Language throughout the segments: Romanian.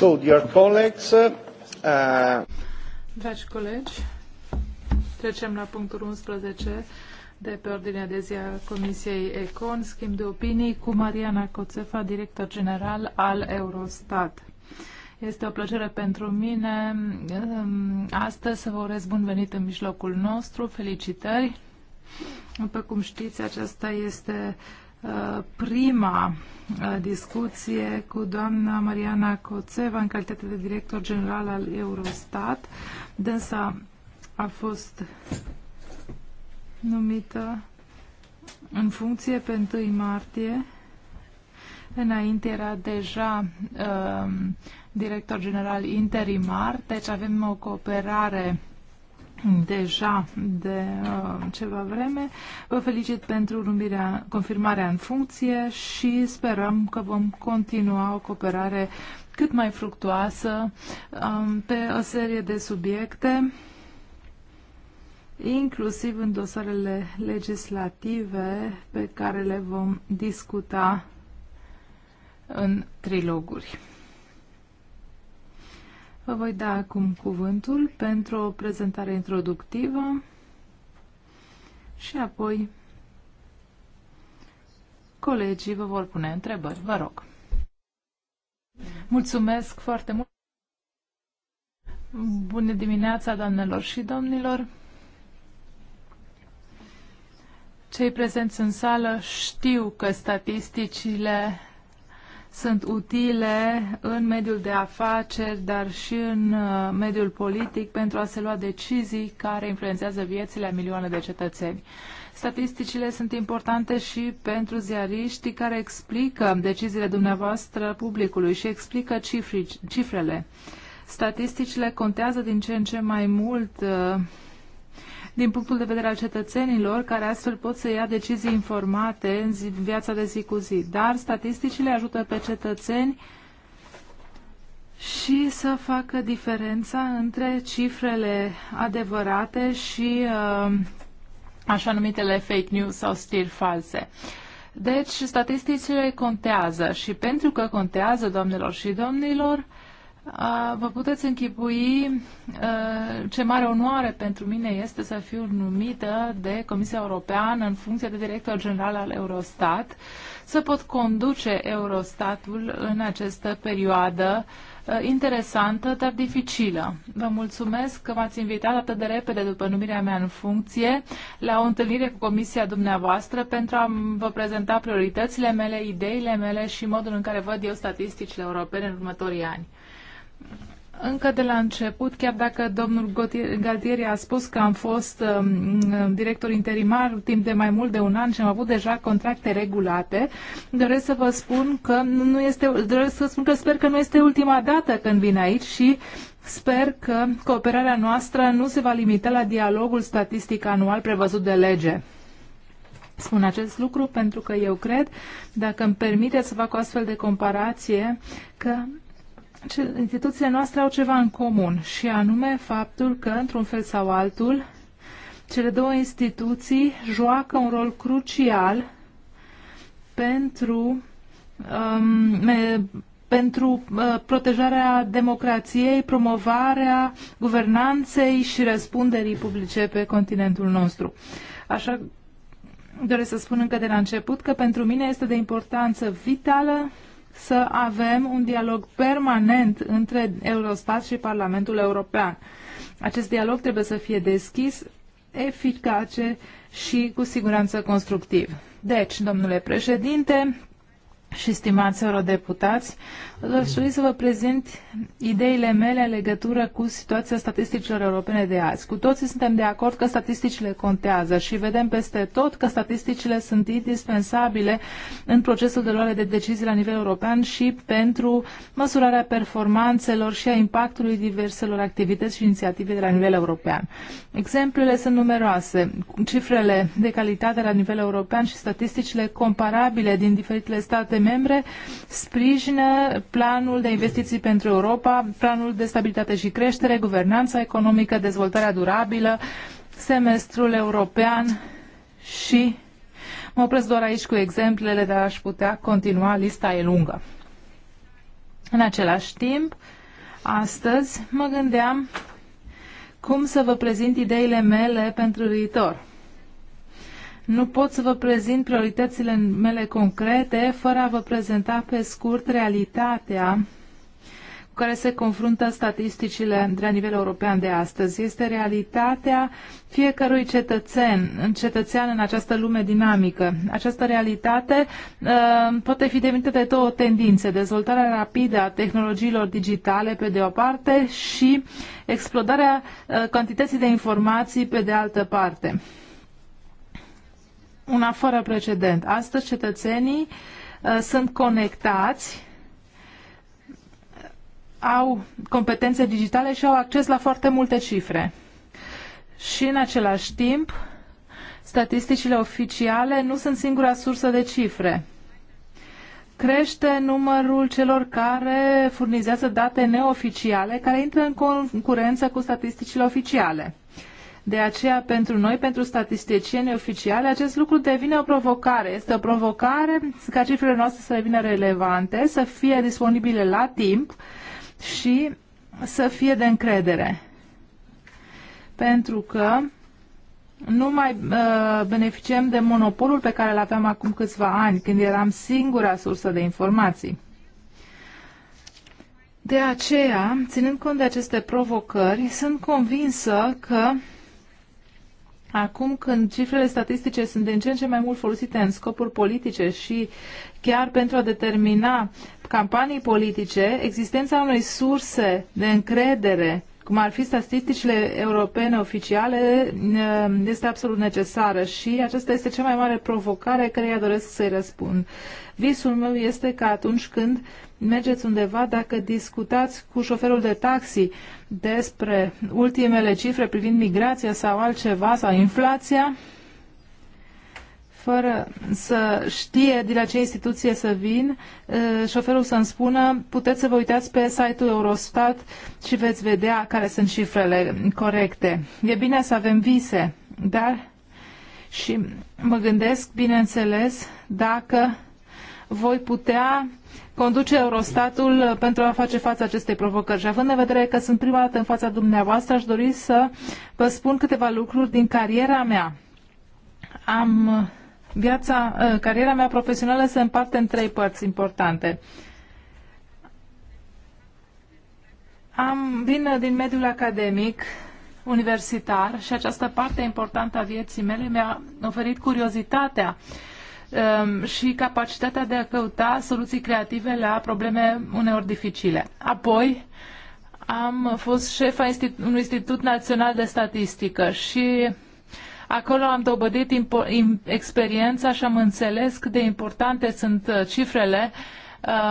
Uh, Dragi colegi, trecem la punctul 11 de pe ordinea de zi a Comisiei Econ, schimb de opinii cu Mariana Coțefa, director general al Eurostat. Este o plăcere pentru mine um, astăzi să vă urez bun venit în mijlocul nostru. Felicitări! După cum știți, aceasta este prima uh, discuție cu doamna Mariana Coțeva în calitate de director general al Eurostat. Dânsa a fost numită în funcție pe 1 martie. Înainte era deja uh, director general interimar, deci avem o cooperare uh, deja de uh, ceva vreme. Vă felicit pentru numirea, confirmarea în funcție și sperăm că vom continua o cooperare cât mai fructuoasă um, pe o serie de subiecte, inclusiv în dosarele legislative pe care le vom discuta în triloguri. Vă voi da acum cuvântul pentru o prezentare introductivă și apoi colegii vă vor pune întrebări. Vă rog. Mulțumesc foarte mult. Bună dimineața, doamnelor și domnilor. Cei prezenți în sală știu că statisticile sunt utile în mediul de afaceri, dar și în uh, mediul politic pentru a se lua decizii care influențează viețile a milioane de cetățeni. Statisticile sunt importante și pentru ziariștii care explică deciziile dumneavoastră publicului și explică cifri, cifrele. Statisticile contează din ce în ce mai mult uh, din punctul de vedere al cetățenilor, care astfel pot să ia decizii informate în zi, viața de zi cu zi. Dar statisticile ajută pe cetățeni și să facă diferența între cifrele adevărate și uh, așa numitele fake news sau știri false. Deci, statisticile contează și pentru că contează, doamnelor și domnilor, uh, vă puteți închipui ce mare onoare pentru mine este să fiu numită de Comisia Europeană în funcție de director general al Eurostat, să pot conduce Eurostatul în această perioadă interesantă, dar dificilă. Vă mulțumesc că m-ați invitat atât de repede după numirea mea în funcție la o întâlnire cu comisia dumneavoastră pentru a vă prezenta prioritățile mele, ideile mele și modul în care văd eu statisticile europene în următorii ani. Încă de la început, chiar dacă domnul Galtieri a spus că am fost um, um, director interimar timp de mai mult de un an și am avut deja contracte regulate, doresc să vă spun că nu este, doresc să spun că sper că nu este ultima dată când vin aici și sper că cooperarea noastră nu se va limita la dialogul statistic anual prevăzut de lege. Spun acest lucru pentru că eu cred, dacă îmi permiteți să fac o astfel de comparație, că instituțiile noastre au ceva în comun și anume faptul că, într-un fel sau altul, cele două instituții joacă un rol crucial pentru, um, pentru uh, protejarea democrației, promovarea guvernanței și răspunderii publice pe continentul nostru. Așa doresc să spun încă de la început că pentru mine este de importanță vitală să avem un dialog permanent între Eurostat și Parlamentul European. Acest dialog trebuie să fie deschis, eficace și cu siguranță constructiv. Deci, domnule președinte și stimați eurodeputați, Aș dori să vă prezint ideile mele în legătură cu situația statisticilor europene de azi. Cu toții suntem de acord că statisticile contează și vedem peste tot că statisticile sunt indispensabile în procesul de luare de decizii la nivel european și pentru măsurarea performanțelor și a impactului diverselor activități și inițiative de la nivel european. Exemplele sunt numeroase. Cifrele de calitate la nivel european și statisticile comparabile din diferitele state membre sprijină planul de investiții pentru Europa, planul de stabilitate și creștere, guvernanța economică, dezvoltarea durabilă, semestrul european și mă opresc doar aici cu exemplele, dar aș putea continua, lista e lungă. În același timp, astăzi mă gândeam cum să vă prezint ideile mele pentru viitor. Nu pot să vă prezint prioritățile mele concrete fără a vă prezenta pe scurt realitatea cu care se confruntă statisticile de la nivel european de astăzi. Este realitatea fiecărui cetățen, cetățean în această lume dinamică. Această realitate uh, poate fi devenită de două tendințe, dezvoltarea rapidă a tehnologiilor digitale pe de o parte și explodarea uh, cantității de informații pe de altă parte una fără precedent. Astăzi cetățenii uh, sunt conectați, au competențe digitale și au acces la foarte multe cifre. Și în același timp, statisticile oficiale nu sunt singura sursă de cifre. Crește numărul celor care furnizează date neoficiale, care intră în concurență cu statisticile oficiale. De aceea, pentru noi, pentru statisticienii oficiali, acest lucru devine o provocare. Este o provocare ca cifrele noastre să devină relevante, să fie disponibile la timp și să fie de încredere. Pentru că nu mai uh, beneficiem de monopolul pe care îl aveam acum câțiva ani, când eram singura sursă de informații. De aceea, ținând cont de aceste provocări, sunt convinsă că Acum când cifrele statistice sunt din ce în ce mai mult folosite în scopuri politice și chiar pentru a determina campanii politice, existența unei surse de încredere cum ar fi statisticile europene oficiale, este absolut necesară și aceasta este cea mai mare provocare care doresc să-i răspund. Visul meu este că atunci când mergeți undeva, dacă discutați cu șoferul de taxi despre ultimele cifre privind migrația sau altceva sau inflația, fără să știe de la ce instituție să vin, șoferul să-mi spună, puteți să vă uitați pe site-ul Eurostat și veți vedea care sunt cifrele corecte. E bine să avem vise, dar și mă gândesc, bineînțeles, dacă voi putea conduce Eurostatul pentru a face față acestei provocări. Și având în vedere că sunt prima dată în fața dumneavoastră, aș dori să vă spun câteva lucruri din cariera mea. Am Viața, uh, cariera mea profesională se împarte în trei părți importante. Am, vin uh, din mediul academic, universitar și această parte importantă a vieții mele mi-a oferit curiozitatea um, și capacitatea de a căuta soluții creative la probleme uneori dificile. Apoi am fost șefa institu- unui Institut Național de Statistică și Acolo am dobădit experiența și am înțeles cât de importante sunt uh, cifrele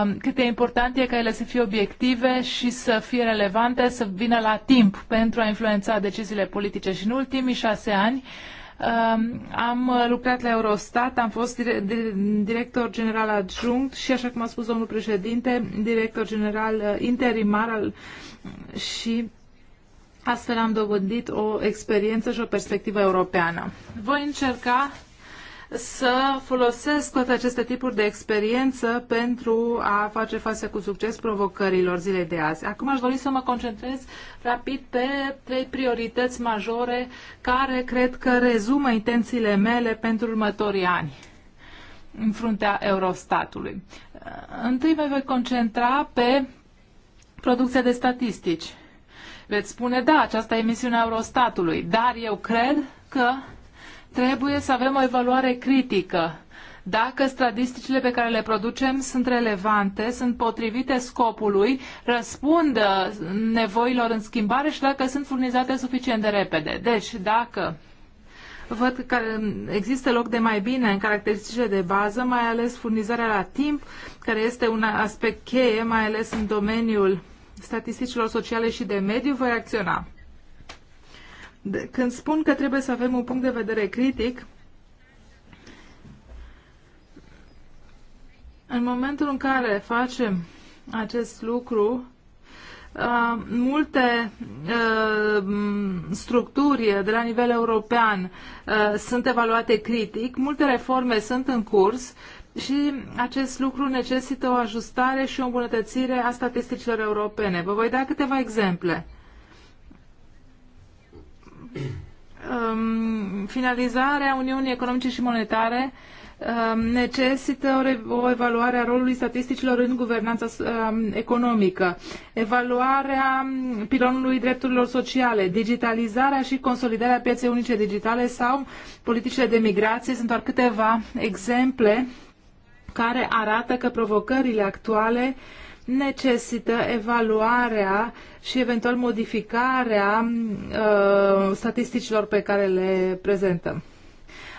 um, cât de important e ca ele să fie obiective și să fie relevante, să vină la timp pentru a influența deciziile politice. Și în ultimii șase ani um, am uh, lucrat la Eurostat, am fost director general adjunct și, așa cum a spus domnul președinte, director general uh, interimar al, și Astfel am dobândit o experiență și o perspectivă europeană. Voi încerca să folosesc toate aceste tipuri de experiență pentru a face față cu succes provocărilor zilei de azi. Acum aș dori să mă concentrez rapid pe trei priorități majore care cred că rezumă intențiile mele pentru următorii ani în fruntea Eurostatului. Întâi mă voi concentra pe producția de statistici Veți spune, da, aceasta e misiunea Eurostatului, dar eu cred că trebuie să avem o evaluare critică. Dacă statisticile pe care le producem sunt relevante, sunt potrivite scopului, răspund uh, nevoilor în schimbare și dacă sunt furnizate suficient de repede. Deci, dacă văd că există loc de mai bine în caracteristicile de bază, mai ales furnizarea la timp, care este un aspect cheie, mai ales în domeniul statisticilor sociale și de mediu, voi acționa. Când spun că trebuie să avem un punct de vedere critic, în momentul în care facem acest lucru, uh, multe uh, structuri de la nivel european uh, sunt evaluate critic, multe reforme sunt în curs și acest lucru necesită o ajustare și o îmbunătățire a statisticilor europene. Vă voi da câteva exemple. Um, finalizarea Uniunii Economice și Monetare um, necesită o evaluare a rolului statisticilor în guvernanța um, economică, evaluarea pilonului drepturilor sociale, digitalizarea și consolidarea pieței unice digitale sau politicile de migrație sunt doar câteva exemple care arată că provocările actuale necesită evaluarea și eventual modificarea uh, statisticilor pe care le prezentăm.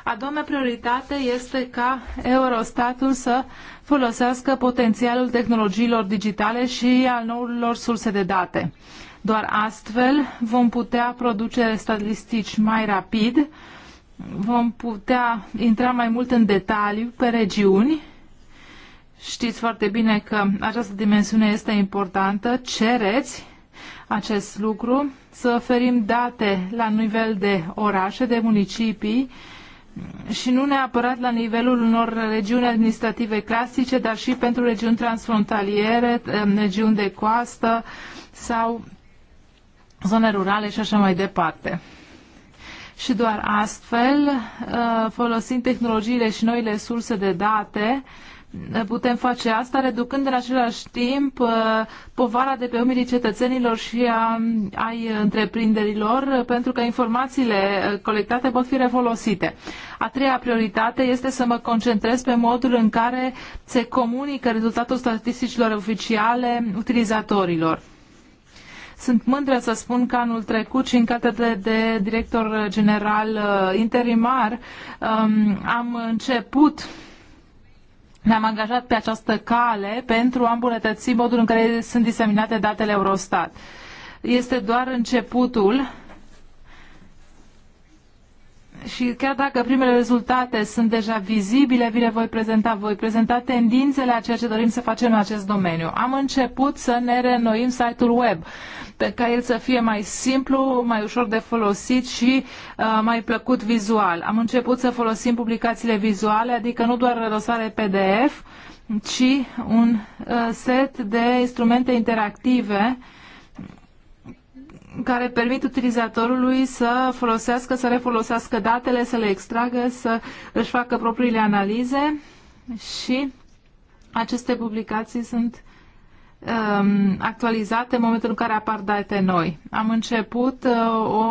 A doua mea prioritate este ca Eurostatul să folosească potențialul tehnologiilor digitale și al noilor surse de date. Doar astfel vom putea produce statistici mai rapid, vom putea intra mai mult în detaliu pe regiuni Știți foarte bine că această dimensiune este importantă. Cereți acest lucru, să oferim date la nivel de orașe, de municipii și nu neapărat la nivelul unor regiuni administrative clasice, dar și pentru regiuni transfrontaliere, regiuni de coastă sau zone rurale și așa mai departe. Și doar astfel, uh, folosind tehnologiile și noile surse de date, putem face asta reducând în același timp uh, povara de pe umerii cetățenilor și a, ai întreprinderilor uh, pentru că informațiile uh, colectate pot fi refolosite. A treia prioritate este să mă concentrez pe modul în care se comunică rezultatul statisticilor oficiale utilizatorilor. Sunt mândră să spun că anul trecut și în calitate de director general interimar um, am început ne-am angajat pe această cale pentru a îmbunătăți modul în care sunt diseminate datele Eurostat. Este doar începutul și chiar dacă primele rezultate sunt deja vizibile, vi le voi prezenta. Voi prezenta tendințele a ceea ce dorim să facem în acest domeniu. Am început să ne reînnoim site-ul web ca el să fie mai simplu, mai ușor de folosit și uh, mai plăcut vizual. Am început să folosim publicațiile vizuale, adică nu doar dosare PDF, ci un uh, set de instrumente interactive care permit utilizatorului să folosească, să refolosească datele, să le extragă, să își facă propriile analize și aceste publicații sunt um, actualizate în momentul în care apar date noi. Am început uh, o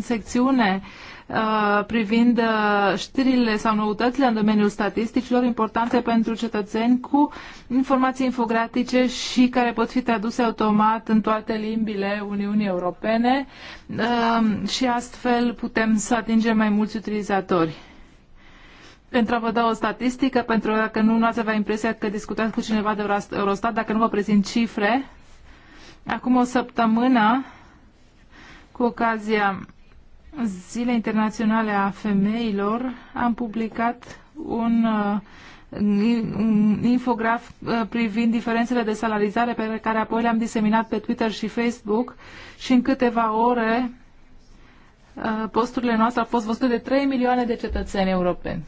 secțiune uh, privind uh, știrile sau noutățile în domeniul statisticilor importante pentru cetățeni cu informații infografice și care pot fi traduse automat în toate limbile Uniunii Europene um, și astfel putem să atingem mai mulți utilizatori pentru a vă da o statistică, pentru că nu, nu ați avea impresia că discutați cu cineva de Eurostat, dacă nu vă prezint cifre. Acum o săptămână, cu ocazia Zilei Internaționale a Femeilor, am publicat un uh, un infograf uh, privind diferențele de salarizare pe care apoi le-am diseminat pe Twitter și Facebook și în câteva ore uh, posturile noastre au fost văzute de 3 milioane de cetățeni europeni.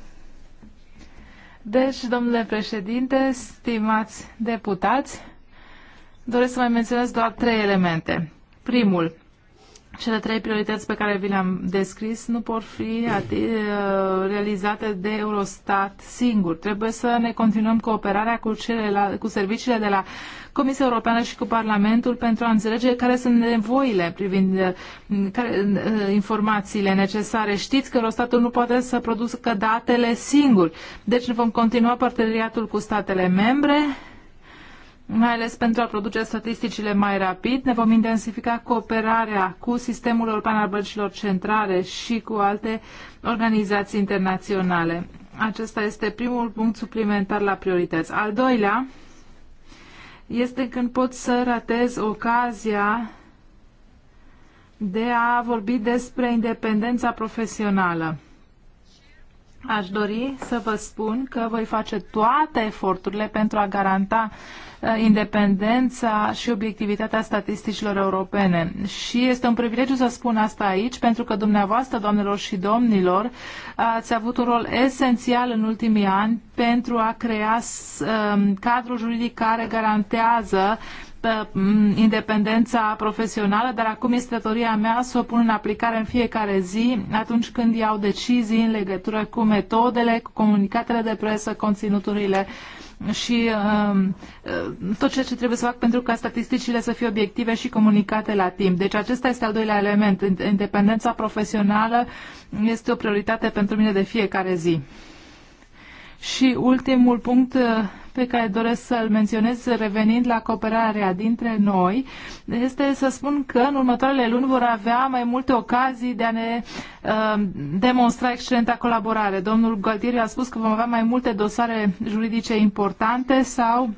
Deci, domnule președinte, stimați deputați, doresc să mai menționez doar trei elemente. Primul, cele trei priorități pe care vi le-am descris nu pot fi uh, realizate de Eurostat singur. Trebuie să ne continuăm cooperarea cu, celelalte, cu serviciile de la Comisia Europeană și cu Parlamentul pentru a înțelege care sunt nevoile privind uh, care, uh, informațiile necesare. Știți că Eurostatul nu poate să producă datele singur. Deci vom continua parteneriatul cu statele membre mai ales pentru a produce statisticile mai rapid. Ne vom intensifica cooperarea cu Sistemul European al Băncilor Centrale și cu alte organizații internaționale. Acesta este primul punct suplimentar la priorități. Al doilea este când pot să ratez ocazia de a vorbi despre independența profesională. Aș dori să vă spun că voi face toate eforturile pentru a garanta uh, independența și obiectivitatea statisticilor europene. Și este un privilegiu să spun asta aici, pentru că dumneavoastră, doamnelor și domnilor, ați avut un rol esențial în ultimii ani pentru a crea um, cadrul juridic care garantează Mm, independența profesională, dar acum este datoria mea să o pun în aplicare în fiecare zi, atunci când iau decizii în legătură cu metodele, cu comunicatele de presă, conținuturile și um, uh, tot ceea ce trebuie să fac pentru ca statisticile să fie obiective și comunicate la timp. Deci acesta este al doilea element. Independența profesională este o prioritate pentru mine de fiecare zi. Și ultimul punct uh, pe care doresc să-l menționez revenind la cooperarea dintre noi este să spun că în următoarele luni vor avea mai multe ocazii de a ne uh, demonstra excelenta colaborare. Domnul Gualtieri a spus că vom avea mai multe dosare juridice importante sau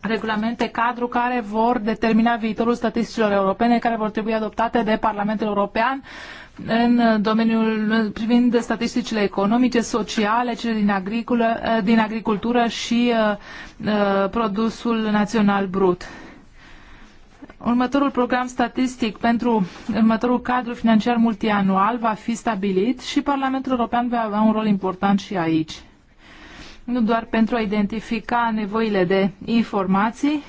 regulamente cadru care vor determina viitorul statisticilor europene care vor trebui adoptate de Parlamentul European în domeniul privind statisticile economice, sociale, cele din, agriculă, din agricultură și uh, uh, produsul național brut. Următorul program statistic pentru următorul cadru financiar multianual va fi stabilit și Parlamentul European va avea un rol important și aici. Nu doar pentru a identifica nevoile de informații,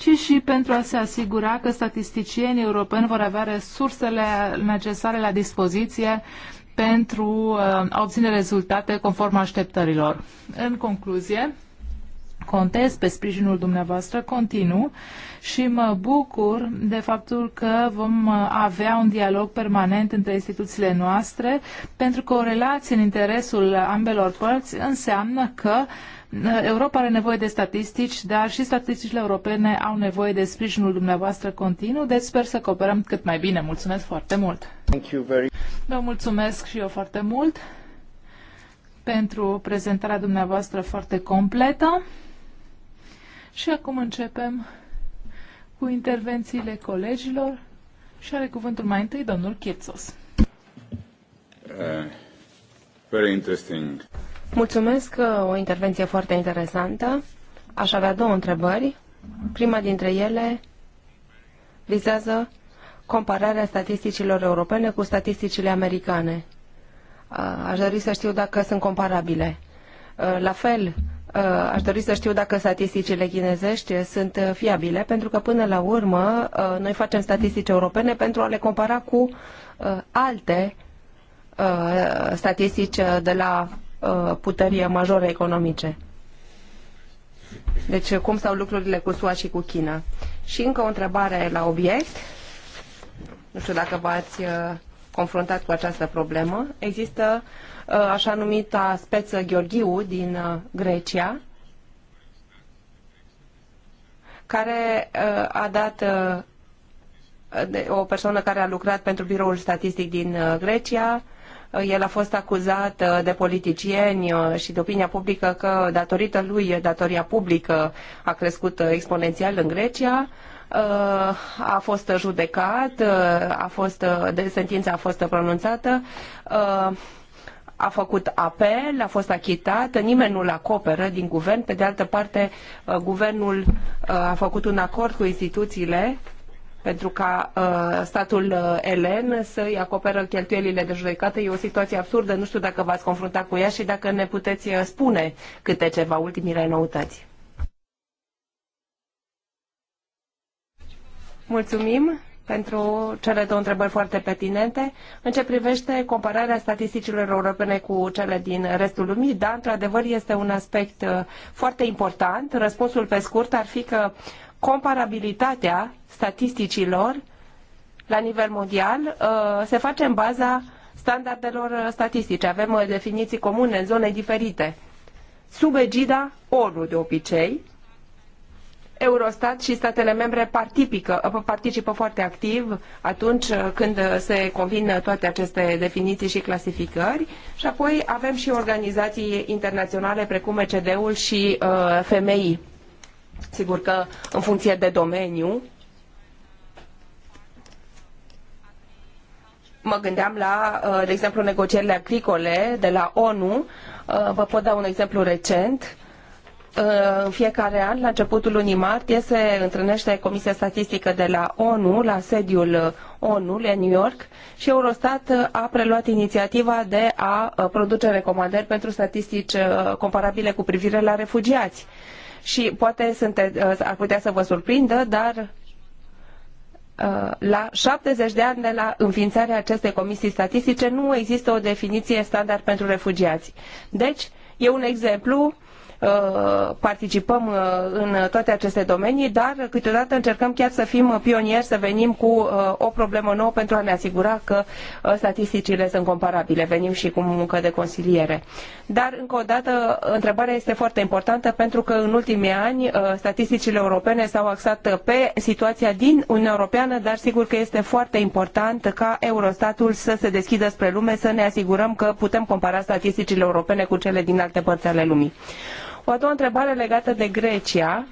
ci și pentru a se asigura că statisticienii europeni vor avea resursele necesare la dispoziție pentru uh, a obține rezultate conform așteptărilor. În concluzie, contez pe sprijinul dumneavoastră continuu și mă bucur de faptul că vom uh, avea un dialog permanent între instituțiile noastre, pentru că o relație în interesul ambelor părți înseamnă că uh, Europa are nevoie de statistici, dar și statisticile europene au nevoie de sprijinul dumneavoastră continuu, deci sper să cooperăm cât mai bine. Mulțumesc foarte mult! Thank you very... Vă mulțumesc și eu foarte mult pentru prezentarea dumneavoastră foarte completă. Și acum începem cu intervențiile colegilor și are cuvântul mai întâi domnul Chirțos. Uh, very interesting. Mulțumesc, uh, o intervenție foarte interesantă. Aș avea două întrebări. Prima dintre ele vizează compararea statisticilor europene cu statisticile americane. Uh, aș dori să știu dacă sunt comparabile. Uh, la fel, aș dori să știu dacă statisticile chinezești sunt fiabile, pentru că până la urmă noi facem statistici europene pentru a le compara cu alte statistici de la Uh, puteri majore economice. Deci cum stau lucrurile cu SUA și cu China? Și încă o întrebare la obiect. Nu știu dacă v-ați uh, confruntat cu această problemă. Există uh, așa numita speță Gheorghiu din Grecia, care a dat o persoană care a lucrat pentru biroul statistic din Grecia, el a fost acuzat uh, de politicieni uh, și de opinia publică că datorită lui datoria publică a crescut uh, exponențial în Grecia a fost judecat, a fost, de, sentința a fost pronunțată, a făcut apel, a fost achitat, nimeni nu-l acoperă din guvern. Pe de altă parte, guvernul a făcut un acord cu instituțiile pentru ca uh, statul uh, elen să-i acoperă cheltuielile de judecată. E o situație absurdă, nu știu dacă v-ați confruntat cu ea și dacă ne puteți uh, spune câte ceva ultimile noutăți. Mulțumim pentru cele două întrebări foarte pertinente. În ce privește compararea statisticilor europene cu cele din restul lumii, da, într-adevăr este un aspect uh, foarte important. Răspunsul pe scurt ar fi că comparabilitatea statisticilor la nivel mondial uh, se face în baza standardelor statistice. Avem uh, definiții comune în zone diferite. Sub egida ONU, de obicei, Eurostat și statele membre uh, participă foarte activ atunci când se convin toate aceste definiții și clasificări și apoi avem și organizații internaționale precum ECD-ul și FMI. Sigur că în funcție de domeniu, mă gândeam la, uh, de exemplu, negocierile agricole de la ONU. Uh, vă pot da un exemplu recent. Uh, în fiecare an, la începutul lunii martie, se întâlnește Comisia Statistică de la ONU, la sediul ONU, la New York, și Eurostat a preluat inițiativa de a produce recomandări pentru statistici comparabile cu privire la refugiați și poate sunte, uh, ar putea să vă surprindă, dar uh, la 70 de ani de la înființarea acestei comisii statistice nu există o definiție standard pentru refugiați. Deci, e un exemplu Uh, participăm uh, în toate aceste domenii, dar câteodată încercăm chiar să fim pionieri, să venim cu uh, o problemă nouă pentru a ne asigura că statisticile sunt comparabile. Venim și cu muncă de consiliere. Dar, încă o dată, întrebarea este foarte importantă pentru că în ultimii ani statisticile europene s-au axat pe situația din Uniunea Europeană, dar sigur că este foarte important ca Eurostatul să se deschidă spre lume, să ne asigurăm că putem compara statisticile europene cu cele din alte părți ale lumii. O a doua întrebare legată de Grecia.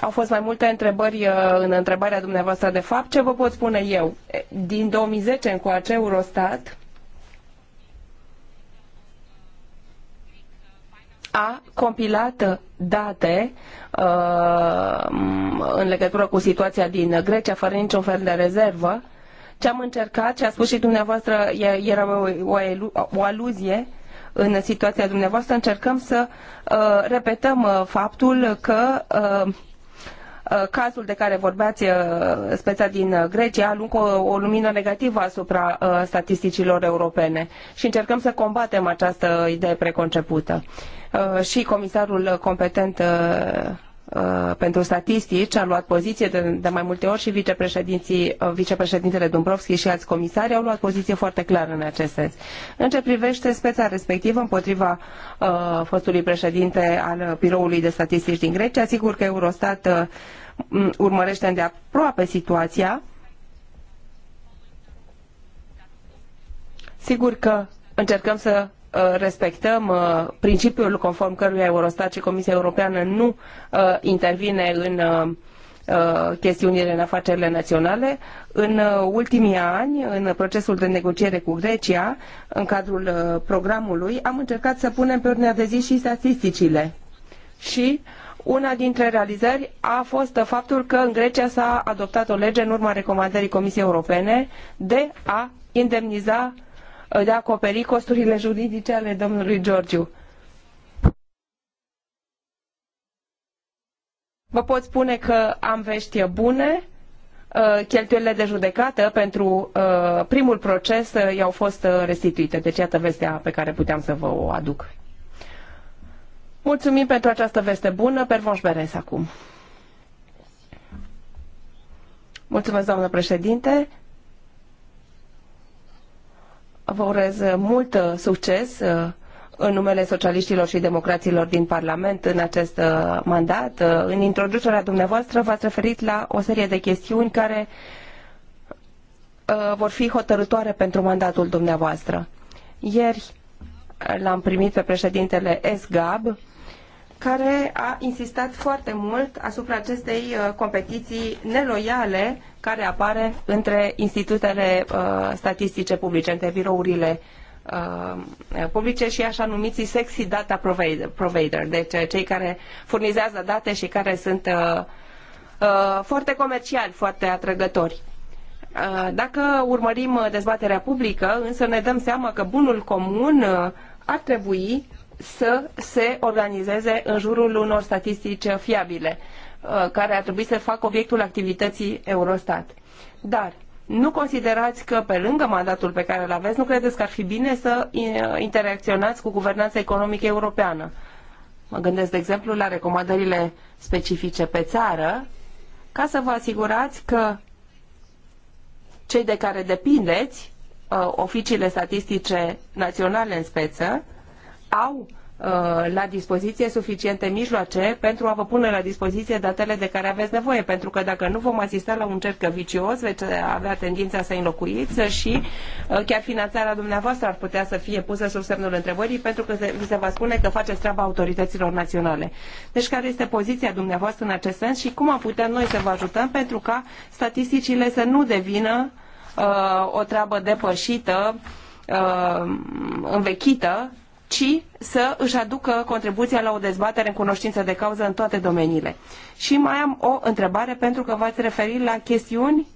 Au fost mai multe întrebări uh, în întrebarea dumneavoastră de fapt. Ce vă pot spune eu? Din 2010 încoace Eurostat a compilat date uh, în legătură cu situația din Grecia, fără niciun fel de rezervă. Ce am încercat, ce a spus și dumneavoastră, era o, o, o aluzie, uh, în situația dumneavoastră, încercăm să uh, repetăm uh, faptul că uh, cazul de care vorbeați, speța din Grecia, aluncă o, o lumină negativă asupra statisticilor europene și încercăm să combatem această idee preconcepută. Și comisarul competent Uh, pentru statistici a luat poziție de, de mai multe ori și vicepreședinții, uh, vicepreședintele Dumbrovski și alți comisari au luat poziție foarte clară în acest sens. În ce privește speța respectivă împotriva uh, fostului președinte al Biroului de Statistici din Grecia, sigur că Eurostat uh, urmărește îndeaproape situația. Sigur că încercăm să Uh, respectăm uh, principiul conform căruia Eurostat și Comisia Europeană nu uh, intervine în chestiunile în afacerile naționale. În ultimii ani, în procesul de negociere cu Grecia, în cadrul programului, am încercat să punem pe ordinea de zi și statisticile. Și una dintre realizări a fost faptul că în Grecia s-a adoptat o lege în urma recomandării Comisiei Europene de a indemniza uh, de a acoperi costurile juridice ale domnului Georgiu. Vă pot spune că am vești bune, uh, cheltuielile de judecată pentru uh, primul proces uh, i-au fost restituite. Deci iată vestea pe care puteam să vă o aduc. Mulțumim pentru această veste bună. Pervonș Beres acum. Mulțumesc, doamnă președinte vă urez uh, mult uh, succes uh, în numele socialiștilor și democraților din Parlament în acest mandat. În introducerea dumneavoastră v-ați referit la o serie de chestiuni care vor fi hotărătoare pentru mandatul dumneavoastră. Ieri l-am primit pe președintele SGAB, care a insistat foarte mult asupra acestei uh, competiții neloiale care apare între institutele uh, statistice publice, între birourile uh, publice și așa numiții sexy data provider, deci cei care furnizează date și care sunt foarte comerciali, foarte atrăgători. Dacă urmărim dezbaterea publică, însă ne dăm seama că bunul comun ar trebui să se organizeze în jurul unor statistici fiabile, uh, care ar trebui să facă obiectul activității Eurostat. Dar nu considerați că pe lângă mandatul pe care îl aveți, nu credeți că ar fi bine să uh, interacționați cu guvernanța economică europeană? Mă gândesc, de exemplu, la recomandările specifice pe țară, ca să vă asigurați că cei de care depindeți, uh, oficiile statistice naționale în speță, au uh, la dispoziție suficiente mijloace pentru a vă pune la dispoziție datele de care aveți nevoie, pentru că dacă nu vom asista la un cerc vicios, veți avea tendința să înlocuiți și uh, chiar finanțarea dumneavoastră ar putea să fie pusă sub semnul întrebării, pentru că vi se va spune că faceți treaba autorităților naționale. Deci care este poziția dumneavoastră în acest sens și cum am putea noi să vă ajutăm pentru ca statisticile să nu devină uh, o treabă depășită, uh, învechită, ci să își aducă contribuția la o dezbatere în cunoștință de cauză în toate domeniile. Și mai am o întrebare pentru că v-ați referit la chestiuni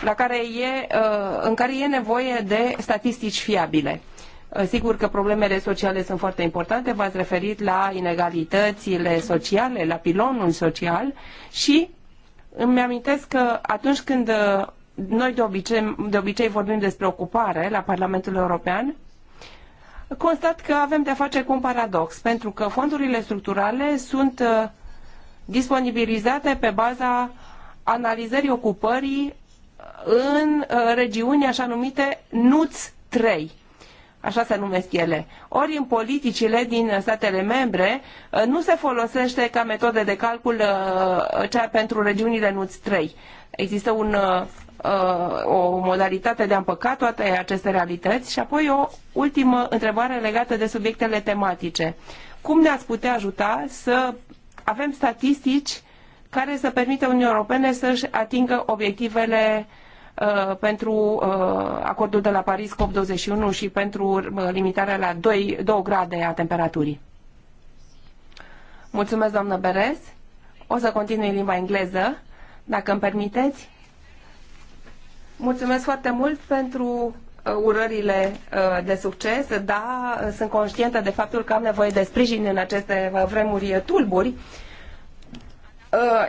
la care e, uh, în care e nevoie de statistici fiabile. Uh, sigur că problemele sociale sunt foarte importante, v-ați referit la inegalitățile sociale, la pilonul social și îmi amintesc că atunci când uh, noi de obicei, de obicei vorbim despre ocupare la Parlamentul European, constat că avem de-a face cu un paradox, pentru că fondurile structurale sunt uh, disponibilizate pe baza analizării ocupării în uh, regiuni așa numite NUTS 3 așa se numesc ele. Ori în politicile din statele membre uh, nu se folosește ca metodă de calcul cea pentru regiunile NUTS 3. Există un Uh, o modalitate de a împăca toate aceste realități și apoi o ultimă întrebare legată de subiectele tematice. Cum ne-ați putea ajuta să avem statistici care să permită Uniunii Europene să-și atingă obiectivele uh, pentru uh, acordul de la Paris COP21 și pentru uh, limitarea la 2, 2 grade a temperaturii. Mulțumesc, doamnă Beres. O să continui limba engleză, dacă îmi permiteți Mulțumesc foarte mult pentru uh, urările uh, de succes, dar uh, sunt conștientă de faptul că am nevoie de sprijin în aceste vremuri tulburi.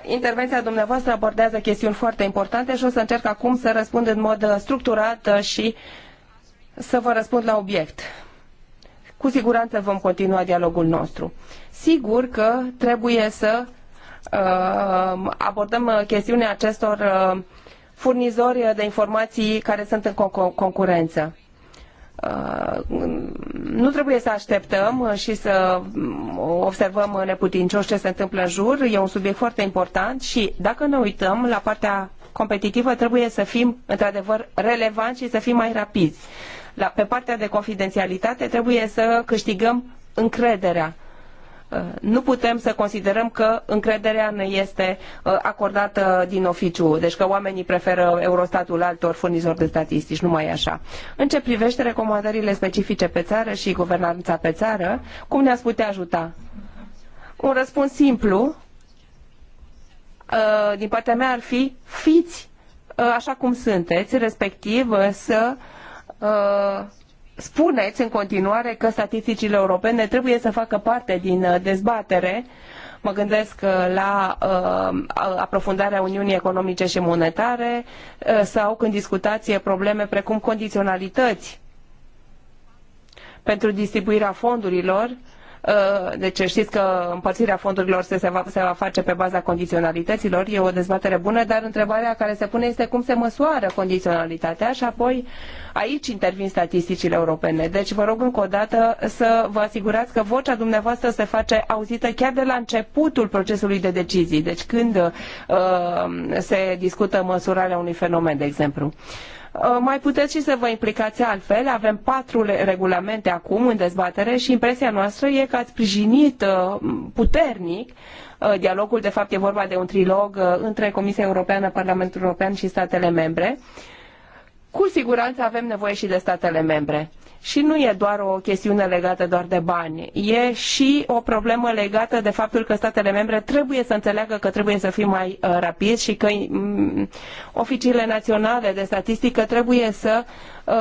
Intervenția dumneavoastră abordează chestiuni foarte importante și o să încerc acum să răspund în mod structurat și să vă răspund la obiect. Cu siguranță vom continua dialogul nostru. Sigur că trebuie să abordăm chestiunea acestor furnizori de informații care sunt în concurență uh, nu trebuie să așteptăm și să mm, observăm neputincioși ce se întâmplă în jur. E un subiect foarte important și dacă ne uităm la partea competitivă, trebuie să fim într-adevăr relevanți și să fim mai rapizi. La, pe partea de confidențialitate trebuie să câștigăm încrederea nu putem să considerăm că încrederea ne este uh, acordată din oficiu, deci că oamenii preferă Eurostatul altor furnizori de statistici, nu mai așa. În ce privește recomandările specifice pe țară și guvernanța pe țară, cum ne-ați putea ajuta? Un răspuns simplu uh, din partea mea ar fi fiți uh, așa cum sunteți, respectiv să spuneți în continuare că statisticile europene trebuie să facă parte din uh, dezbatere. Mă gândesc uh, la uh, aprofundarea Uniunii Economice și Monetare uh, sau când discutați probleme precum condiționalități pentru distribuirea fondurilor uh, Uh, deci știți că împărțirea fondurilor se va, se va face pe baza condiționalităților, e o dezbatere bună, dar întrebarea care se pune este cum se măsoară condiționalitatea și apoi aici intervin statisticile europene. Deci vă rog încă o dată să vă asigurați că vocea dumneavoastră se face auzită chiar de la începutul procesului de decizii, deci când uh, se discută măsurarea unui fenomen, de exemplu. Uh, Uh, mai puteți și să vă implicați altfel. Avem patru regulamente acum în dezbatere și impresia noastră e că ați sprijinit uh, puternic uh, dialogul, de fapt e vorba de un trilog între Comisia Europeană, Parlamentul European și statele membre. Cu siguranță avem nevoie și de statele membre și nu e doar o chestiune legată doar de bani, e și o problemă legată de faptul că statele membre trebuie să înțeleagă că trebuie să fim mai uh, rapizi și că um, oficiile naționale de statistică trebuie să Uh,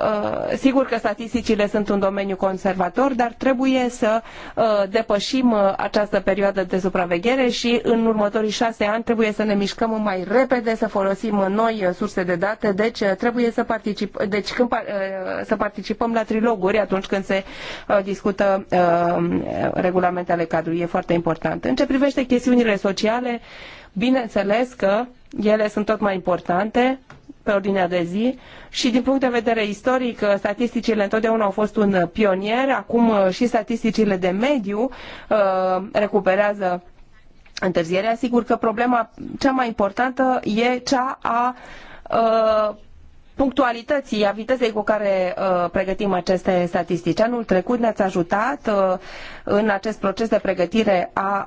uh, sigur că statisticile sunt un domeniu conservator, dar trebuie să uh, depășim această perioadă de supraveghere și în următorii șase ani trebuie să ne mișcăm mai repede, să folosim noi surse de date, deci trebuie să, particip, deci când, să participăm la triloguri atunci când se discută regulamentele cadrului. E foarte important. În ce privește chestiunile sociale, Bineînțeles că ele sunt tot mai importante pe ordinea de zi și din punct de vedere istoric, statisticile întotdeauna au fost un pionier, acum uh, și statisticile de mediu uh, recuperează întârzierea. Sigur că problema cea mai importantă e cea a uh, punctualității, a vitezei cu care uh, pregătim aceste statistici. Anul trecut ne-ați ajutat, uh, în acest proces de pregătire a,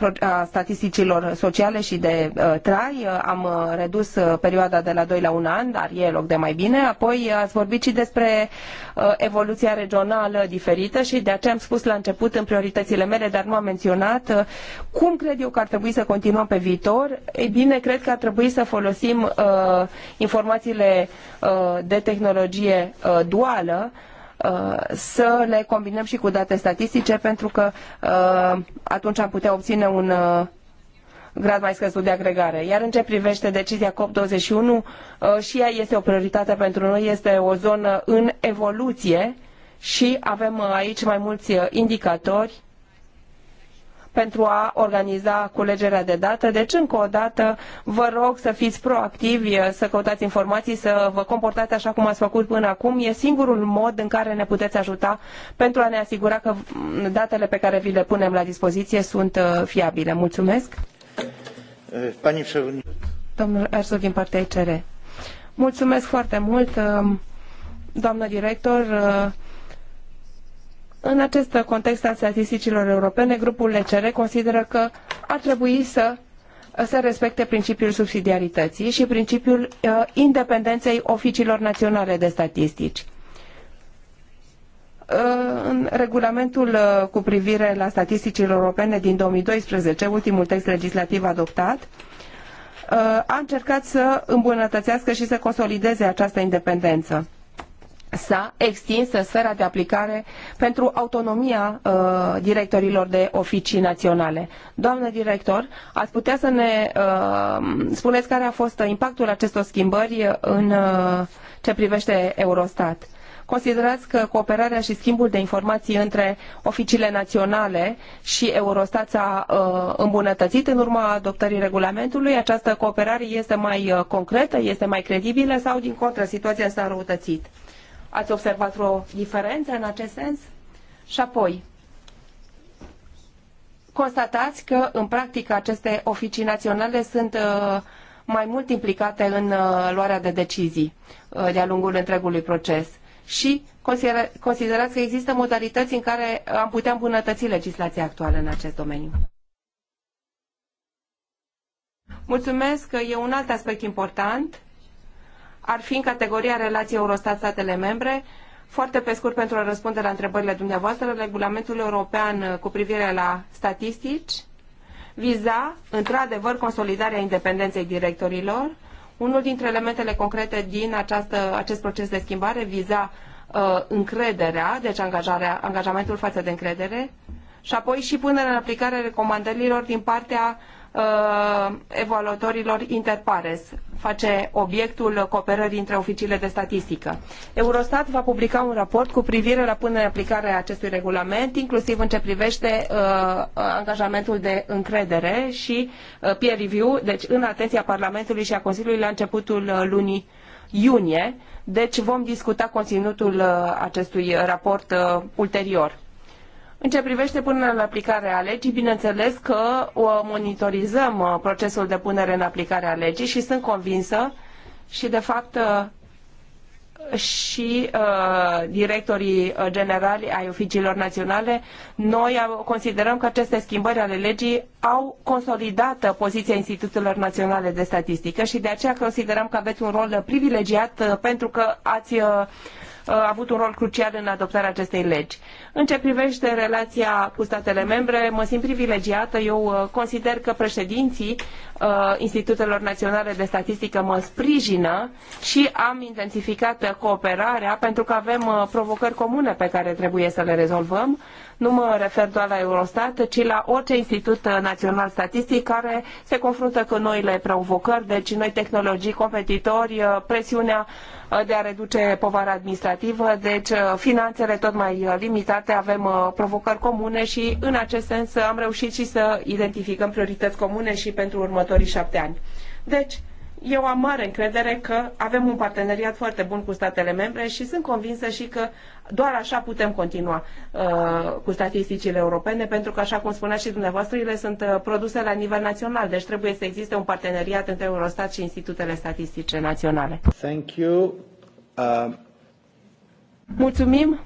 uh, a statisticilor sociale și de uh, trai. Uh, am redus perioada de la 2 la 1 an, dar e loc de mai bine. Apoi ați vorbit și despre evoluția regională diferită și de aceea am spus la început în prioritățile mele, dar nu am menționat cum cred eu că ar trebui să continuăm pe viitor. Ei bine, cred că ar trebui să folosim informațiile de tehnologie duală Uh, să le combinăm și cu date statistice pentru că uh, atunci am putea obține un uh, grad mai scăzut de agregare. Iar în ce privește decizia COP21, și ea este o prioritate pentru noi, este o zonă în evoluție și avem aici mai mulți indicatori pentru a organiza culegerea de dată. Deci, încă o dată, vă rog să fiți proactivi, să căutați informații, să vă comportați așa cum ați făcut până acum. E singurul mod în care ne puteți ajuta pentru a ne asigura că datele pe care vi le punem la dispoziție sunt uh, fiabile. Mulțumesc! Domnul Erzog din partea ICR. Mulțumesc foarte mult, uh, doamnă director. Uh, în acest context al statisticilor europene, grupul ECR consideră că ar trebui să să respecte principiul subsidiarității și principiul uh, independenței oficiilor naționale de statistici. Uh, în regulamentul uh, cu privire la statisticile europene din 2012, ultimul text legislativ adoptat, uh, a încercat să îmbunătățească și să consolideze această independență s-a extins sfera de aplicare pentru autonomia uh, directorilor de oficii naționale. Doamnă director, ați putea să ne uh, spuneți care a fost impactul acestor schimbări în uh, ce privește Eurostat? Considerați că cooperarea și schimbul de informații între oficiile naționale și Eurostat s-a uh, îmbunătățit în urma adoptării regulamentului? Această cooperare este mai uh, concretă, este mai credibilă sau, din contră, situația s-a răutățit? Ați observat vreo diferență în acest sens? Și apoi, constatați că, în practică, aceste oficii naționale sunt uh, mai mult implicate în uh, luarea de decizii uh, de-a lungul întregului proces și considerați că există modalități în care am putea îmbunătăți legislația actuală în acest domeniu. Mulțumesc, e un alt aspect important ar fi în categoria relației Eurostat-statele membre. Foarte pe scurt, pentru a răspunde la întrebările dumneavoastră, regulamentul european uh, cu privire la statistici viza, într-adevăr, consolidarea independenței directorilor. Unul dintre elementele concrete din această, acest proces de schimbare viza uh, încrederea, deci angajarea, angajamentul față de încredere, și apoi și punerea în aplicare recomandărilor din partea uh, evaluatorilor interpares. Face obiectul cooperării între oficiile de statistică. Eurostat va publica un raport cu privire la punerea în aplicare a acestui regulament, inclusiv în ce privește uh, angajamentul de încredere și uh, peer review, deci în atenția Parlamentului și a Consiliului la începutul uh, lunii iunie. Deci vom discuta conținutul uh, acestui raport uh, ulterior. În ce privește punerea în aplicare a legii, bineînțeles că uh, monitorizăm uh, procesul de punere în aplicare a legii și sunt convinsă și de fapt uh, și uh, directorii generali ai oficiilor naționale, noi considerăm că aceste schimbări ale legii au consolidat poziția Institutelor Naționale de Statistică și de aceea considerăm că aveți un rol privilegiat pentru că ați uh, a avut un rol crucial în adoptarea acestei legi. În ce privește relația cu statele membre, mă simt privilegiată. Eu uh, consider că președinții uh, Institutelor Naționale de Statistică mă sprijină și am intensificat cooperarea pentru că avem uh, provocări comune pe care trebuie să le rezolvăm. Nu mă refer doar la Eurostat, ci la orice institut național statistic care se confruntă cu noile provocări, deci noi tehnologii, competitori, presiunea de a reduce povara administrativă, deci uh, finanțele tot mai uh, limitate, avem uh, provocări comune și în acest sens am reușit și să identificăm priorități comune și pentru următorii șapte ani. Deci, eu am mare încredere că avem un parteneriat foarte bun cu statele membre și sunt convinsă și că doar așa putem continua uh, cu statisticile europene, pentru că, așa cum spunea și dumneavoastră, ele sunt uh, produse la nivel național, deci trebuie să existe un parteneriat între Eurostat și institutele statistice naționale. Thank you. Uh... Mulțumim,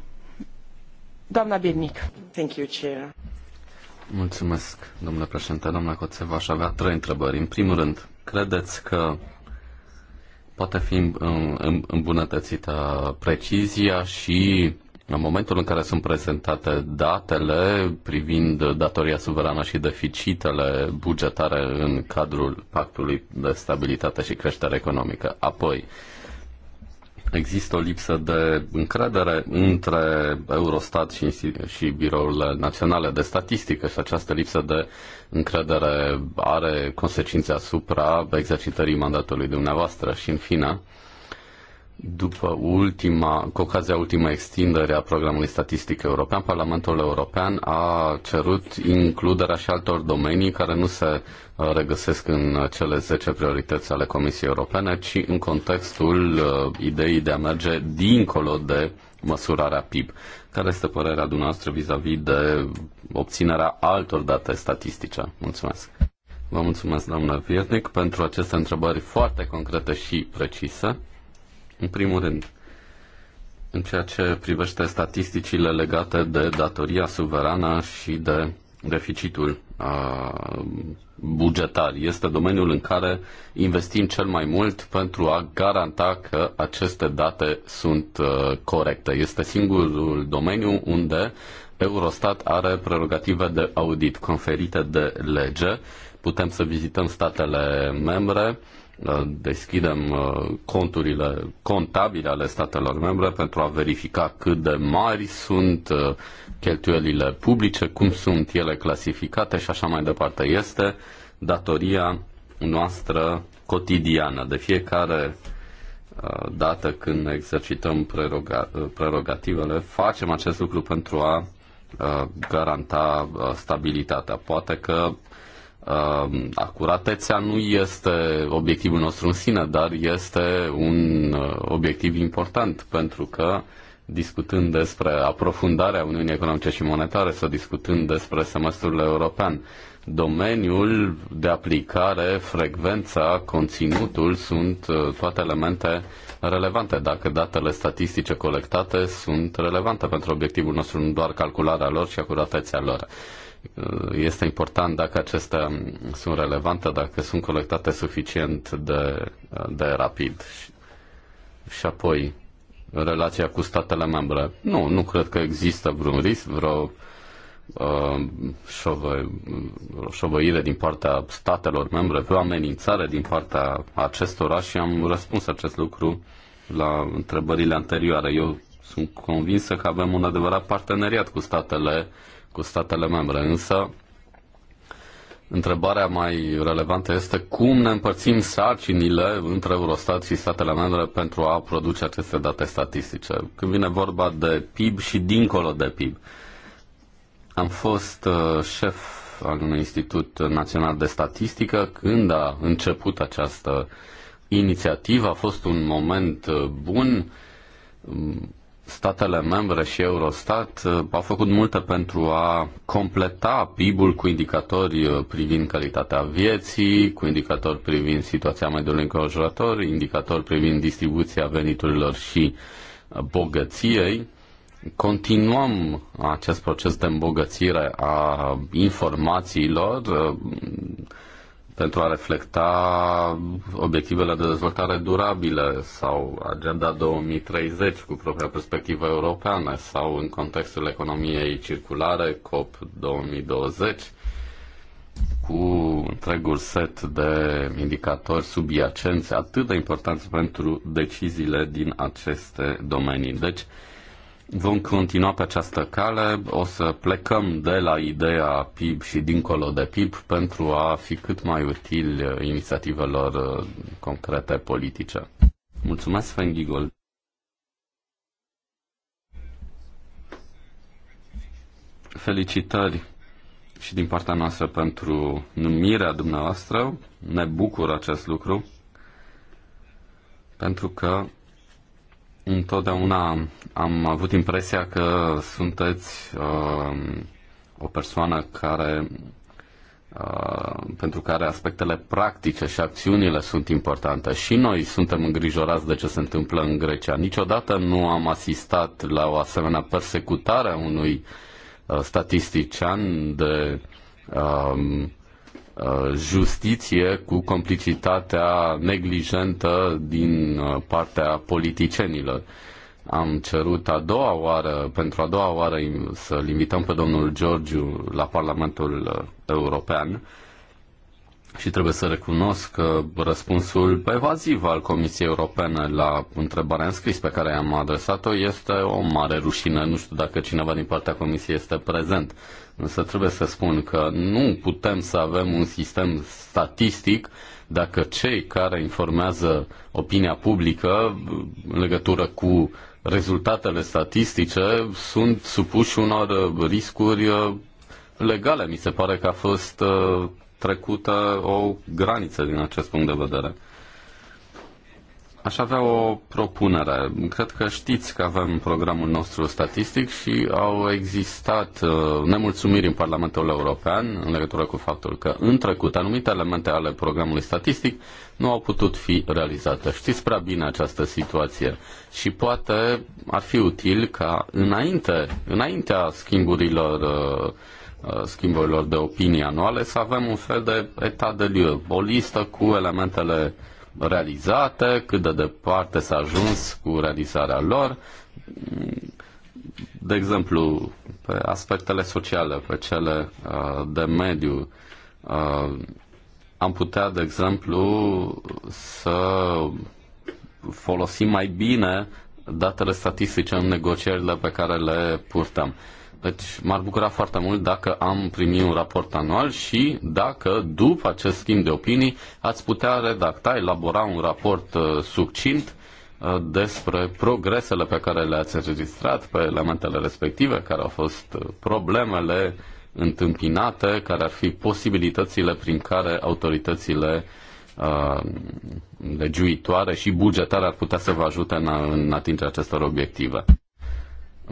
doamna Birnic. Thank you, Chair. Mulțumesc, domnule președinte. Doamna Coțeva, aș avea trei întrebări. În primul rând, Credeți că poate fi îmbunătățită precizia și în momentul în care sunt prezentate datele privind datoria suverană și deficitele bugetare în cadrul Pactului de Stabilitate și Creștere Economică. Apoi, Există o lipsă de încredere între Eurostat și, și birourile naționale de statistică și această lipsă de încredere are consecințe asupra exercitării mandatului dumneavoastră și, în fine, după ultima, cu ocazia ultima extindere a programului statistic european, Parlamentul European a cerut includerea și altor domenii care nu se uh, regăsesc în cele 10 priorități ale Comisiei Europene, ci în contextul uh, ideii de a merge dincolo de măsurarea PIB. Care este părerea dumneavoastră vis-a-vis -vis de obținerea altor date statistice? Mulțumesc! Vă mulțumesc, doamnă Viernic, pentru aceste întrebări foarte concrete și precise. În primul rând, în ceea ce privește statisticile legate de datoria suverană și de deficitul a, bugetar. Este domeniul în care investim cel mai mult pentru a garanta că aceste date sunt a, corecte. Este singurul domeniu unde Eurostat are prerogative de audit conferite de lege. Putem să vizităm statele membre uh, deschidem uh, conturile contabile ale statelor membre pentru a verifica cât de mari sunt uh, cheltuielile publice, cum sunt ele clasificate și așa mai departe. Este datoria noastră cotidiană. De fiecare uh, dată când exercităm prerogativele, facem acest lucru pentru a garanta stabilitatea. Poate că Um, acuratețea nu este obiectivul nostru în sine, dar este un uh, obiectiv important pentru că discutând despre aprofundarea Uniunii Economice și Monetare sau discutând despre semestrul european, domeniul de aplicare, frecvența, conținutul sunt uh, toate elemente relevante, dacă datele statistice colectate sunt relevante pentru obiectivul nostru, nu doar calcularea lor, și acuratețea lor. Uh, este important dacă acestea um, sunt relevante, dacă sunt colectate suficient de, uh, de rapid. Și apoi, relația cu statele membre. Nu, nu cred că există vreun risc, vreo uh, șovăire din partea statelor membre, vreo amenințare din partea acestora și am răspuns acest lucru la întrebările anterioare. Eu sunt convinsă că avem un adevărat parteneriat cu statele cu statele membre, însă Întrebarea mai relevantă este cum ne împărțim sarcinile între Eurostat și statele membre pentru a produce aceste date statistice. Când vine vorba de PIB și dincolo de PIB. Am fost uh, șef al unui institut național de statistică când a început această inițiativă. A fost un moment uh, bun statele membre și Eurostat uh, au făcut multe pentru a completa PIB-ul cu indicatori uh, privind calitatea vieții, cu indicatori privind situația mediului înconjurător, indicatori privind distribuția veniturilor și uh, bogăției. Continuăm acest proces de îmbogățire a informațiilor pentru a reflecta obiectivele de dezvoltare durabilă sau Agenda 2030 cu propria perspectivă europeană sau în contextul economiei circulare COP 2020 cu întregul set de indicatori subiacenți atât de importanți pentru deciziile din aceste domenii. Deci, Vom continua pe această cale, o să plecăm de la ideea PIB și dincolo de PIB pentru a fi cât mai util inițiativelor uh, concrete politice. Mulțumesc, Sven Felicitări și din partea noastră pentru numirea dumneavoastră. Ne bucur acest lucru pentru că Întotdeauna am avut impresia că sunteți uh, o persoană care, uh, pentru care aspectele practice și acțiunile sunt importante. Și noi suntem îngrijorați de ce se întâmplă în Grecia. Niciodată nu am asistat la o asemenea persecutare a unui uh, statistician de uh, Uh, justiție cu complicitatea neglijentă din uh, partea politicienilor. Am cerut a doua oară, pentru a doua oară, să-l invităm pe domnul Georgiu la Parlamentul uh, European și trebuie să recunosc că răspunsul evaziv al Comisiei Europene la întrebarea înscris pe care am adresat-o este o mare rușine. Nu știu dacă cineva din partea Comisiei este prezent Însă trebuie să spun că nu putem să avem un sistem statistic dacă cei care informează opinia publică în legătură cu rezultatele statistice sunt supuși unor riscuri uh, legale. Mi se pare că a fost uh, trecută o graniță din acest punct de vedere. Aș avea o propunere. Cred că știți că avem programul nostru statistic și au existat uh, nemulțumiri în Parlamentul European în legătură cu faptul că în trecut anumite elemente ale programului statistic nu au putut fi realizate. Știți prea bine această situație și poate ar fi util ca înainte, înaintea schimburilor uh, uh schimburilor de opinie anuale, să avem un fel de etat de lieu, o listă cu elementele realizate, cât de departe s-a ajuns cu realizarea lor, de exemplu, pe aspectele sociale, pe cele uh, de mediu, uh, am putea, de exemplu, să folosim mai bine datele statistice în negocierile pe care le purtăm. Deci m-ar bucura foarte mult dacă am primit un raport anual și dacă, după acest schimb de opinii, ați putea redacta, elabora un raport uh, succint uh, despre progresele pe care le-ați înregistrat, pe elementele respective, care au fost uh, problemele întâmpinate, care ar fi posibilitățile prin care autoritățile uh, legiuitoare și bugetare ar putea să vă ajute în, în atingerea acestor obiective.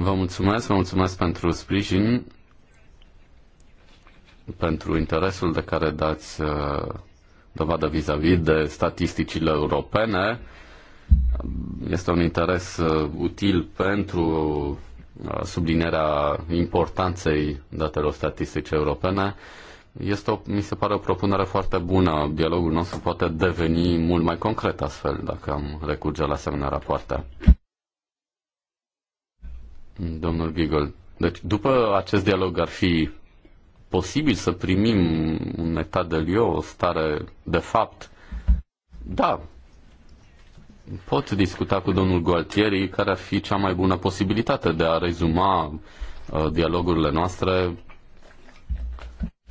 Vă mulțumesc, vă mulțumesc pentru sprijin, pentru interesul de care dați uh, dovadă vis-a-vis -vis de statisticile europene. Este un interes uh, util pentru uh, sublinierea importanței datelor statistice europene. Este o, mi se pare o propunere foarte bună. Dialogul nostru poate deveni mult mai concret astfel dacă am recurge la asemenea rapoarte. Domnul Giggle, deci după acest dialog ar fi posibil să primim un etat de lio, o stare de fapt? Da, pot discuta cu domnul Gualtieri care ar fi cea mai bună posibilitate de a rezuma uh, dialogurile noastre.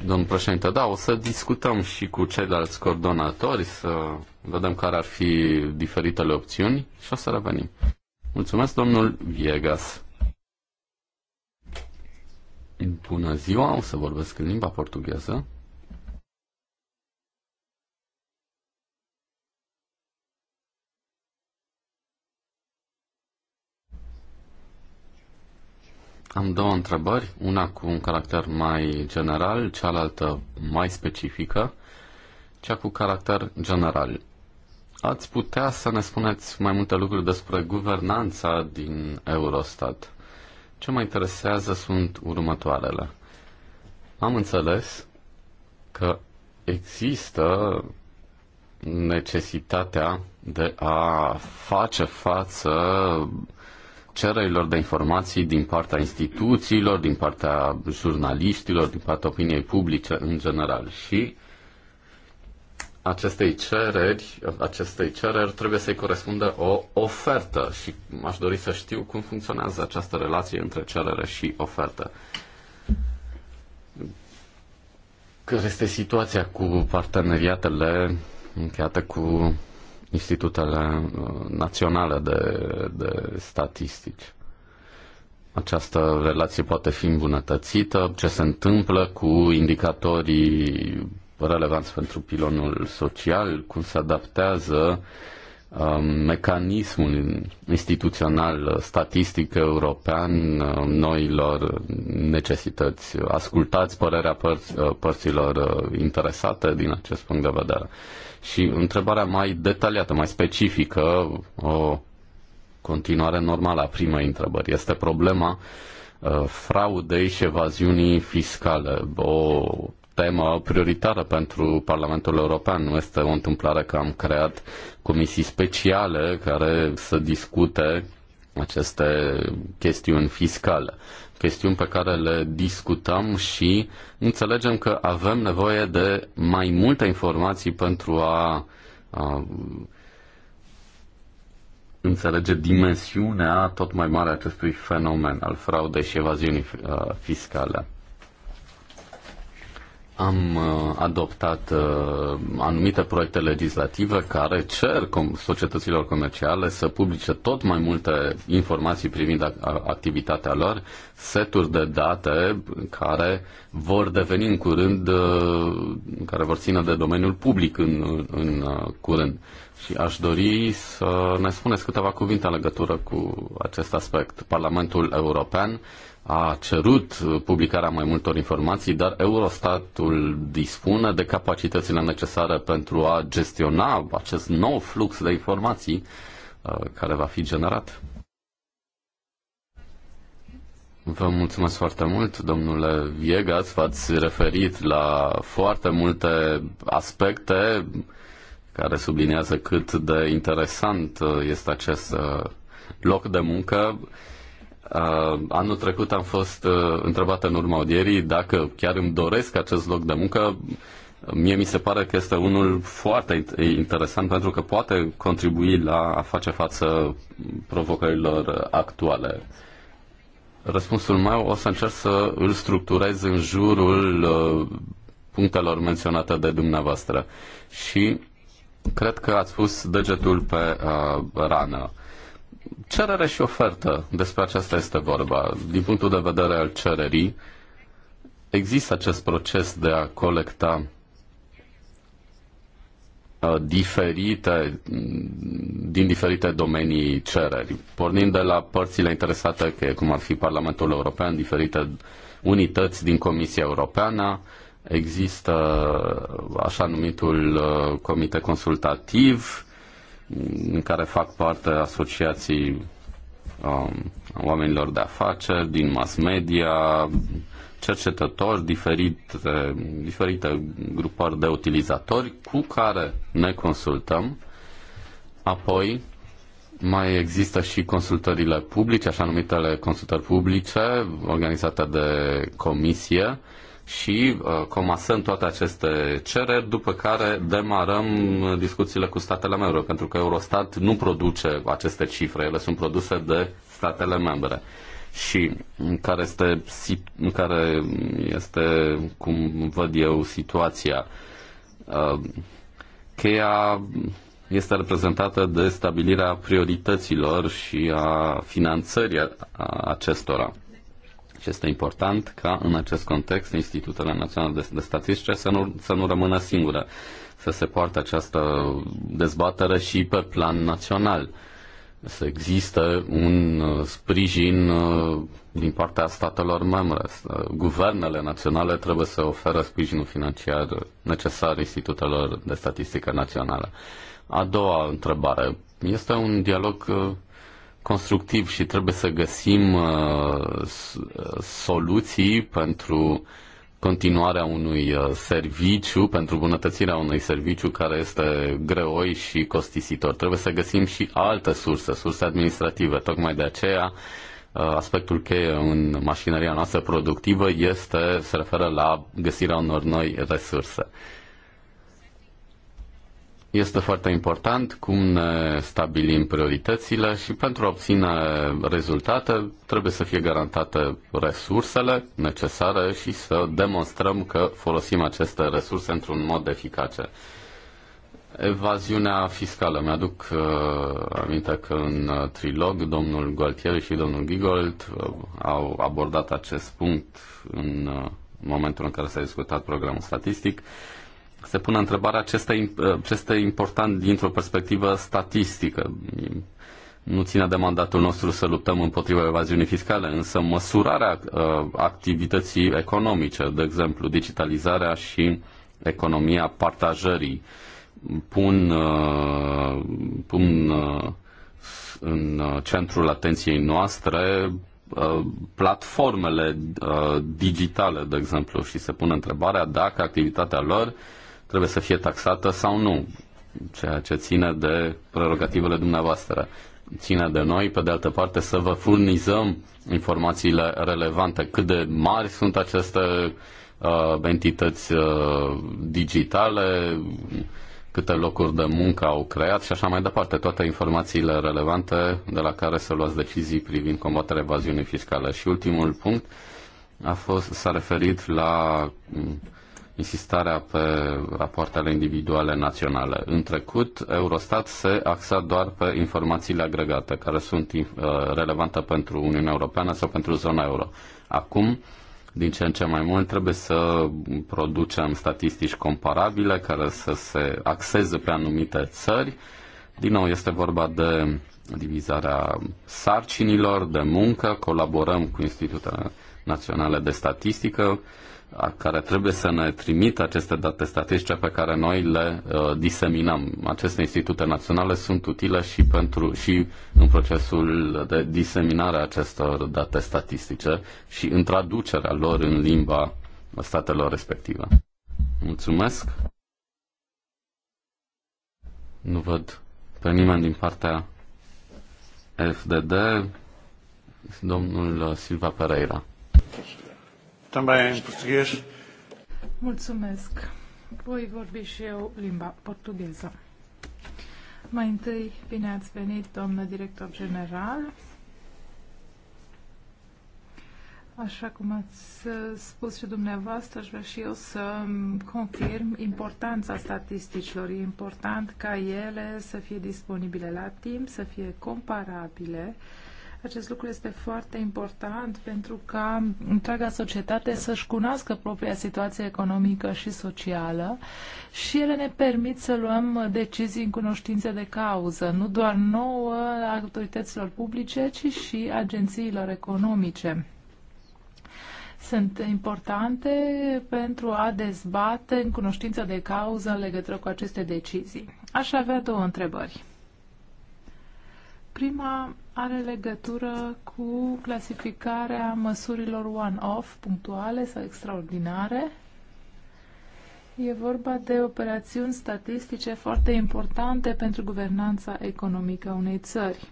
Domnul președinte, da, o să discutăm și cu ceilalți coordonatori, să vedem care ar fi diferitele opțiuni și o să revenim. Mulțumesc, domnul Viegas bună ziua, o să vorbesc în limba portugheză. Am două întrebări, una cu un caracter mai general, cealaltă mai specifică, cea cu caracter general. Ați putea să ne spuneți mai multe lucruri despre guvernanța din Eurostat? Ce mă interesează sunt următoarele. Am înțeles că există necesitatea de a face față cererilor de informații din partea instituțiilor, din partea jurnaliștilor, din partea opiniei publice în general. Și acestei cereri, acestei cereri trebuie să-i corespundă o ofertă și aș dori să știu cum funcționează această relație între cerere și ofertă. Care este situația cu parteneriatele încheiate cu institutele uh, naționale de, de statistici? Această relație poate fi îmbunătățită? Ce se întâmplă cu indicatorii relevanți pentru pilonul social, cum se adaptează um, mecanismul instituțional uh, statistic european um, noilor necesități. Ascultați părerea păr- uh, părților uh, interesate din acest punct de vedere. Și întrebarea mai detaliată, mai specifică, o continuare normală a primei întrebări, este problema fraudei și evaziunii fiscale, o temă prioritară pentru Parlamentul European. Nu este o întâmplare că am creat comisii speciale care să discute aceste chestiuni fiscale chestiuni pe care le discutăm și înțelegem că avem nevoie de mai multe informații pentru a, a înțelege dimensiunea tot mai mare a acestui fenomen al fraudei și evaziunii uh, fiscale am uh, adoptat uh, anumite proiecte legislative care cer societăților comerciale să publice tot mai multe informații privind activitatea lor, seturi de date care vor deveni în curând, uh, care vor ține de domeniul public în, în curând. Și aș dori să ne spuneți câteva cuvinte în legătură cu acest aspect. Parlamentul European a cerut publicarea mai multor informații, dar Eurostatul dispune de capacitățile necesare pentru a gestiona acest nou flux de informații uh, care va fi generat. Vă mulțumesc foarte mult, domnule Viegas. V-ați referit la foarte multe aspecte care subliniază cât de interesant uh, este acest uh, loc de muncă. Ehm, anul trecut am fost eh, întrebată în urma audierii dacă chiar îmi doresc acest loc de muncă. Mie mi se pare că este unul foarte interesant pentru că poate contribui la a face față provocărilor actuale. Răspunsul meu o să încerc să îl structurez în jurul eh, punctelor menționate de dumneavoastră. Și cred că ați pus degetul pe uh, rană. Uh, cerere și ofertă, despre aceasta este vorba. Din punctul de vedere al cererii, există acest proces de a colecta uh, diferite, din diferite domenii cereri, pornind de la părțile interesate, cum ar fi Parlamentul European, diferite unități din Comisia Europeană, există așa numitul uh, comitet consultativ, în care fac parte asociații um, oamenilor de afaceri, din mass media, cercetători, diferite, diferite grupări de utilizatori cu care ne consultăm. Apoi mai există și consultările publice, așa numitele consultări publice organizate de comisie, uh, și uh, comasăm toate aceste cereri, după care demarăm discuțiile cu statele membre, pentru că Eurostat nu produce aceste cifre, ele sunt produse de statele membre și care este, care este cum văd eu, situația. Uh, cheia este reprezentată de stabilirea priorităților și a finanțării acestora. Și este important ca în acest context Institutele Naționale de, de Statistice să nu, să nu rămână singură, să se poartă această dezbatere și pe plan național să există un uh, sprijin uh, din partea statelor membre. Guvernele naționale trebuie să oferă sprijinul financiar necesar institutelor de statistică națională. A doua întrebare. Este un dialog uh, constructiv și trebuie să găsim uh, uh, soluții pentru continuarea unui uh, serviciu, pentru bunătățirea unui serviciu care este greoi și costisitor. Trebuie să găsim și alte surse, surse administrative. Tocmai de aceea aspectul cheie în mașinăria noastră productivă este, se referă la găsirea unor noi resurse. Este foarte important cum ne stabilim prioritățile și pentru a obține rezultate trebuie să fie garantate resursele necesare și să demonstrăm că folosim aceste resurse într-un mod eficace. Evaziunea fiscală. Mi-aduc uh, aminte că în uh, trilog domnul Gualtieri și domnul Gigold uh, au abordat acest punct în uh, momentul în care s-a discutat programul statistic. Uh, se pune întrebarea ce este, ă, ce este important dintr-o perspectivă statistică. Nu ține de mandatul nostru să luptăm împotriva evaziunii fiscale, însă măsurarea ă, activității economice, de exemplu, digitalizarea și economia partajării, pun, ă, pun în centrul atenției noastre platformele digitale, de exemplu, și se pune întrebarea dacă activitatea lor trebuie să fie taxată sau nu, ceea ce ține de prerogativele dumneavoastră. Ține de noi, pe de altă parte, să vă furnizăm informațiile relevante, cât de mari sunt aceste uh, entități uh, digitale, câte locuri de muncă au creat și așa mai departe, toate informațiile relevante de la care să luați decizii privind combaterea evaziunii fiscale. Și ultimul punct a fost, s-a referit la mm, insistarea pe rapoartele individuale naționale. În trecut, Eurostat se axa doar pe informațiile agregate, care sunt uh, relevante pentru Uniunea Europeană sau pentru zona euro. Acum, din ce în ce mai mult, trebuie să producem statistici comparabile care să se axeze pe anumite țări. Din nou, este vorba de divizarea sarcinilor, de muncă, colaborăm cu Institutele Naționale de Statistică, care trebuie să ne trimită aceste date statistice pe care noi le uh, diseminăm. Aceste institute naționale sunt utile și, pentru, și în procesul de diseminare a acestor date statistice și în traducerea lor în limba statelor respective. Mulțumesc! Nu văd pe nimeni din partea FDD, domnul Silva Pereira. Também em português. Mulțumesc. Voi vorbi și eu limba portugheză. Mai întâi, bine ați venit, domnul director general. Așa cum ați uh, spus și dumneavoastră, aș vrea și eu să confirm importanța statisticilor. E important ca ele să fie disponibile la timp, să fie comparabile acest lucru este foarte important pentru ca întreaga societate să-și cunoască propria situație economică și socială și ele ne permit să luăm decizii în cunoștință de cauză, nu doar nouă autorităților publice, ci și agențiilor economice sunt importante pentru a dezbate în cunoștință de cauză în legătură cu aceste decizii. Aș avea două întrebări. Prima are legătură cu clasificarea măsurilor one-off, punctuale sau extraordinare. E vorba de operațiuni statistice foarte importante pentru guvernanța economică a unei țări.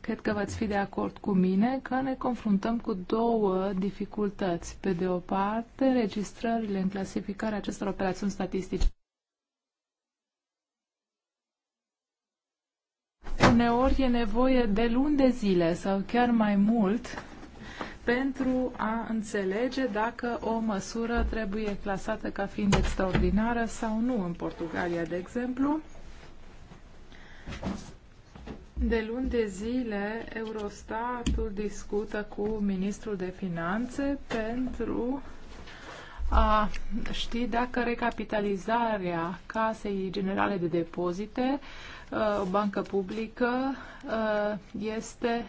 Cred că v-ați fi de acord cu mine că ne confruntăm cu două dificultăți. Pe de o parte, registrările în clasificarea acestor operațiuni statistice uneori e nevoie de luni de zile sau chiar mai mult pentru a înțelege dacă o măsură trebuie clasată ca fiind extraordinară sau nu în Portugalia, de exemplu. De luni de zile, Eurostatul discută cu Ministrul de Finanțe pentru a ști dacă recapitalizarea Casei Generale de Depozite uh, Uh, o bancă publică uh, este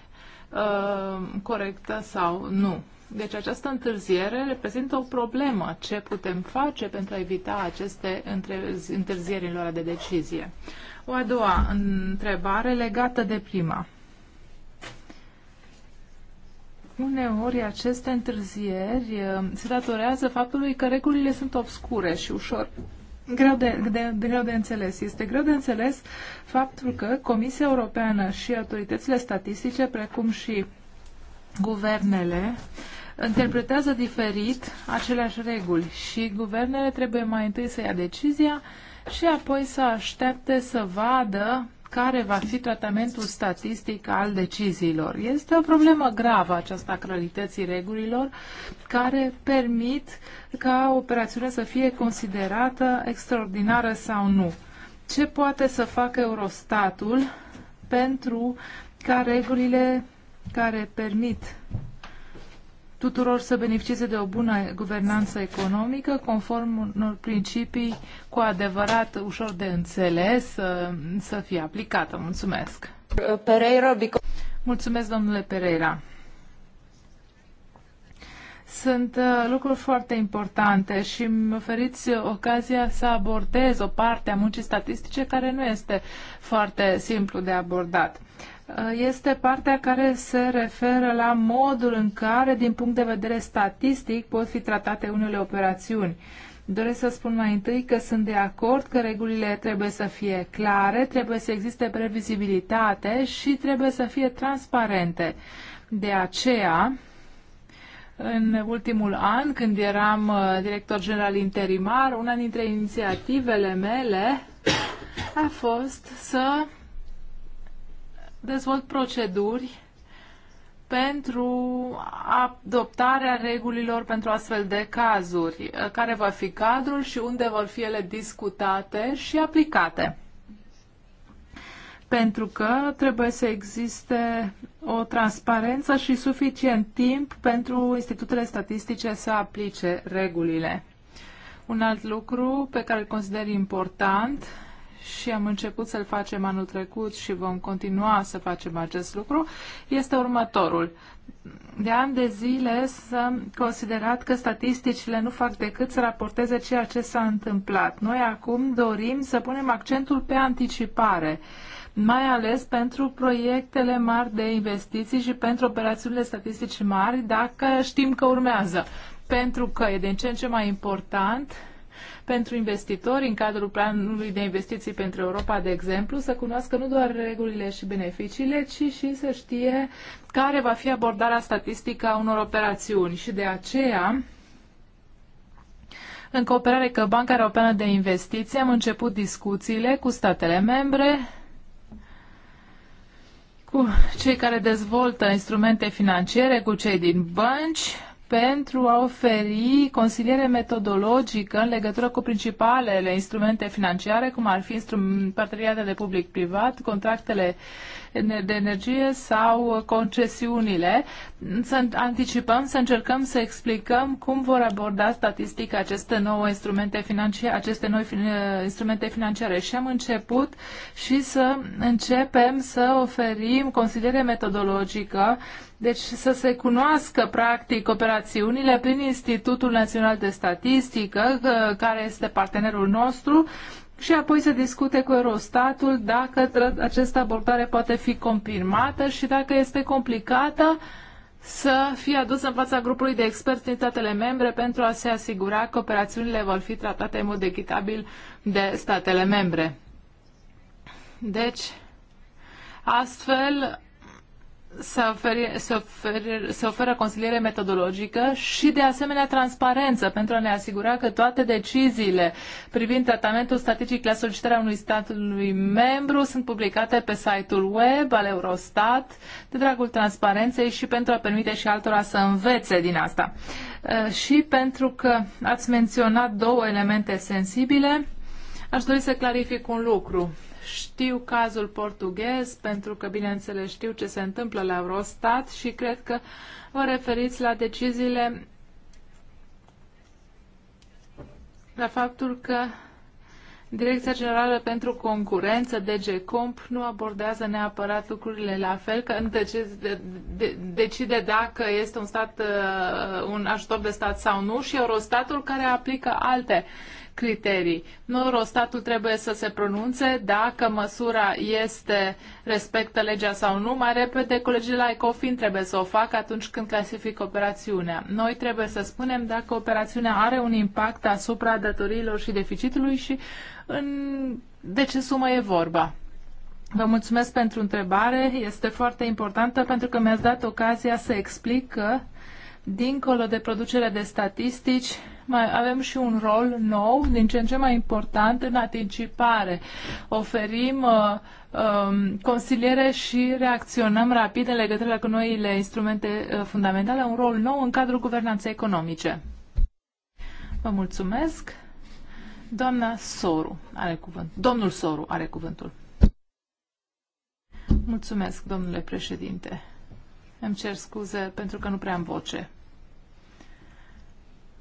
uh, corectă sau nu. Deci această întârziere reprezintă o problemă. Ce putem face pentru a evita aceste întârzieri în luarea de decizie? O a doua întrebare legată de prima. Uneori aceste întârzieri se datorează faptului că regulile sunt obscure și ușor greu de, de, de, greu de înțeles. Este greu de înțeles faptul că Comisia Europeană și autoritățile statistice, precum și guvernele, interpretează diferit aceleași reguli și guvernele trebuie mai întâi să ia decizia și apoi să aștepte să vadă care va fi tratamentul statistic al deciziilor. Este o problemă gravă aceasta a clarității regulilor care permit ca operațiunea să fie considerată extraordinară sau nu. Ce poate să facă Eurostatul pentru ca regulile care permit tuturor să beneficieze de o bună guvernanță economică, conform unor principii cu adevărat ușor de înțeles să, să fie aplicată. Mulțumesc! Pereira, because... Mulțumesc, domnule Pereira! Sunt uh, lucruri foarte importante și îmi oferiți ocazia să abordez o parte a muncii statistice care nu este foarte simplu de abordat. Uh, Uh, este partea care se referă la modul în care, din punct de vedere statistic, pot fi tratate unele operațiuni. Doresc să spun mai întâi că sunt de acord că regulile trebuie să fie clare, trebuie să existe previzibilitate și trebuie să fie transparente. De aceea, în ultimul an, când eram uh, director general interimar, una dintre inițiativele mele a fost să dezvolt proceduri pentru adoptarea regulilor pentru astfel de cazuri, care va fi cadrul și unde vor fi ele discutate și aplicate. Pentru că trebuie să existe o transparență și suficient timp pentru institutele statistice să aplice regulile. Un alt lucru pe care îl consider important și am început să-l facem anul trecut și vom continua să facem acest lucru, este următorul. De ani de zile s-a considerat că statisticile nu fac decât să raporteze ceea ce s-a întâmplat. Noi acum dorim să punem accentul pe anticipare mai ales pentru proiectele mari de investiții și pentru operațiunile statistici mari, dacă știm că urmează. Pentru că e din ce în ce mai important pentru investitori în cadrul planului de investiții pentru Europa, de exemplu, să cunoască nu doar regulile și beneficiile, ci și să știe care va fi abordarea statistică a unor operațiuni. Și de aceea, în cooperare cu Banca Europeană de Investiții, am început discuțiile cu statele membre, cu cei care dezvoltă instrumente financiare, cu cei din bănci, pentru a oferi consiliere metodologică în legătură cu principalele instrumente financiare, cum ar fi parteneriatele public-privat, contractele de energie sau concesiunile, să anticipăm, să încercăm să explicăm cum vor aborda statistic aceste nouă instrumente financiare, aceste noi instrumente financiare. Și am început și să începem să oferim consiliere metodologică deci să se cunoască practic operațiunile prin Institutul Național de Statistică, care este partenerul nostru, și apoi să discute cu Eurostatul dacă această abordare poate fi confirmată și dacă este complicată să fie adusă în fața grupului de experți din statele membre pentru a se asigura că operațiunile vor fi tratate în mod echitabil de statele membre. Deci, astfel să, oferi, să, să oferă consiliere metodologică și de asemenea transparență pentru a ne asigura că toate deciziile privind tratamentul statistic la solicitarea unui statului membru sunt publicate pe site-ul web al Eurostat de dragul transparenței și pentru a permite și altora să învețe din asta. Uh, și pentru că ați menționat două elemente sensibile, aș dori să clarific un lucru știu cazul portughez, pentru că, bineînțeles, știu ce se întâmplă la Eurostat și cred că vă referiți la deciziile, la faptul că Direcția Generală pentru Concurență, DG Comp, nu abordează neapărat lucrurile la fel, că deci, decide dacă este un stat, uh, un ajutor de stat sau nu și Eurostatul care aplică alte criterii. Eurostatul trebuie să se pronunțe dacă măsura este respectă legea sau nu. Mai repede, colegii la ECOFIN trebuie să o facă atunci când clasifică operațiunea. Noi trebuie să spunem dacă operațiunea are un impact asupra datoriilor și deficitului și în... de ce sumă e vorba. Vă mulțumesc pentru întrebare. Este foarte importantă pentru că mi-ați dat ocazia să explic că, dincolo de producerea de statistici, mai avem și un rol nou, din ce în ce mai important, în anticipare. Oferim uh, um, consiliere și reacționăm rapid în legătură cu noile instrumente uh, fundamentale, un rol nou în cadrul guvernanței economice. Vă mulțumesc. Doamna Soru are cuvânt. Domnul Soru are cuvântul. Mulțumesc, domnule președinte. Îmi cer scuze pentru că nu prea am voce.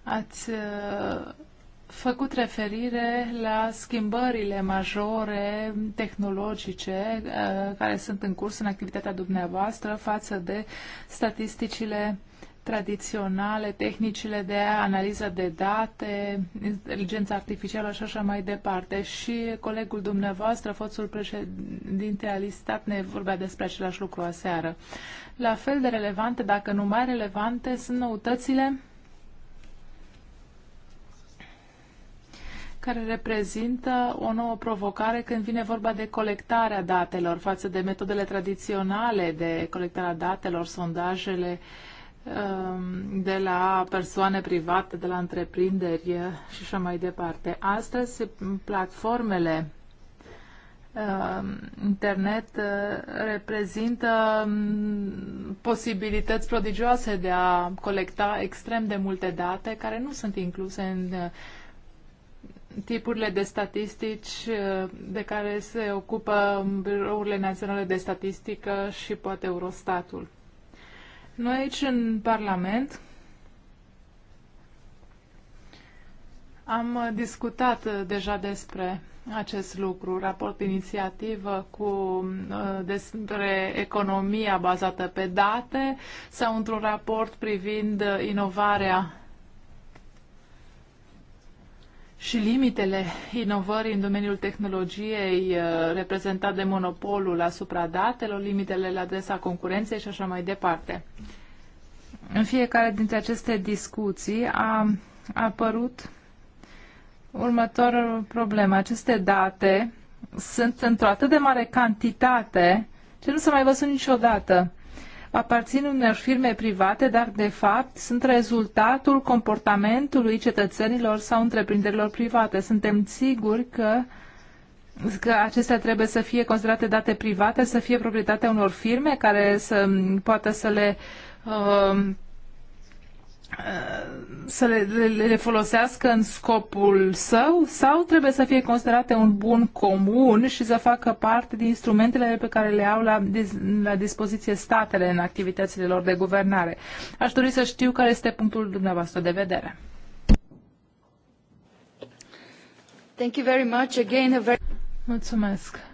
Ați uh, făcut referire la schimbările majore tehnologice uh, care sunt în curs în activitatea dumneavoastră față de statisticile tradiționale, tehnicile de analiză de date, inteligența artificială și așa mai departe. Și colegul dumneavoastră, fostul președinte al ISTAT, ne vorbea despre același lucru aseară. La fel de relevante, dacă nu mai relevante, sunt noutățile care reprezintă o nouă provocare când vine vorba de colectarea datelor față de metodele tradiționale de colectarea datelor, sondajele um, de la persoane private, de la întreprinderi uh, și așa mai departe. Astăzi, platformele um, internet uh, reprezintă um, posibilități prodigioase de a colecta extrem de multe date care nu sunt incluse în uh, tipurile de statistici uh, de care se ocupă birourile naționale de statistică și poate Eurostatul. Noi aici în Parlament am discutat uh, deja despre acest lucru, raport inițiativă cu uh, despre economia bazată pe date sau într-un raport privind inovarea și limitele inovării în domeniul tehnologiei uh, reprezentat de monopolul asupra datelor, limitele la adresa concurenței și așa mai departe. În fiecare dintre aceste discuții a apărut următorul problemă. Aceste date sunt într-o atât de mare cantitate ce nu s-a mai văzut niciodată aparțin unor firme private, dar de fapt sunt rezultatul comportamentului cetățenilor sau întreprinderilor private. Suntem siguri că că acestea trebuie să fie considerate date private, să fie proprietatea unor firme care să poată să le uh, să le, le, le folosească în scopul său sau trebuie să fie considerate un bun comun și să facă parte din instrumentele pe care le au la, la dispoziție statele în activitățile lor de guvernare. Aș dori să știu care este punctul dumneavoastră de vedere. Thank you very much. Again, a very... Mulțumesc.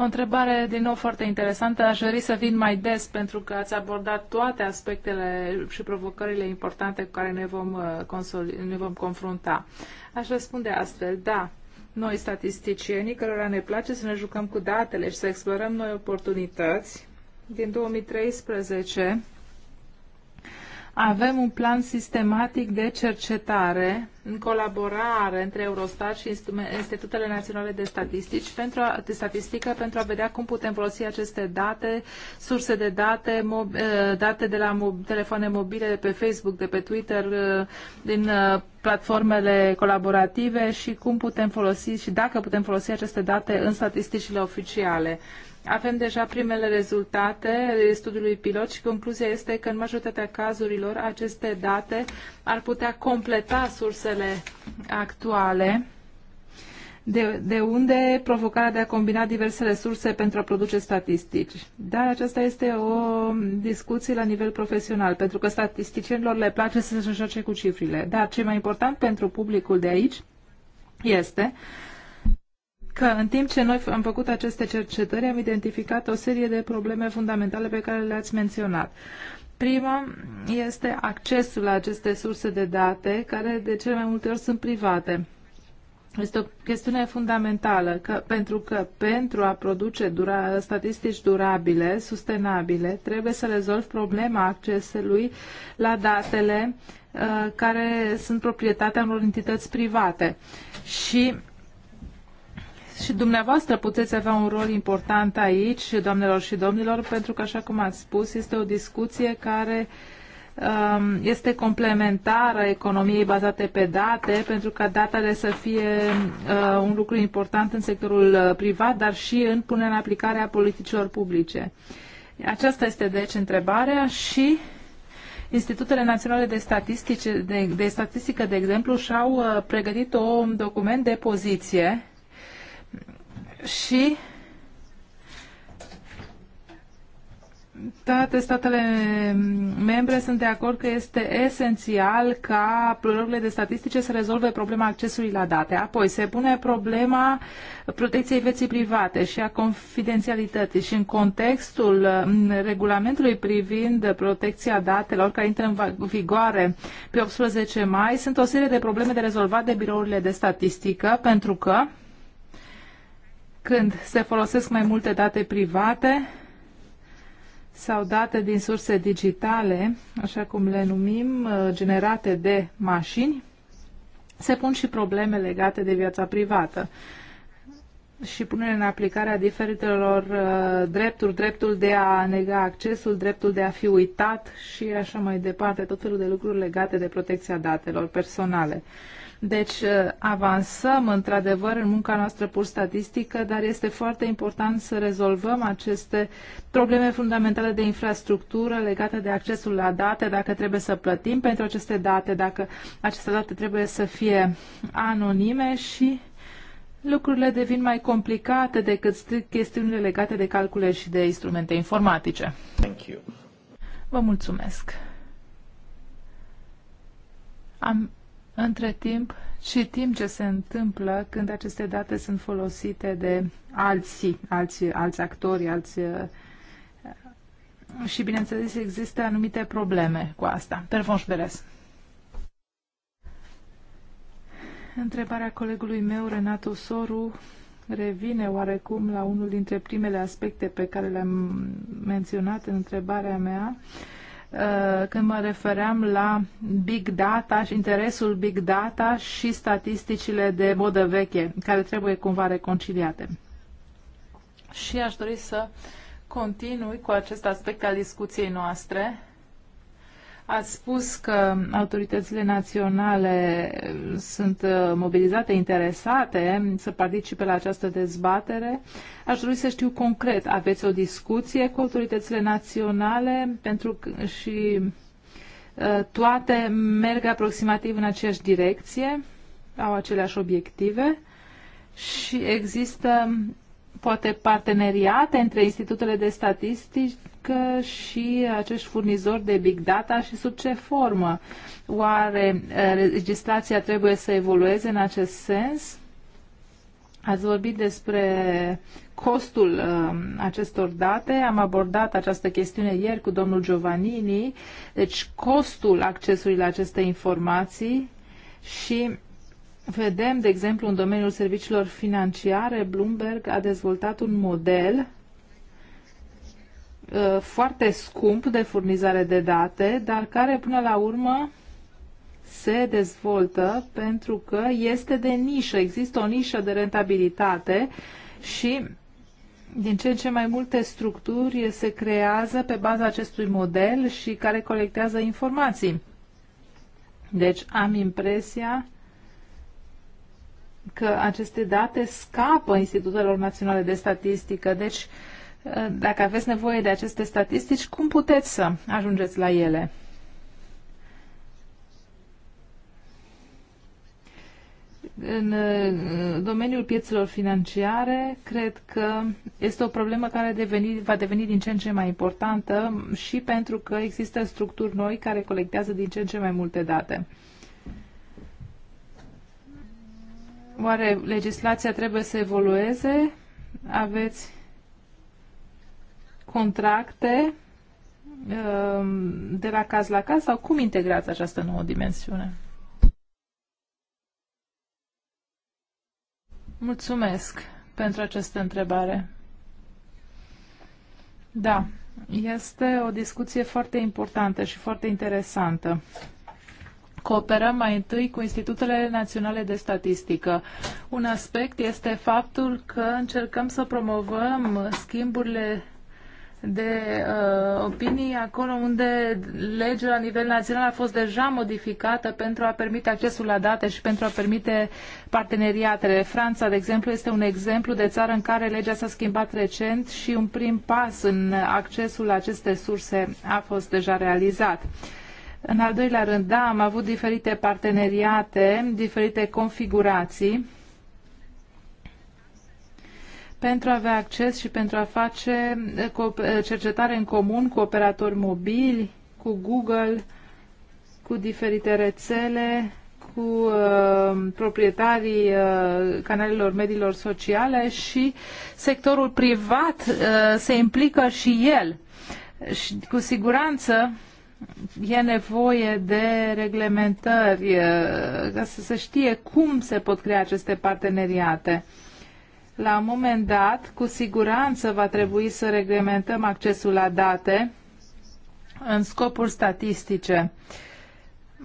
O întrebare din nou foarte interesantă. Aș dori să vin mai des pentru că ați abordat toate aspectele și provocările importante cu care ne vom, uh, ne vom confrunta. Aș răspunde astfel, da, noi statisticienii, cărora ne place să ne jucăm cu datele și să explorăm noi oportunități, din 2013 avem un plan sistematic de cercetare în colaborare între Eurostat și Institutele Naționale de, Statistici pentru a, de Statistică pentru a vedea cum putem folosi aceste date, surse de date, mob, eh, date de la mob, telefoane mobile, de pe Facebook, de pe Twitter, eh, din eh, platformele colaborative și cum putem folosi și dacă putem folosi aceste date în statisticile oficiale. Avem deja primele rezultate studiului pilot și concluzia este că în majoritatea cazurilor aceste date ar putea completa sursele actuale. De, de unde provocarea de a combina diverse resurse pentru a produce statistici? Dar aceasta este o discuție la nivel profesional, pentru că statisticienilor le place să se joace cu cifrele. Dar ce mai important pentru publicul de aici este că în timp ce noi am făcut aceste cercetări, am identificat o serie de probleme fundamentale pe care le-ați menționat. Prima este accesul la aceste surse de date, care de cele mai multe ori sunt private. Este o chestiune fundamentală, că, pentru că pentru a produce dura, statistici durabile, sustenabile, trebuie să rezolvi problema accesului la datele uh, care sunt proprietatea unor entități private. Și și dumneavoastră puteți avea un rol important aici, doamnelor și domnilor, pentru că, așa cum ați spus, este o discuție care um, este complementară economiei bazate pe date, pentru ca datele să fie uh, un lucru important în sectorul uh, privat, dar și în punerea în aplicare a politicilor publice. Aceasta este, deci, întrebarea și Institutele Naționale de, de, de Statistică, de exemplu, și-au uh, pregătit un document de poziție și toate statele membre sunt de acord că este esențial ca proiectele de statistice să rezolve problema accesului la date. Apoi se pune problema protecției vieții private și a confidențialității și în contextul regulamentului privind protecția datelor care intră în vigoare pe 18 mai sunt o serie de probleme de rezolvat de birourile de statistică pentru că când se folosesc mai multe date private sau date din surse digitale, așa cum le numim, uh, generate de mașini, se pun și probleme legate de viața privată și punere în aplicare a diferitelor uh, drepturi, dreptul de a nega accesul, dreptul de a fi uitat și așa mai departe, tot felul de lucruri legate de protecția datelor personale. Uh, deci uh, avansăm într-adevăr în munca noastră pur statistică, dar este foarte important să rezolvăm aceste probleme fundamentale de infrastructură legate de accesul la date, dacă trebuie să plătim pentru aceste date, dacă aceste date trebuie să fie anonime și lucrurile devin mai complicate decât chestiunile legate de calcule și de instrumente informatice. Thank you. Vă mulțumesc. Am între timp, timp ce se întâmplă când aceste date sunt folosite de alții, alți, alți actori, alți... Uh, și, bineînțeles, există anumite probleme cu asta. Pervonș Beres. Întrebarea colegului meu, Renato Soru, revine oarecum la unul dintre primele aspecte pe care le-am menționat în întrebarea mea Uh, când mă refeream la big data și interesul big data și statisticile de modă veche, care trebuie cumva reconciliate. Și aș dori să continui cu acest aspect al discuției noastre Ați spus că autoritățile naționale sunt uh, mobilizate, interesate să participe la această dezbatere. Aș dori să știu concret, aveți o discuție cu autoritățile naționale pentru că și uh, toate merg aproximativ în aceeași direcție, au aceleași obiective și există poate parteneriate între institutele de statistică și acești furnizori de big data și sub ce formă? Oare legislația trebuie să evolueze în acest sens? Ați vorbit despre costul uh, acestor date. Am abordat această chestiune ieri cu domnul Giovannini. Deci costul accesului la aceste informații și Vedem, de exemplu, în domeniul serviciilor financiare, Bloomberg a dezvoltat un model uh, foarte scump de furnizare de date, dar care până la urmă se dezvoltă pentru că este de nișă, există o nișă de rentabilitate și din ce în ce mai multe structuri se creează pe baza acestui model și care colectează informații. Deci am impresia că aceste date scapă Institutelor Naționale de Statistică. Deci, uh, dacă aveți nevoie de aceste statistici, cum puteți să ajungeți la ele? În uh, domeniul piețelor financiare, cred că este o problemă care deveni, va deveni din ce în ce mai importantă și pentru că există structuri noi care colectează din ce în ce mai multe date. Oare legislația trebuie să evolueze? Aveți contracte um, de la caz la caz sau cum integrați această nouă dimensiune? Mulțumesc pentru această întrebare. Da, este o discuție foarte importantă și foarte interesantă cooperăm mai întâi cu Institutele Naționale de Statistică. Un aspect este faptul că încercăm să promovăm schimburile de uh, opinii acolo unde legea la nivel național a fost deja modificată pentru a permite accesul la date și pentru a permite parteneriatele. Franța, de exemplu, este un exemplu de țară în care legea s-a schimbat recent și un prim pas în accesul la aceste surse a fost deja realizat. Uh, în al doilea rând, da, am avut diferite parteneriate, diferite configurații pentru a avea acces și pentru a face eh, eh, cercetare în comun cu operatori mobili, cu Google, cu diferite rețele, cu uh, proprietarii uh, canalelor mediilor sociale și sectorul privat uh, se implică și el. Și cu siguranță e nevoie de reglementări, ca să se știe cum se pot crea aceste parteneriate. La un moment dat, cu siguranță va trebui să reglementăm accesul la date în scopuri statistice. Uh,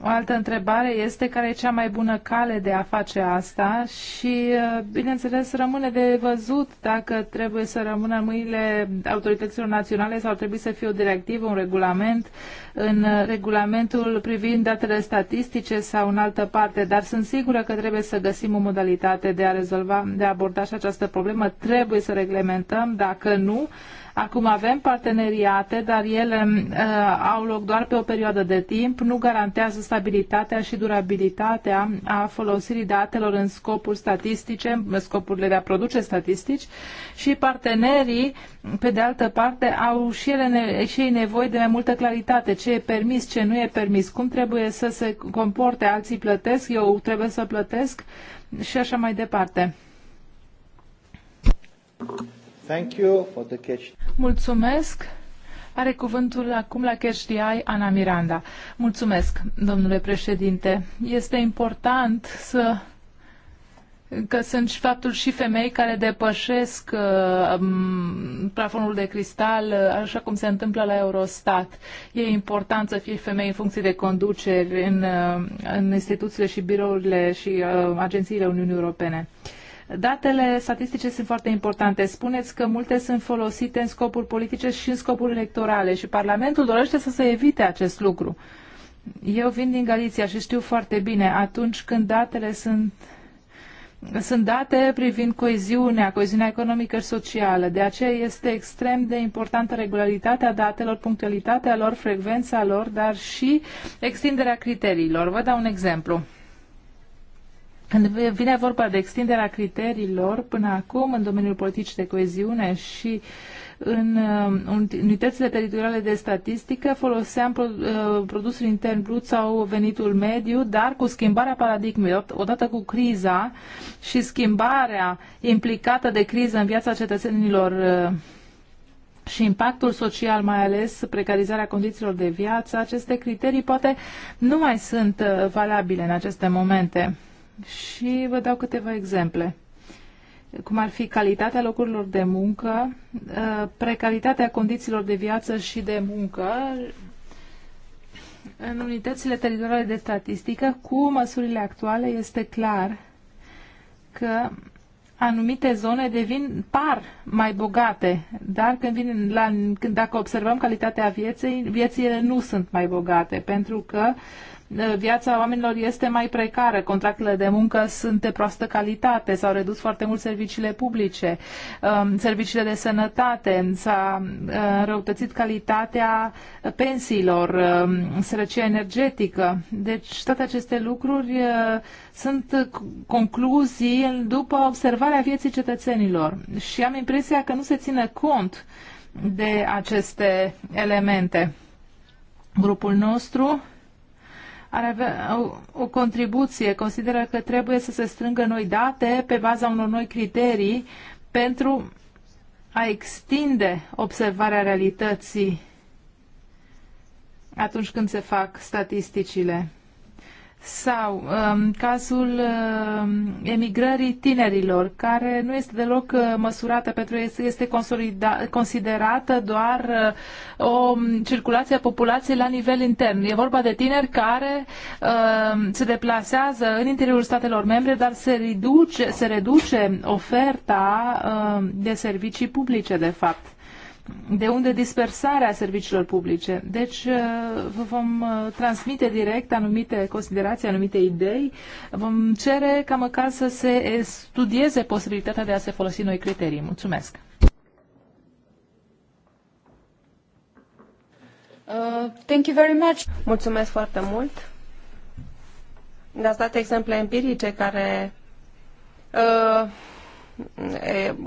o altă întrebare este care e cea mai bună cale de a face asta și, uh, bineînțeles, rămâne de văzut dacă trebuie să rămână în mâinile autorităților naționale sau trebuie să fie o directivă, un regulament în uh, regulamentul privind datele statistice sau în altă parte, dar sunt sigură că trebuie să găsim o modalitate de a rezolva, de a aborda și această problemă. Trebuie să reglementăm, dacă nu, Acum avem parteneriate, dar ele uh, au loc doar pe o perioadă de timp, nu garantează stabilitatea și durabilitatea a folosirii datelor în scopuri statistice, în scopurile de a produce statistici și partenerii, pe de altă parte, au și, ele și ei nevoie de mai multă claritate, ce e permis, ce nu e permis, cum trebuie să se comporte, alții plătesc, eu trebuie să plătesc și așa mai departe. Thank you for the catch. Mulțumesc. Are cuvântul acum la Catch Ana Miranda. Mulțumesc, domnule președinte. Este important să că sunt și faptul și femei care depășesc uh, plafonul de cristal, uh, așa cum se întâmplă la Eurostat. E important să fie femei în funcție de conduceri în, uh, în instituțiile și birourile și uh, agențiile Uniunii Europene. Uh, Datele statistice sunt foarte importante. Spuneți că multe sunt folosite în scopuri politice și în scopuri electorale și Parlamentul dorește să se evite acest lucru. Eu vin din Galiția și știu foarte bine, atunci când datele sunt sunt date privind coeziunea, coeziunea economică și socială. De aceea este extrem de importantă regularitatea datelor, punctualitatea lor, frecvența lor, dar și extinderea criteriilor. Vă dau un exemplu. Când vine vorba de extinderea criteriilor, până acum, în domeniul politicii de coeziune și în uh, unitățile teritoriale de statistică, foloseam uh, produsul intern brut sau venitul mediu, dar cu schimbarea paradigmei, odată cu criza și schimbarea implicată de criză în viața cetățenilor uh, și impactul social, mai ales precarizarea condițiilor de viață, aceste criterii poate nu mai sunt valabile în aceste momente. Și vă dau câteva exemple cum ar fi calitatea locurilor de muncă, uh, precalitatea condițiilor de viață și de muncă în unitățile teritoriale de statistică, cu măsurile actuale este clar că anumite zone devin par mai bogate, dar când vin la, când, dacă observăm calitatea vieții, viețile nu sunt mai bogate, pentru că uh, viața oamenilor este mai precară, contractele de muncă sunt de proastă calitate, s-au redus foarte mult serviciile publice, um, serviciile de sănătate, s-a uh, răutățit calitatea pensiilor, um, sărăcia energetică. Deci toate aceste lucruri uh, sunt concluzii după observarea vieții cetățenilor și am impresia că nu se ține cont de aceste elemente. Grupul nostru ar avea o, o contribuție, consideră că trebuie să se strângă noi date pe baza unor noi criterii pentru a extinde observarea realității atunci când se fac statisticile sau um, cazul um, emigrării tinerilor, care nu este deloc uh, măsurată pentru că este, considerată doar uh, o circulație a populației la nivel intern. E vorba de tineri care uh, se deplasează în interiorul statelor membre, dar se reduce, se reduce oferta uh, de servicii publice, de fapt de unde dispersarea serviciilor publice. Deci uh, vă vom uh, transmite direct anumite considerații, anumite idei. Vom cere ca măcar să se studieze posibilitatea de a se folosi noi criterii. Mulțumesc! Uh, thank you very much. Mulțumesc foarte mult. Ne-ați dat exemple empirice care uh,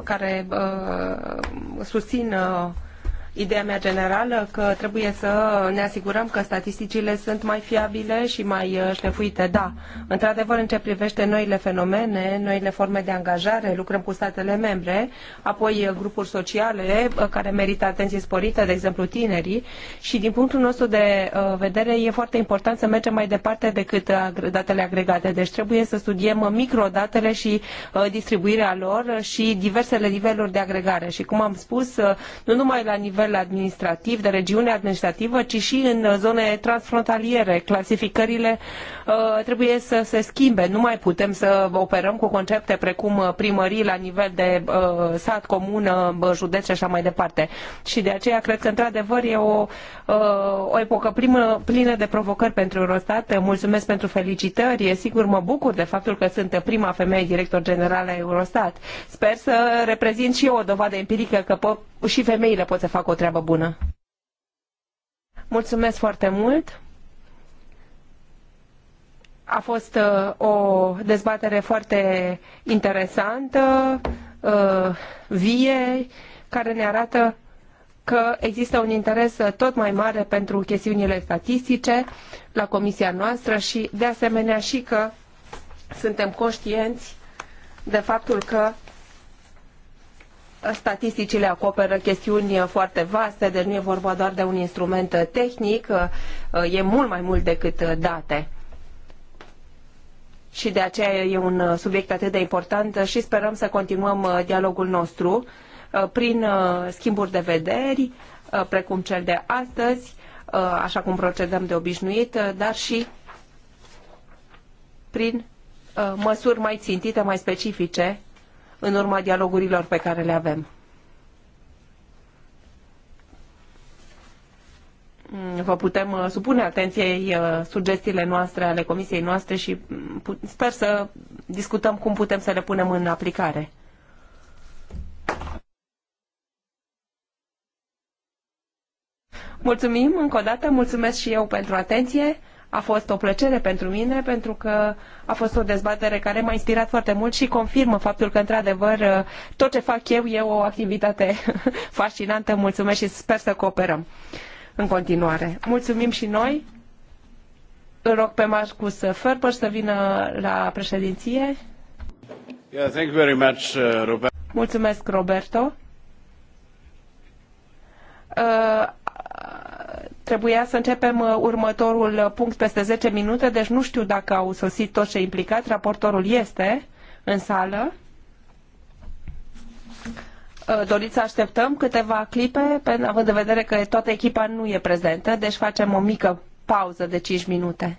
care uh, susțin uh, ideea mea generală că trebuie să ne asigurăm că statisticile sunt mai fiabile și mai uh, șlefuite. Da, într-adevăr, în ce privește noile fenomene, noile forme de angajare, lucrăm cu statele membre, apoi uh, grupuri sociale uh, care merită atenție sporită, de exemplu tinerii, și din punctul nostru de vedere e foarte important să mergem mai departe decât datele agregate. Deci trebuie să studiem microdatele și distribuirea lor și diversele niveluri de agregare. Și cum am spus, nu numai la nivel nivel administrativ, de regiune administrativă, ci și în uh, zone transfrontaliere. Clasificările uh, trebuie să se schimbe. Nu mai putem să operăm cu concepte precum uh, primării la nivel de uh, sat, comună, uh, județ și așa mai departe. Și de aceea cred că într-adevăr e o, uh, o epocă primă, plină de provocări pentru Eurostat. Mulțumesc pentru felicitări. E sigur mă bucur de faptul că sunt prima femeie director general la Eurostat. Sper să reprezint și eu o dovadă empirică că pot și femeile pot să facă o treabă bună. Mulțumesc foarte mult! A fost uh, o dezbatere foarte interesantă, uh, vie, care ne arată că există un interes tot mai mare pentru chestiunile statistice la comisia noastră și de asemenea și că suntem conștienți de faptul că statisticile acoperă chestiuni foarte vaste, deci nu e vorba doar de un instrument tehnic, e mult mai mult decât date. Și de aceea e un subiect atât de important și sperăm să continuăm dialogul nostru uh, prin uh, schimburi de vederi, uh, precum cel de astăzi, așa cum procedăm de obișnuit, dar și prin măsuri mai țintite, mai specifice în urma dialogurilor pe care le avem. Vă putem uh, supune atenției uh, sugestiile noastre ale comisiei noastre și mm, sper să discutăm cum putem să le punem în aplicare. Mulțumim încă o dată, mulțumesc și eu pentru atenție. A fost o plăcere pentru mine pentru că a fost o dezbatere care m-a inspirat foarte mult și confirmă faptul că, într-adevăr, tot ce fac eu e o activitate fascinantă. Mulțumesc și sper să cooperăm în continuare. Mulțumim și noi. Îl rog pe Marcus Ferber să vină la președinție. Yeah, thank you very much, uh, Robert. Mulțumesc, Roberto. Uh, Trebuia să începem uh, următorul uh, punct peste 10 minute, deci nu știu dacă au sosit toți cei implicați. Raportorul este în sală. Uh, doriți să așteptăm câteva clipe, având în vedere că toată echipa nu e prezentă, deci facem o mică pauză de 5 minute.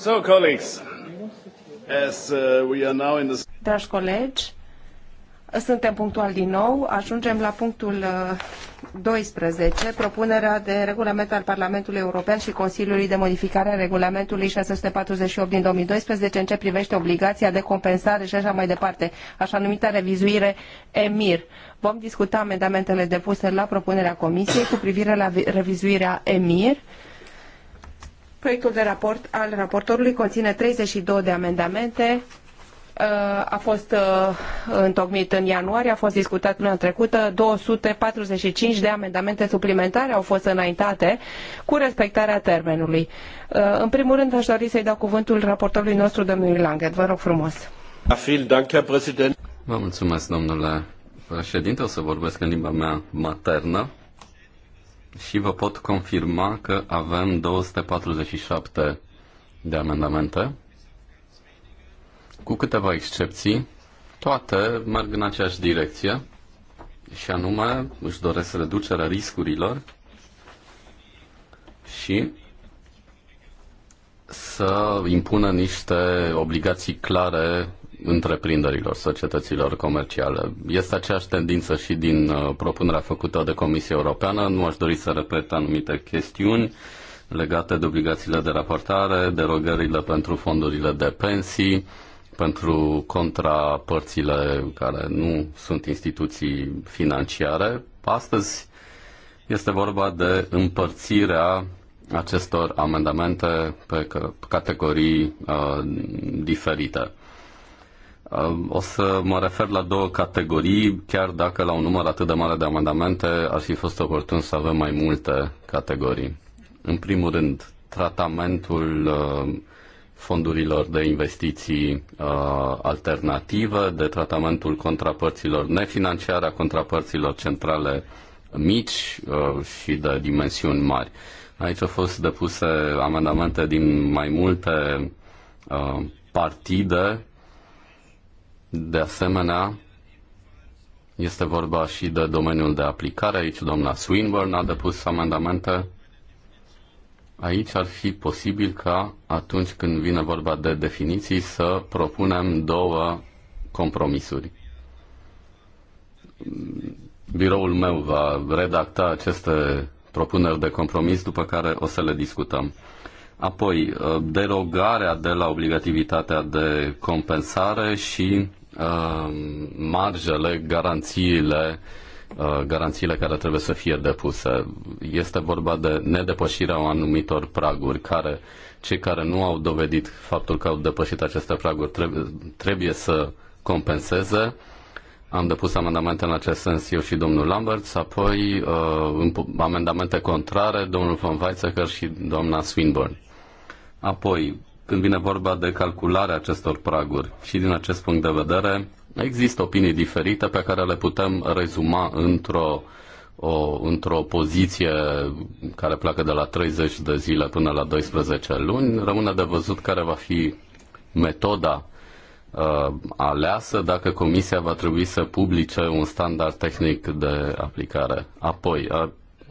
So, colleagues, as uh, we are now in the... Dragi colegi, suntem punctual din nou. Ajungem la punctul 12, uh, propunerea de regulament al Parlamentului European și Consiliului de modificare a regulamentului 648 din 2012 în ce privește obligația de compensare și așa mai departe, așa numită revizuire EMIR. Vom discuta amendamentele depuse la propunerea Comisiei cu privire la revizuirea EMIR. Proiectul de raport al raportorului conține 32 de amendamente, uh, a fost uh, întocmit în ianuarie, a fost discutat luna trecută, 245 de amendamente suplimentare au fost înaintate cu respectarea termenului. Uh, în primul rând aș dori să-i dau cuvântul raportorului nostru, domnului Langet. Vă rog frumos. Vă mulțumesc, domnule președinte. O să vorbesc în limba mea maternă și vă pot confirma că avem 247 de amendamente, cu câteva excepții, toate merg în aceeași direcție și anume își doresc reducerea riscurilor și să impună niște obligații clare întreprinderilor, societăților comerciale. Este aceeași tendință și din uh, propunerea făcută de Comisia Europeană. Nu aș dori să repet anumite chestiuni legate de obligațiile de raportare, derogările pentru fondurile de pensii, pentru contrapărțile care nu sunt instituții financiare. Astăzi este vorba de împărțirea acestor amendamente pe categorii uh, diferite. O să mă refer la două categorii, chiar dacă la un număr atât de mare de amendamente ar fi fost oportun să avem mai multe categorii. În primul rând, tratamentul uh, fondurilor de investiții uh, alternative, de tratamentul contrapărților nefinanciare, a contrapărților centrale mici uh, și de dimensiuni mari. Aici au fost depuse amendamente din mai multe partide de asemenea, este vorba și de domeniul de aplicare. Aici doamna Swinburne a depus amendamente. Aici ar fi posibil ca atunci când vine vorba de definiții să propunem două compromisuri. Biroul meu va redacta aceste propuneri de compromis, după care o să le discutăm. Apoi, derogarea de la obligativitatea de compensare și marjele, garanțiile uh, garanțiile care trebuie să fie depuse. Este vorba de nedepășirea anumitor praguri care cei care nu au dovedit faptul că au depășit aceste praguri trebuie, trebuie să compenseze. Am depus amendamente în acest sens eu și domnul Lambert, apoi uh, amendamente contrare, domnul von Weizsäcker și doamna Swinburne. Apoi, când vine vorba de calcularea acestor praguri. Și din acest punct de vedere există opinii diferite pe care le putem rezuma într-o o, într-o poziție care pleacă de la 30 de zile până la 12 luni. Rămâne de văzut care va fi metoda uh, aleasă dacă comisia va trebui să publice un standard tehnic de aplicare. Apoi, uh,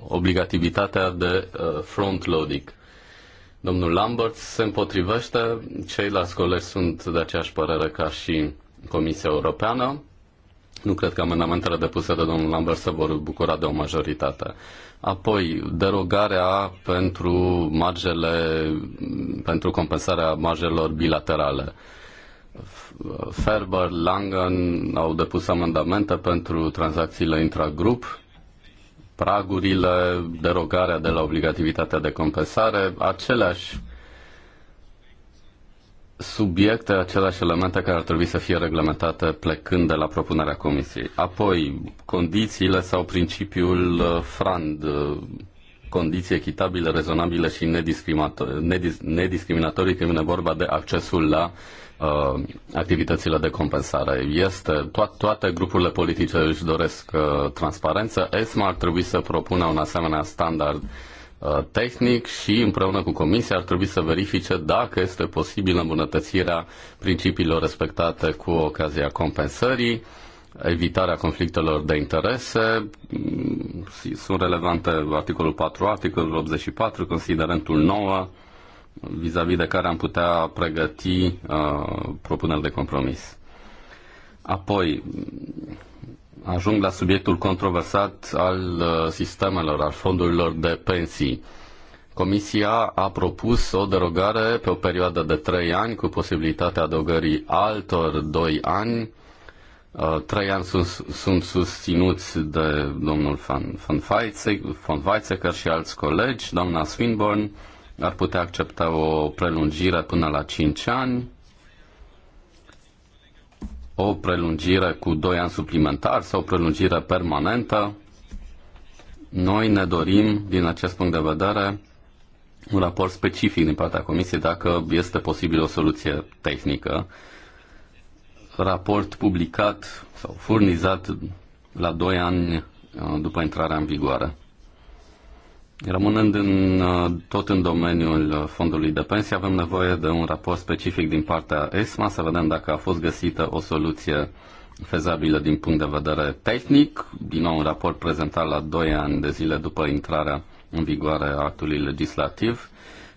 obligativitatea de uh, front-loading domnul Lambert se împotrivește, ceilalți colegi sunt de aceeași părere ca și Comisia Europeană. Nu cred că amendamentele depuse de domnul Lambert se vor bucura de o majoritate. Apoi, derogarea pentru margele, pentru compensarea margelor bilaterale. Ferber, Langen au depus amendamente pentru tranzacțiile intragrup, pragurile, derogarea de la obligativitatea de compensare, aceleași subiecte, aceleași elemente care ar trebui să fie reglementate plecând de la propunerea Comisiei. Apoi, condițiile sau principiul uh, FRAND, uh, condiții echitabile, rezonabile și nediscriminatorii când vine vorba de accesul la uh, activitățile de compensare. Este, to- toate grupurile politice își doresc uh, transparență. ESMA ar trebui să propună un asemenea standard uh, tehnic și împreună cu Comisia ar trebui să verifice dacă este posibilă îmbunătățirea principiilor respectate cu ocazia compensării evitarea conflictelor de interese. Mm, sunt relevante articolul 4, articolul 84, considerentul 9, vis-a-vis -vis de care am putea pregăti uh, propuneri de compromis. Apoi, ajung la subiectul controversat al uh, sistemelor, al fondurilor de pensii. Comisia a propus o derogare pe o perioadă de 3 ani cu posibilitatea adăugării altor 2 ani. Uh, trei ani sunt, sunt susținuți de domnul Van, Van, Weizsäcker, și alți colegi, doamna Swinburne, ar putea accepta o prelungire până la 5 ani, o prelungire cu 2 ani suplimentari sau o prelungire permanentă. Noi ne dorim, din acest punct de vedere, un raport specific din partea Comisiei dacă este posibil o soluție tehnică. Raport publicat sau furnizat la 2 ani uh, după intrarea în vigoare. Rămânând în, uh, tot în domeniul uh, fondului de pensie, avem nevoie de un raport specific din partea ESMA să vedem dacă a fost găsită o soluție fezabilă din punct de vedere tehnic. Din nou, un raport prezentat la 2 ani de zile după intrarea în vigoare a actului legislativ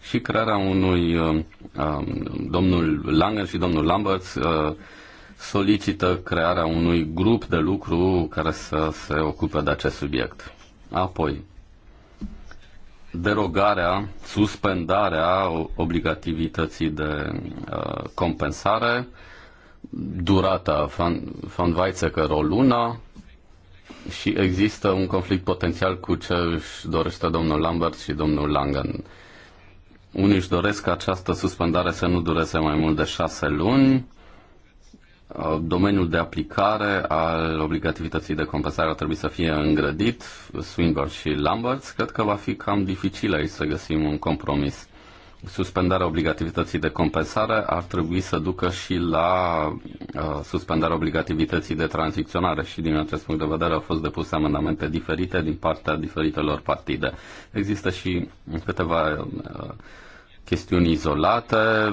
și crearea unui uh, um, domnul Langer și domnul Lambert solicită crearea unui grup de lucru care să se ocupe de acest subiect. Apoi, derogarea, suspendarea obligativității de uh, compensare, durata Van Weizsäcker o lună și există un conflict potențial cu ce își dorește domnul Lambert și domnul Langen. Unii își doresc ca această suspendare să nu dureze mai mult de șase luni, Uh, domeniul de aplicare al obligativității de compensare ar trebui să fie îngrădit, Swinburne și Lamberts, cred că va fi cam dificil aici să găsim un compromis. Suspendarea obligativității de compensare ar trebui să ducă și la uh, suspendarea obligativității de tranzicționare și din acest punct de vedere au fost depuse amendamente diferite din partea diferitelor partide. Există și câteva uh, chestiuni izolate,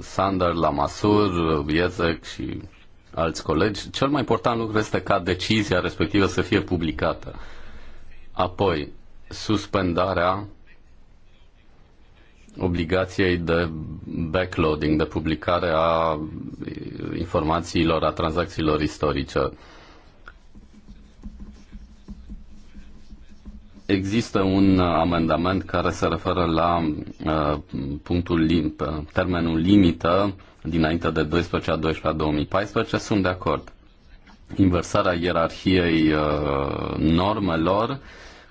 Sander, Lamasur, Iezec și alți colegi. Cel mai important lucru este ca decizia respectivă să fie publicată. Apoi, suspendarea obligației de backloading, de publicare a informațiilor, a tranzacțiilor istorice Există un uh, amendament care se referă la uh, punctul lim, uh, termenul limită dinainte de 12 a 12 a 2014. Sunt de acord. Inversarea ierarhiei normelor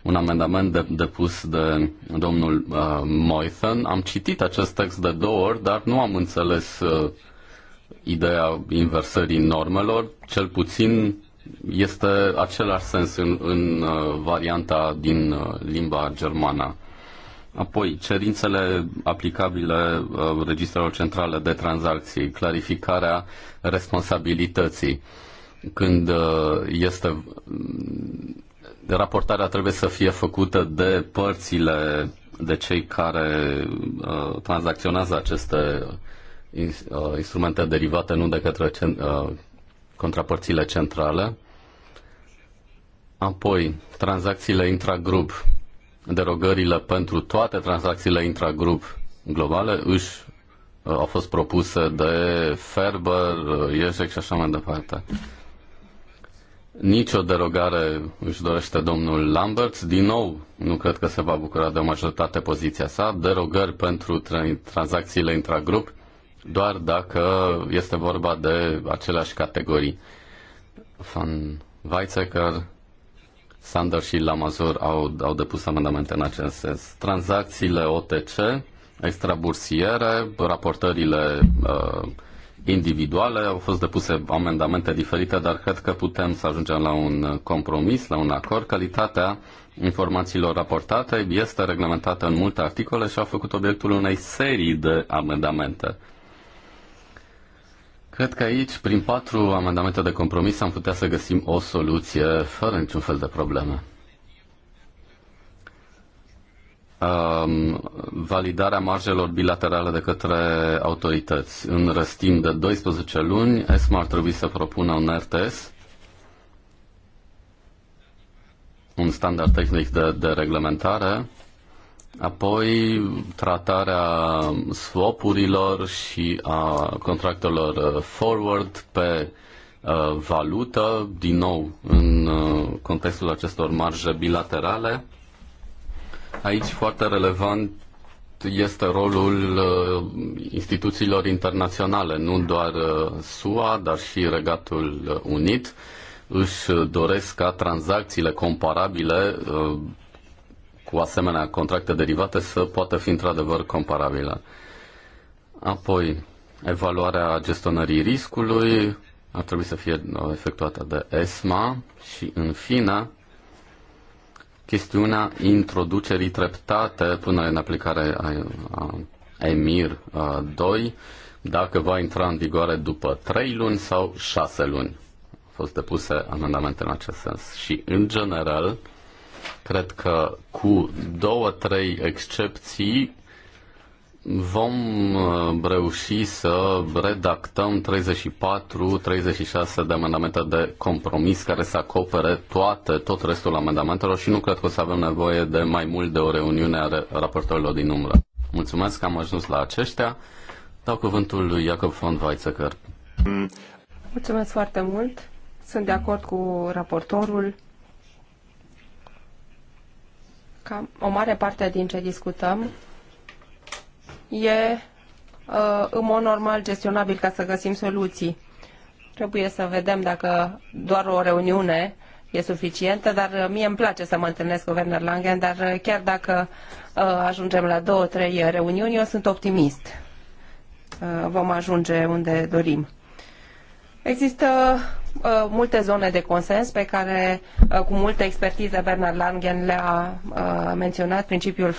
un amendament de, depus de domnul uh, Moithen. Am citit acest text de două ori, dar nu am înțeles uh, ideea inversării normelor. Cel puțin este același sens în, în uh, varianta din uh, limba germană. Apoi, cerințele aplicabile uh, registrelor centrale de tranzacții, clarificarea responsabilității. Când este mm, raportarea trebuie să fie făcută de părțile de cei care tranzacționează aceste instrumente derivate, nu de către contrapărțile centrale, apoi tranzacțiile intragrup, derogările pentru toate tranzacțiile intragrup globale își uh, au fost propuse de Ferber, uh, Iesec și așa mai departe. Nici o derogare își dorește domnul Lambert. Din nou, nu cred că se va bucura de o majoritate poziția sa. Derogări pentru tranzacțiile intragrup doar dacă este vorba de aceleași categorii. Van Weizsäcker, Sander și Lamazur au, au depus amendamente în acest sens. Tranzacțiile OTC, extrabursiere, raportările uh, individuale, au fost depuse amendamente diferite, dar cred că putem să ajungem la un compromis, la un acord. Calitatea informațiilor raportate este reglementată în multe articole și a făcut obiectul unei serii de amendamente. Cred că aici, prin patru amendamente de compromis, am putea să găsim o soluție fără niciun fel de probleme. Um, validarea marjelor bilaterale de către autorități. În răstim de 12 luni, ESMA ar trebui să propună un RTS, un standard tehnic de, de reglementare, Apoi, tratarea swapurilor și a contractelor uh, forward pe uh, valută, din nou în uh, contextul acestor marje bilaterale. Aici foarte relevant este rolul instituțiilor internaționale, nu doar SUA, dar și Regatul Unit își doresc ca tranzacțiile comparabile cu asemenea contracte derivate să poată fi într-adevăr comparabilă. Apoi, evaluarea gestionării riscului ar trebui să fie uh, efectuată de ESMA și, în fine, chestiunea introducerii treptate până în aplicare a EMIR 2, uh, dacă va intra în vigoare după 3 luni sau 6 luni. Au fost depuse amendamente în acest sens. Și, în general, Cred că cu două, trei excepții vom uh, reuși să redactăm 34-36 de amendamente de compromis care să acopere toate, tot restul amendamentelor și nu cred că o să avem nevoie de mai mult de o reuniune a raportorilor din umbră. Mulțumesc că am ajuns la aceștia. Dau cuvântul lui Iacob von Weizsäcker. Mulțumesc foarte mult. Sunt de acord cu raportorul Cam o mare parte din ce discutăm e uh, în mod normal gestionabil ca să găsim soluții. Trebuie să vedem dacă doar o reuniune e suficientă, dar uh, mie îmi place să mă întâlnesc cu Werner Langen, dar uh, chiar dacă ajungem la două, trei reuniuni, eu sunt optimist. Vom ajunge unde dorim. Există Uh, multe zone de consens pe care uh, cu multă expertiză Bernard Langen le-a uh, menționat, principiul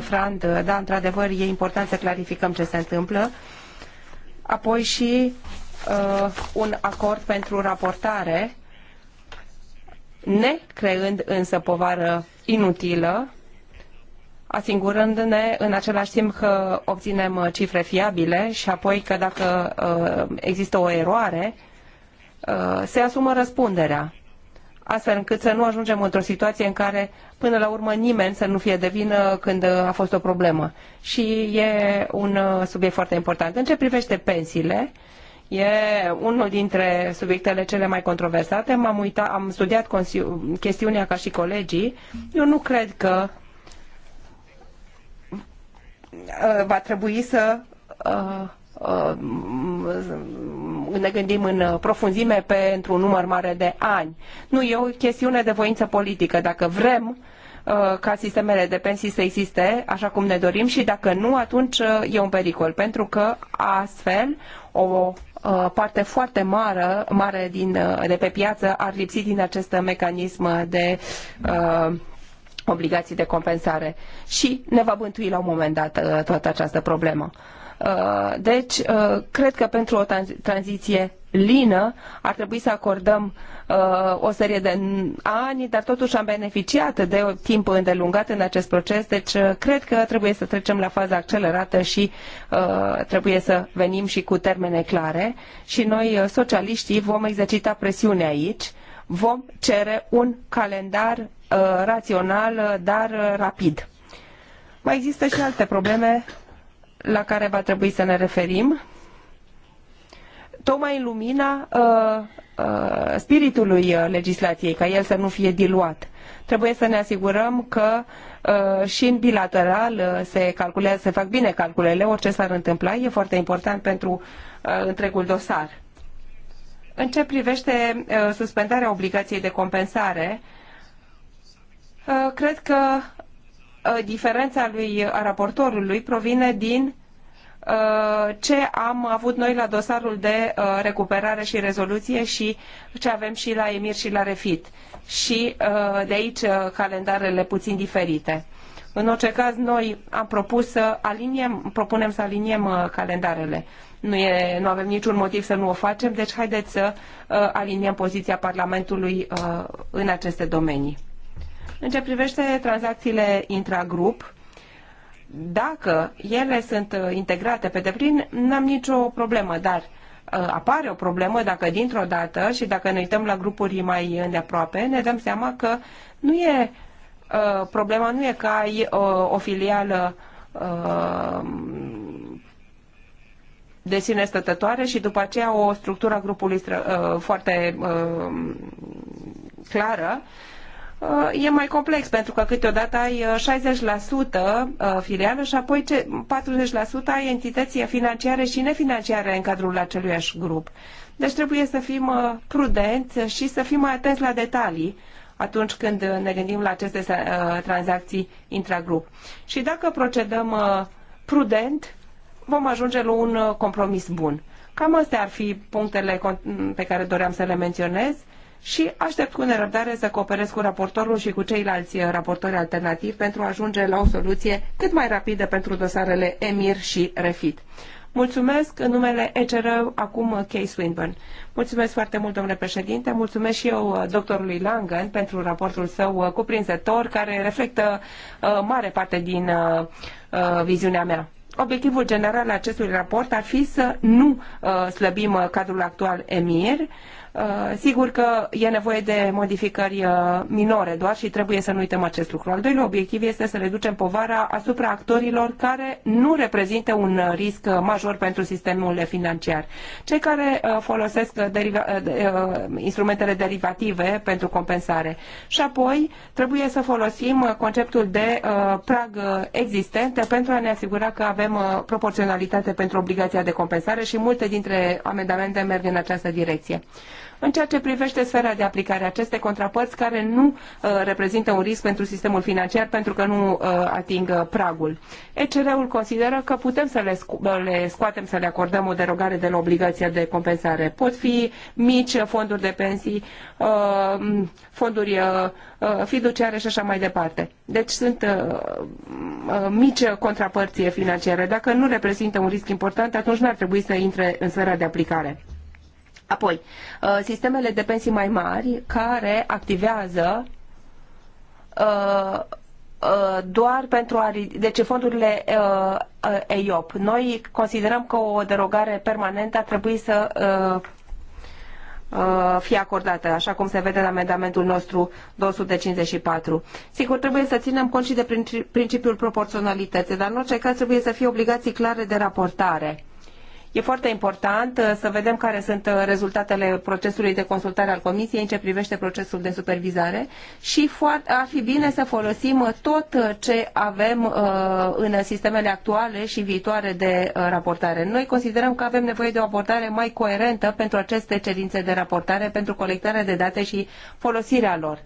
Frand, da, într-adevăr e important să clarificăm ce se întâmplă. Apoi și un acord pentru raportare, ne creând însă povară inutilă, asigurându-ne în același timp că obținem cifre fiabile și apoi că dacă există o eroare, Uh, se asumă răspunderea, astfel încât să nu ajungem într-o situație în care până la urmă nimeni să nu fie de vină când a fost o problemă. Și e un uh, subiect foarte important. În ce privește pensiile, E unul dintre subiectele cele mai controversate. M-am uitat, am studiat chestiunea ca și colegii. Eu nu cred că uh, va trebui să uh, Uh, ne gândim în uh, profunzime pentru un număr mare de ani. Nu, e o chestiune de voință politică. Dacă vrem uh, ca sistemele de pensii să existe așa cum ne dorim și dacă nu, atunci e un pericol, pentru că astfel o parte foarte mare, mare din, de pe piață ar lipsi din acest mecanism de uh, obligații de compensare și ne va bântui la un moment dat toată această problemă. Uh, Uh, deci, uh, cred că pentru o tranziție lină ar trebui să acordăm uh, o serie de ani, dar totuși am beneficiat de timp îndelungat în acest proces, deci cred că trebuie să trecem la faza accelerată și trebuie să venim și cu termene clare și noi, socialiștii, vom exercita presiune aici, vom cere un calendar rațional, dar rapid. Mai există și alte probleme la care va trebui să ne referim, tocmai în lumina uh, uh, spiritului uh, legislației, ca el să nu fie diluat. Trebuie să ne asigurăm că uh, și în bilateral uh, se calculează, se fac bine calculele, orice s-ar întâmpla, e foarte important pentru uh, întregul dosar. În ce privește suspendarea obligației de compensare, cred că Uh, diferența lui uh, raportorului provine din uh, ce am avut noi la dosarul de recuperare și rezoluție și ce avem și la EMIR și la REFIT. Și de aici calendarele puțin diferite. În orice caz, noi am propus să aliniem, propunem să aliniem calendarele. Nu, e, nu avem niciun motiv să nu o facem, deci haideți să aliniem poziția Parlamentului în aceste domenii. În ce privește tranzacțiile intragrup, dacă ele sunt uh, integrate pe deplin, n-am nicio problemă, dar uh, apare o problemă dacă dintr-o dată și dacă ne uităm la grupuri mai îndeaproape, ne dăm seama că nu e uh, problema nu e că ai o, filială de sine stătătoare și după aceea o structură a grupului foarte clară e mai complex pentru că câteodată ai 60% uh, uh, filială și apoi 40% ai entități financiare și nefinanciare în cadrul aceluiași grup. Deci trebuie să fim uh, prudenți și să fim mai atenți la detalii atunci când ne gândim la aceste tranzacții intragrup. Și dacă procedăm prudent, vom ajunge la un compromis bun. Cam astea ar fi punctele pe care doream să le menționez și aștept cu nerăbdare să cooperez cu raportorul și cu ceilalți uh, raportori alternativi pentru a ajunge la o soluție cât mai rapidă pentru dosarele EMIR și REFIT. Mulțumesc în numele ECR, acum uh, Kay Swinburne. Mulțumesc foarte mult, domnule președinte. Mulțumesc și eu uh, doctorului Langen pentru raportul său cuprinzător, care reflectă uh, mare parte din uh, viziunea mea. Obiectivul general al acestui raport ar fi să nu slăbim cadrul actual EMIR, Uh, sigur că e nevoie de modificări uh, minore doar și trebuie să nu uităm acest lucru. Al doilea obiectiv este să reducem povara asupra actorilor care nu reprezintă un risc major pentru sistemul financiar. Cei care uh, folosesc deriva, instrumentele derivative pentru compensare. Și apoi trebuie să folosim conceptul de prag existent pentru a ne asigura că avem proporționalitate pentru obligația de compensare și multe dintre amendamente merg în această direcție. În ceea ce privește sfera de aplicare, aceste contrapărți care nu uh, reprezintă un risc pentru sistemul financiar pentru că nu uh, ating uh, pragul. ECR-ul consideră că putem să le, sco- le scoatem, să le acordăm o derogare de la obligația de compensare. Pot fi mici fonduri de pensii, fonduri fiduciare și așa mai departe. Deci sunt mici contrapărții financiare. Dacă nu reprezintă un risc important, atunci nu ar trebui să intre în sfera de aplicare. Apoi, uh, sistemele de pensii mai mari care activează uh, uh, doar pentru a... Deci fondurile EIOP. Noi considerăm că o derogare permanentă ar trebui să fie acordată, așa cum se vede în amendamentul nostru 254. Sigur, trebuie să ținem cont și de principiul proporționalității, dar în orice caz trebuie să fie obligații clare de raportare E foarte important uh, să vedem care sunt uh, rezultatele procesului de consultare al Comisiei în ce privește procesul de supervizare și ar fi bine să folosim uh, tot ce avem în sistemele actuale și viitoare de raportare. Noi considerăm că avem nevoie de o abordare mai coerentă pentru aceste cerințe de raportare, pentru colectarea de date și folosirea lor.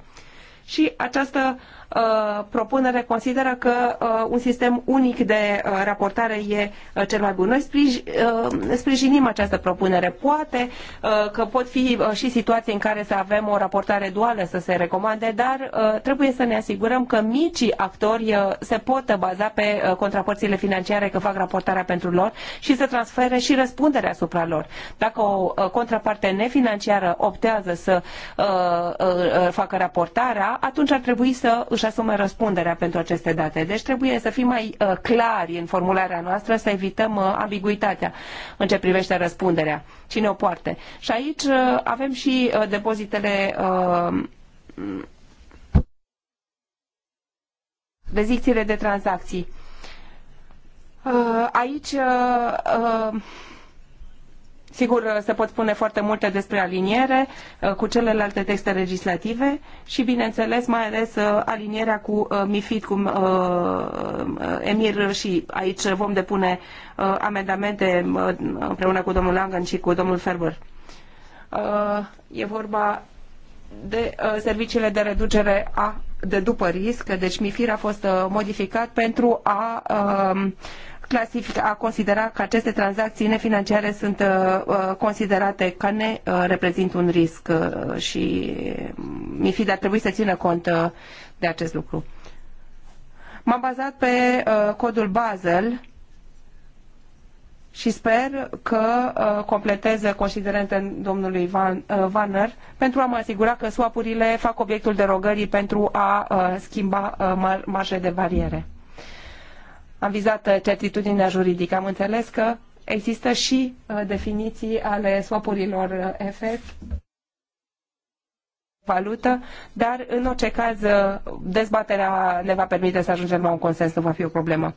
Și această Uh, propunere consideră că uh, un sistem unic de uh, raportare e cel mai bun. Noi sprijinim această propunere. Poate că pot fi și situații în care să avem o raportare duală să se recomande, dar trebuie să ne asigurăm că micii actori se pot baza pe contrapărțile financiare că fac raportarea pentru lor și să transfere și răspunderea asupra lor. Dacă o contraparte nefinanciară optează să facă raportarea, atunci ar trebui să își să asume răspunderea pentru aceste date. Deci trebuie să fim mai uh, clari în formularea noastră, să evităm uh, ambiguitatea în ce privește răspunderea, cine o poarte. Și aici uh, avem și depozitele rezicțiile de tranzacții. Aici Sigur, se pot spune foarte multe despre aliniere uh, cu celelalte texte legislative și, bineînțeles, mai ales uh, alinierea cu uh, MIFID, cum EMIR și aici vom depune amendamente împreună cu domnul Langan și cu domnul Ferber. E vorba de serviciile de reducere a de după risc, deci MIFIR a fost modificat pentru a a considera că aceste tranzacții nefinanciare sunt uh, uh, considerate ca ne uh, reprezintă un risc și MIFID ar trebui să țină cont de acest lucru. M-am bazat pe codul Basel și sper că completeze considerente domnului Van, Vanner pentru a mă asigura că swap fac obiectul derogării pentru a schimba marșe de bariere. Am vizat certitudinea juridică. Am înțeles că există și uh, definiții ale swapurilor FF uh, valută, dar în orice caz uh, dezbaterea ne va permite să ajungem la un consens, nu va fi o problemă.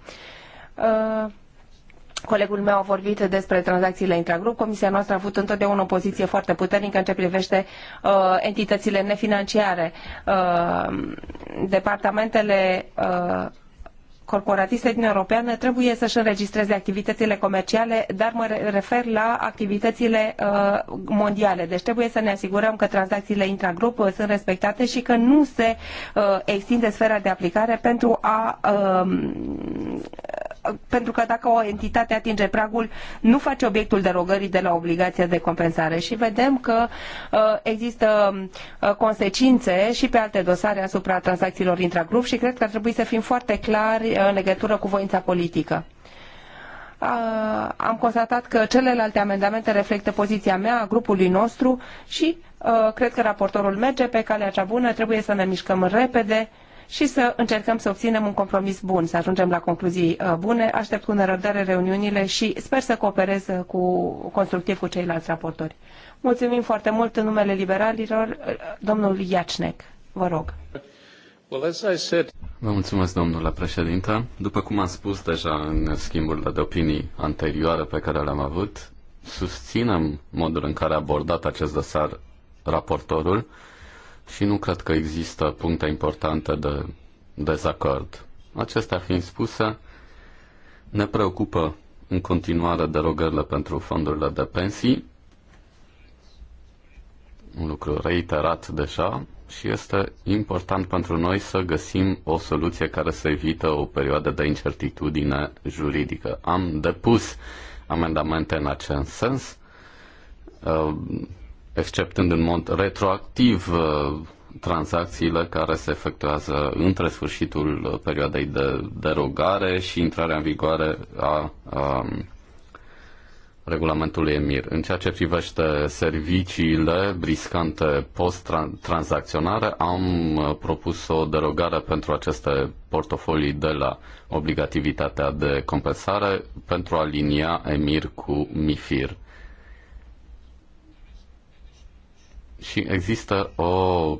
Colegul meu a vorbit despre tranzacțiile intragrup. Comisia noastră a avut întotdeauna o poziție foarte puternică în ce privește uh, entitățile nefinanciare. Uh, departamentele uh, corporatiste din Europeană trebuie să-și înregistreze activitățile comerciale, dar mă refer la activitățile uh, mondiale. Deci trebuie să ne asigurăm că tranzacțiile intragrup uh, sunt respectate și că nu se uh, extinde sfera de aplicare pentru a uh, pentru că dacă o entitate atinge pragul, nu face obiectul derogării de la obligația de compensare. Și vedem că uh, există uh, consecințe și pe alte dosare asupra tranzacțiilor intragrup și cred că ar trebui să fim foarte clari uh, în legătură cu voința politică am constatat că celelalte amendamente reflectă poziția mea, a grupului nostru și uh, cred că raportorul merge pe calea cea bună, trebuie să ne mișcăm repede și să încercăm să obținem un compromis bun, să ajungem la concluzii uh, bune. Aștept cu nerăbdare reuniunile și sper să cooperez uh, cu, constructiv cu ceilalți raportori. Mulțumim foarte mult în numele liberalilor, uh, domnul Iacnec. Vă rog. Vă mulțumesc, domnule președinte. După cum am spus deja în schimburile de opinii anterioare pe care le-am avut, susținem modul în care a abordat acest dosar raportorul și nu cred că există puncte importante de dezacord. Acestea fiind spuse, ne preocupă în continuare derogările pentru fondurile de pensii, un lucru reiterat deja, și este important pentru noi să găsim o soluție care să evită o perioadă de incertitudine juridică. Am depus amendamente în acest sens. Uh, exceptând în mod retroactiv uh, tranzacțiile care se efectuează între sfârșitul uh, perioadei de derogare și intrarea în vigoare a, a um, regulamentului EMIR. În ceea ce privește serviciile briscante post-tranzacționare, am uh, propus o derogare pentru aceste portofolii de la obligativitatea de compensare pentru a alinia EMIR cu MIFIR. și există o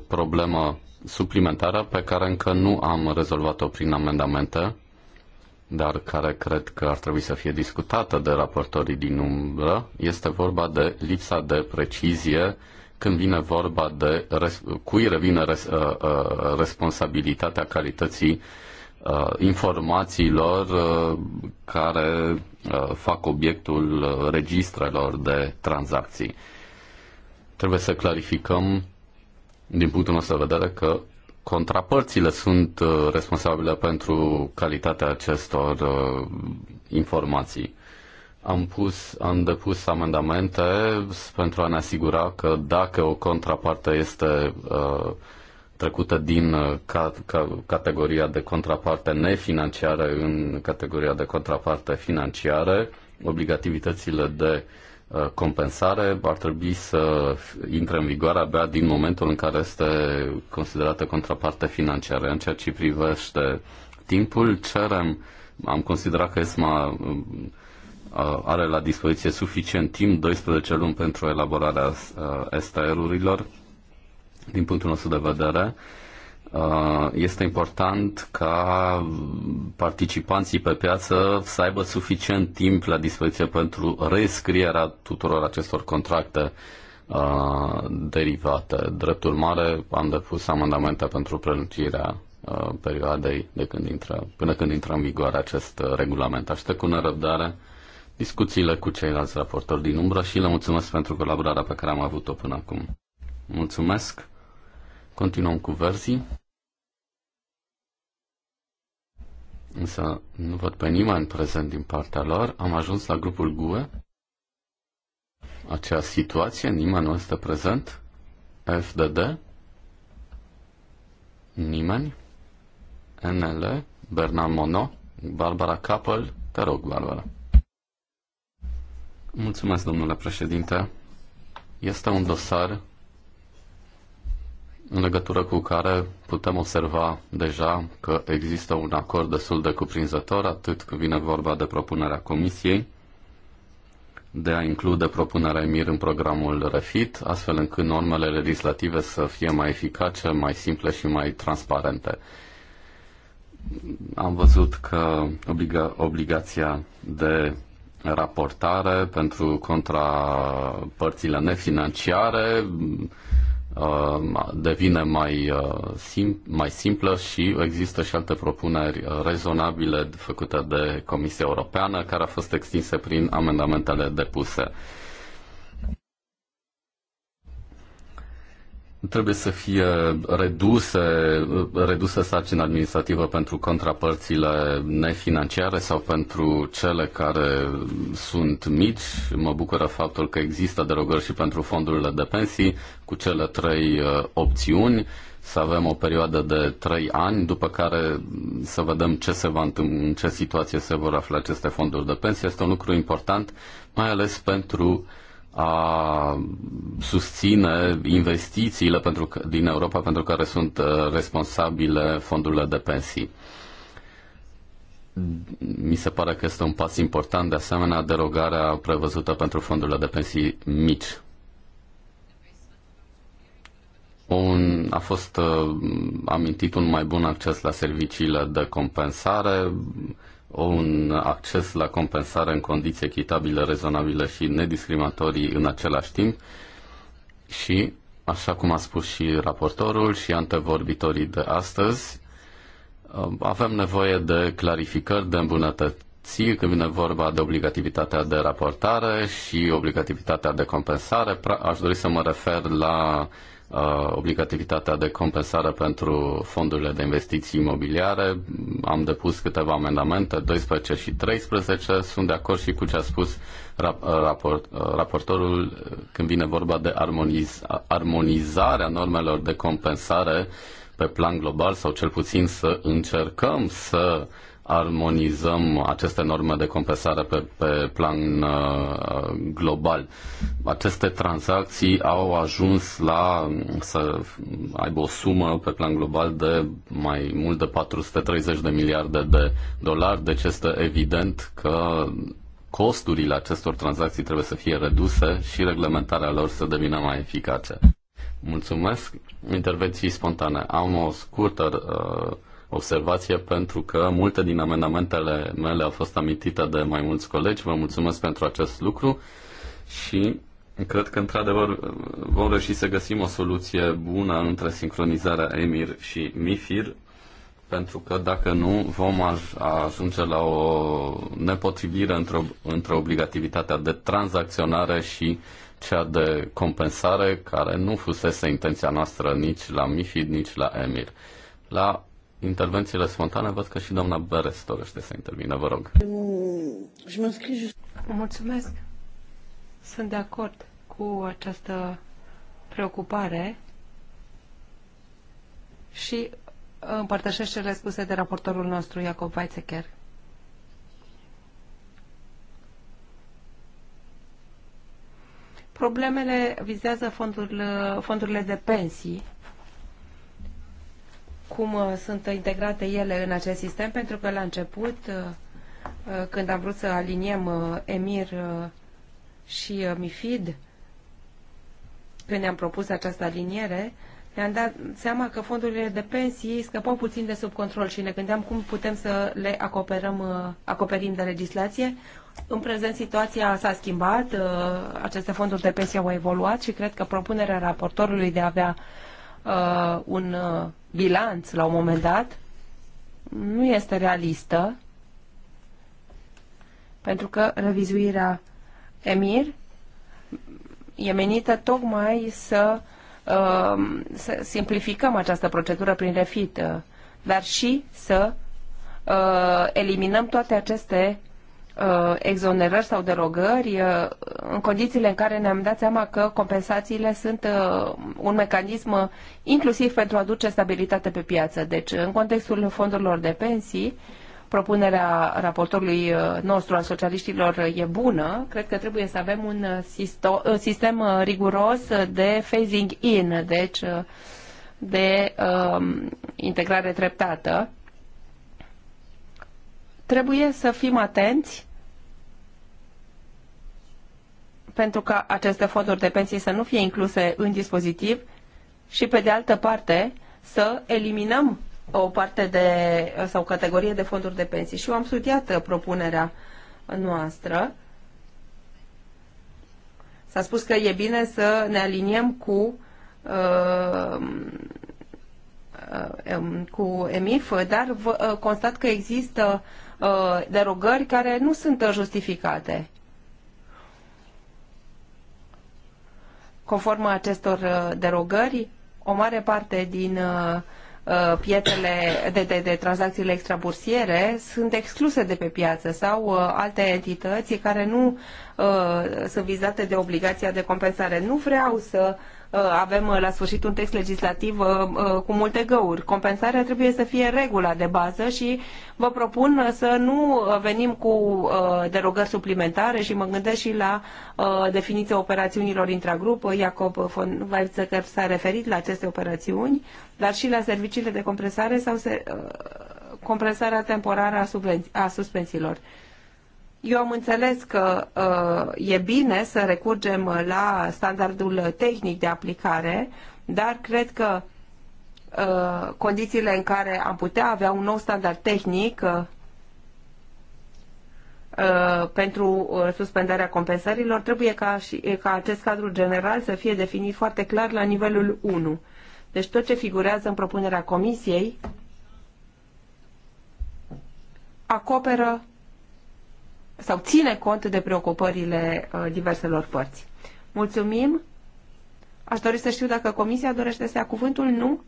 problemă suplimentară pe care încă nu am rezolvat-o prin amendamente, dar care cred că ar trebui să fie discutată de raportorii din umbră. Este vorba de lipsa de precizie când vine vorba de cui revine res, uh, uh, responsabilitatea calității uh, informațiilor uh, care uh, fac obiectul uh, registrelor de tranzacții. Uh, Trebuie să clarificăm, din punctul nostru de vedere, că contrapărțile sunt uh, responsabile pentru calitatea acestor uh, informații. Am, pus, am depus amendamente pentru a ne asigura că dacă o contraparte este uh, trecută din uh, ca, ca, categoria de contraparte nefinanciară în categoria de contraparte financiară, obligativitățile de uh, Uh, compensare ar trebui să intre în vigoare abia din momentul în care este considerată contraparte financiară. În ceea ce privește timpul, cerem, am considerat că ESMA uh, uh, are la dispoziție suficient timp, 12 luni pentru elaborarea STR-urilor, din punctul nostru de vedere Uh, este important ca participanții pe piață să aibă suficient timp la dispoziție pentru rescrierea tuturor acestor contracte uh, derivate. Drept urmare, am depus amendamente pentru prelungirea uh, perioadei de când intră, până când intră în vigoare acest regulament. Aștept cu nerăbdare discuțiile cu ceilalți raportori din umbră și le mulțumesc pentru colaborarea pe care am avut-o până acum. Mulțumesc! Continuăm cu versii. Însă nu văd pe nimeni prezent din partea lor. Am ajuns la grupul GUE. Acea situație, nimeni nu este prezent. FDD. Nimeni. NL. Bernard Mono. Barbara Capel. Te rog, Barbara. Mulțumesc, domnule președinte. Este un dosar în legătură cu care putem observa deja că există un acord destul de cuprinzător, atât când vine vorba de propunerea Comisiei, de a include propunerea MIR în programul REFIT, astfel încât normele legislative să fie mai eficace, mai simple și mai transparente. Am văzut că obliga- obligația de raportare pentru contrapărțile nefinanciare Uh, devine mai, uh, mai simplă și există și alte propuneri uh, rezonabile făcute de Comisia Europeană, care au fost extinse prin amendamentele depuse. trebuie să fie reduse, redusă sarcina administrativă pentru contrapărțile nefinanciare sau pentru cele care sunt mici. Mă bucură faptul că există derogări și pentru fondurile de pensii cu cele trei uh, opțiuni să avem o perioadă de trei ani, după care să vedem ce se va întâmpla, în ce situație se vor afla aceste fonduri de pensie. Este un lucru important, mai ales pentru uh, a susține investițiile pentru că, din Europa pentru care sunt uh, responsabile fondurile de pensii. Mi se pare că este un pas important, de asemenea, derogarea prevăzută pentru fondurile de pensii mici. Un, a fost uh, amintit un mai bun acces la serviciile de compensare, un acces la compensare în condiții echitabile, rezonabile și nediscriminatorii în același timp și, așa cum a spus și raportorul și antevorbitorii de astăzi, um, avem nevoie de clarificări, de îmbunătățiri când vine vorba de obligativitatea de raportare și obligativitatea de compensare. Aș dori să mă refer la uh, Uh, obligativitatea de compensare pentru fondurile de investiții imobiliare. Am depus câteva amendamente, 12 și 13. Sunt de acord și cu ce a spus uh, raport, uh, raportorul când vine vorba de armoniz, armonizarea normelor de compensare pe plan global sau cel puțin să încercăm să armonizăm aceste norme de compensare pe, pe plan uh, global. Aceste tranzacții au ajuns la să aibă o sumă pe plan global de mai mult de 430 de miliarde de dolari, deci este evident că costurile acestor tranzacții trebuie să fie reduse și reglementarea lor să devină mai eficace. Mulțumesc. Intervenții spontane. Am o scurtă uh, observație pentru că multe din amendamentele mele au fost amintite de mai mulți colegi. Vă mulțumesc pentru acest lucru și cred că într-adevăr vom reuși să găsim o soluție bună între sincronizarea EMIR și MIFIR pentru că dacă nu vom ajunge la o nepotrivire între, între obligativitatea de tranzacționare și cea de compensare, care nu fusese intenția noastră nici la MIFID, nici la EMIR. La intervențiile spontane. Văd că și doamna Beres dorește să intervină. Vă rog. Mulțumesc. Sunt de acord cu această preocupare și împărtășesc cele spuse de raportorul nostru, Iacob Weizsäcker. Problemele vizează fondurile fondurile de pensii cum uh, sunt integrate ele în acest sistem, pentru că la început, uh, uh, când am vrut să aliniem EMIR și MIFID, când ne-am propus această aliniere, ne-am dat seama că fondurile de pensii scăpau puțin de sub control și ne gândeam cum putem să le acoperăm, acoperim de legislație. În prezent situația s-a schimbat, aceste fonduri de pensie au evoluat și cred că propunerea raportorului de a avea uh, un uh, bilanț la un moment dat nu este realistă, pentru că revizuirea EMIR e menită tocmai să, uh, să simplificăm această procedură prin refit, uh, dar și să uh, eliminăm toate aceste Uh, exonerări sau derogări uh, în condițiile în care ne-am dat seama că compensațiile sunt uh, un mecanism inclusiv pentru a aduce stabilitate pe piață. Deci, în contextul fondurilor de pensii, propunerea raportorului nostru al socialiștilor e bună. Cred că trebuie să avem un sistem riguros de phasing in, deci de um, integrare treptată Trebuie să fim atenți pentru ca aceste fonduri de pensii să nu fie incluse în dispozitiv și, pe de altă parte, să eliminăm o parte de, sau categorie de fonduri de pensii. Și eu am studiat propunerea noastră. S-a spus că e bine să ne aliniem cu uh, uh um, cu EMIF, dar uh, constat că există Uh, derogări care nu sunt justificate. Conform acestor uh, derogări, o mare parte din uh, pietele de, de, de tranzacțiile extrabursiere sunt excluse de pe piață sau alte entități care nu uh, sunt vizate de obligația de compensare. Nu vreau să uh, Uh, avem uh, la sfârșit un text legislativ uh, cu multe găuri. Compensarea trebuie să fie regula de bază și vă propun să nu venim cu derogări suplimentare și mă gândesc și la definiția operațiunilor intragrup. Iacob von Weizsäcker s-a referit la aceste operațiuni, dar și la serviciile de compresare sau se, compresarea temporară a, a suspensiilor. Eu am înțeles că uh, e bine să recurgem la standardul tehnic de aplicare, dar cred că uh, condițiile în care am putea avea un nou standard tehnic uh, uh pentru uh, suspendarea compensărilor, trebuie ca, și, ca acest cadru general să fie definit foarte clar la nivelul 1. Deci tot ce figurează în propunerea comisiei acoperă sau ține cont de preocupările uh, diverselor părți. Mulțumim! Aș dori să știu dacă Comisia dorește să ia cuvântul. Nu?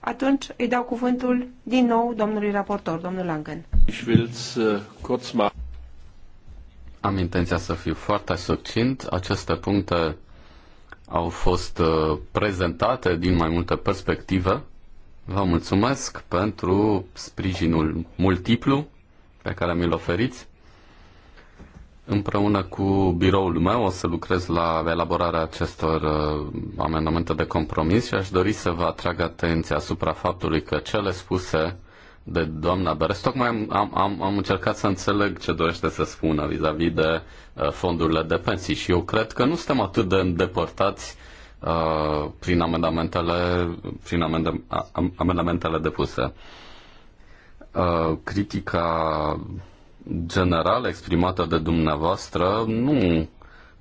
Atunci îi dau cuvântul din nou domnului raportor, domnul Langen. Uh, Am intenția să fiu foarte succint. Aceste puncte au fost uh, prezentate din mai multe perspective. Vă mulțumesc pentru sprijinul multiplu pe care mi-l oferiți. Împreună cu biroul meu o să lucrez la elaborarea acestor uh, amendamente de compromis și aș dori să vă atrag atenția asupra faptului că cele spuse de doamna Beres, tocmai am, am, am încercat să înțeleg ce dorește să spună vis-a-vis -vis de uh, fondurile de pensii și eu cred că nu suntem atât de îndepărtați uh, prin amendamentele, prin amende, amendamentele depuse. Uh, critica generală exprimată de dumneavoastră nu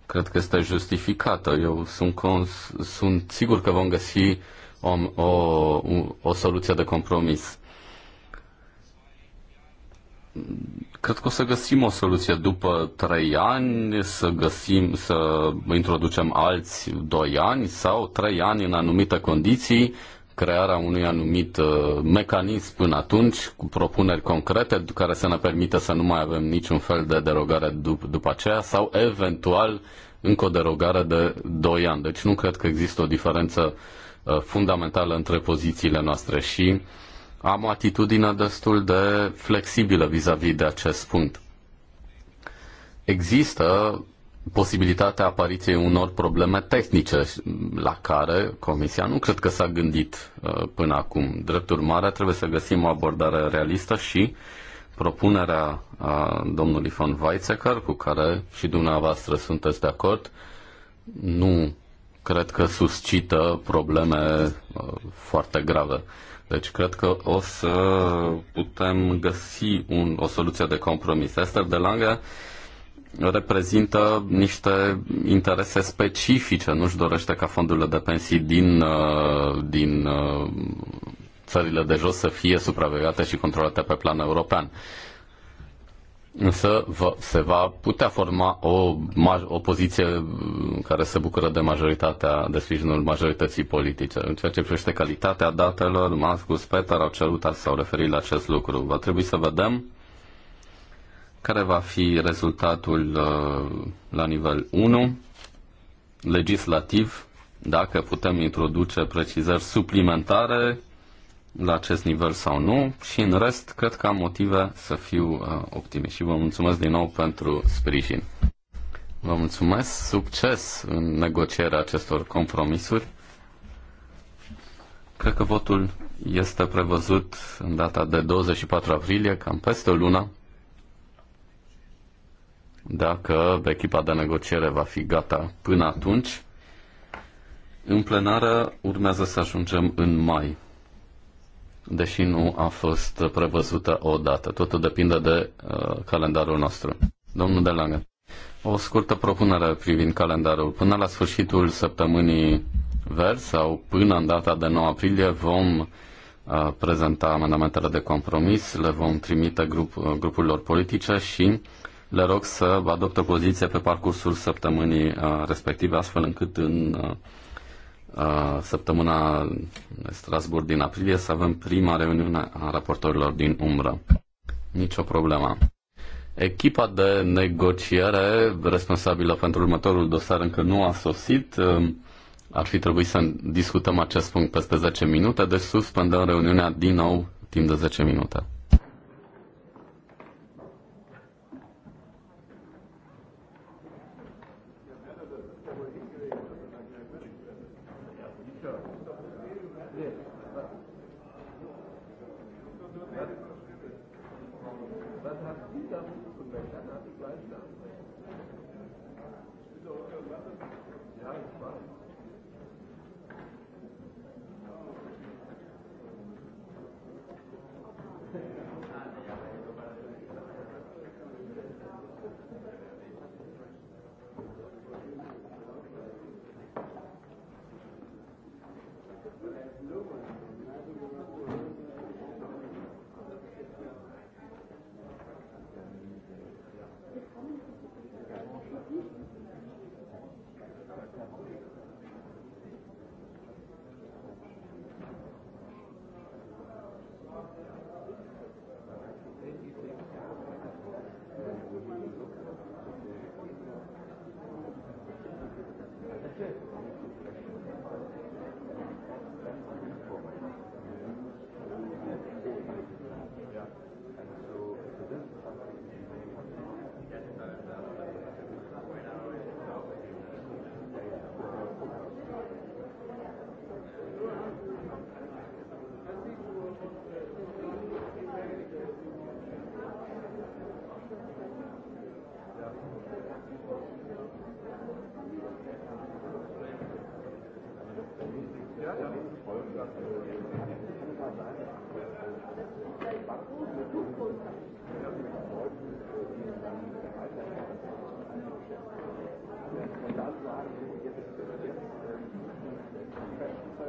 cred că este justificată. Eu sunt, cons- sunt sigur că vom găsi o, o, o soluție de compromis. Cred că o să găsim o soluție după trei ani, să găsim, să introducem alți doi ani sau trei ani în anumite condiții, crearea unui anumit uh, mecanism până atunci, cu propuneri concrete care să ne permită să nu mai avem niciun fel de derogare dup- după aceea sau eventual încă o derogare de 2 ani. Deci nu cred că există o diferență uh, fundamentală între pozițiile noastre și am o atitudine destul de flexibilă vis-a-vis -vis de acest punct. Există posibilitatea apariției unor probleme tehnice la care Comisia nu cred că s-a gândit uh, până acum. Drept urmare, trebuie să găsim o abordare realistă și propunerea a uh, domnului von Weizsäcker, cu care și dumneavoastră sunteți de acord, nu cred că suscită probleme uh, foarte grave. Deci cred că o să putem găsi un, o soluție de compromis. Esther de Lange reprezintă niște interese specifice, nu-și dorește ca fondurile de pensii din, uh, din uh, țările de jos să fie supravegate și controlate pe plan european. Însă se va putea forma o, o poziție care se bucură de majoritatea, de sprijinul majorității politice. În ceea ce privește calitatea datelor, Mascus, Peter au cerut, s-au referit la acest lucru. Va trebui să vedem care va fi rezultatul uh, la nivel 1 legislativ, dacă putem introduce precizări suplimentare la acest nivel sau nu și în rest cred că am motive să fiu uh, optimist și vă mulțumesc din nou pentru sprijin. Vă mulțumesc, succes în negocierea acestor compromisuri. Cred că votul este prevăzut în data de 24 aprilie, cam peste o lună dacă echipa de negociere va fi gata până atunci. În plenară urmează să ajungem în mai, deși nu a fost prevăzută o dată. Totul depinde de uh, calendarul nostru. Domnul Delange, o scurtă propunere privind calendarul. Până la sfârșitul săptămânii verzi sau până în data de 9 aprilie vom uh, prezenta amendamentele de compromis, le vom trimite grup, uh, grupurilor politice și uh, le rog să adopte poziție pe parcursul săptămânii uh, respective, astfel încât în uh, uh, săptămâna Strasburg din aprilie să avem prima reuniune a raportorilor din umbră. Nicio problemă. Echipa de negociere responsabilă pentru următorul dosar încă nu a sosit. Um, ar fi trebuit să discutăm acest punct peste 10 minute, deci suspendăm reuniunea din nou timp de 10 minute.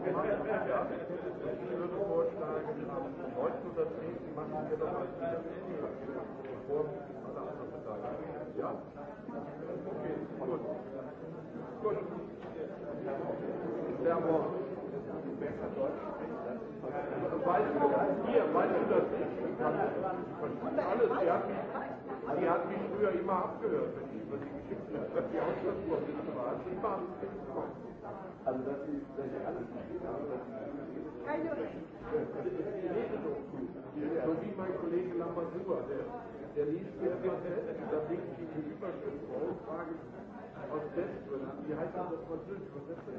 Ich würde vorschlagen, am 9. oder 10. machen wir doch mal bevor alle anderen Beteiligten. Ja? Okay, gut. Gut. Servus. Weißt du, hier, weißt du das nicht? Alles, die hat mich, die hat mich früher immer abgehört, wenn ich über die Geschichte, die Auslandsvorsitzende war, hat sie immer abgehört. Keine So wie mein Kollege Lambert der, der liest jetzt mal selbst, da bringt sich die Überschrift raus, frage aus Selbstgründen, wie heißt das auf Französisch? Was ist das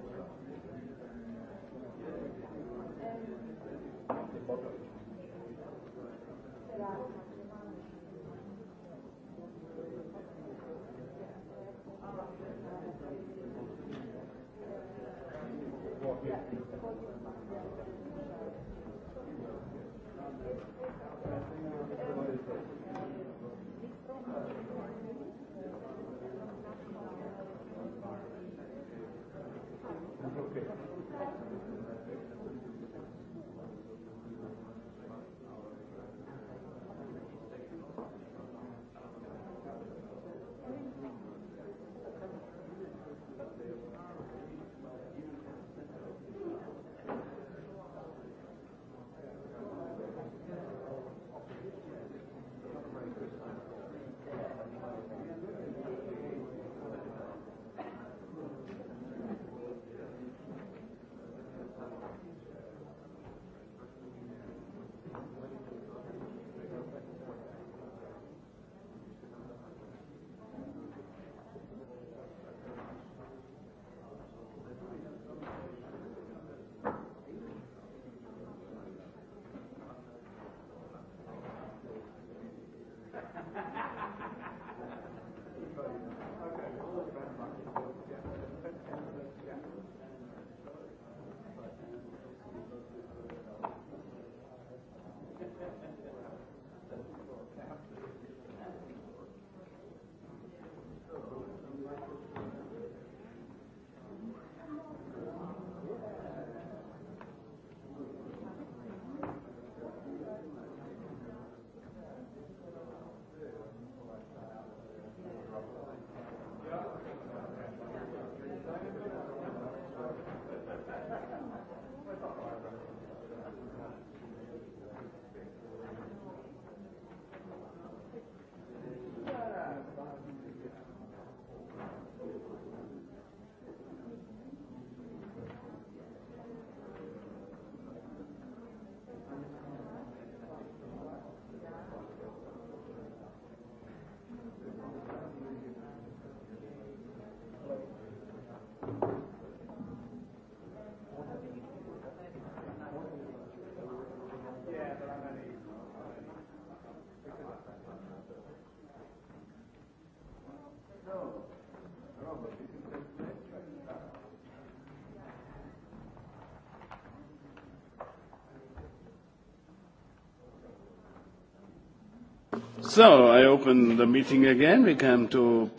So, I open the meeting again. We come to...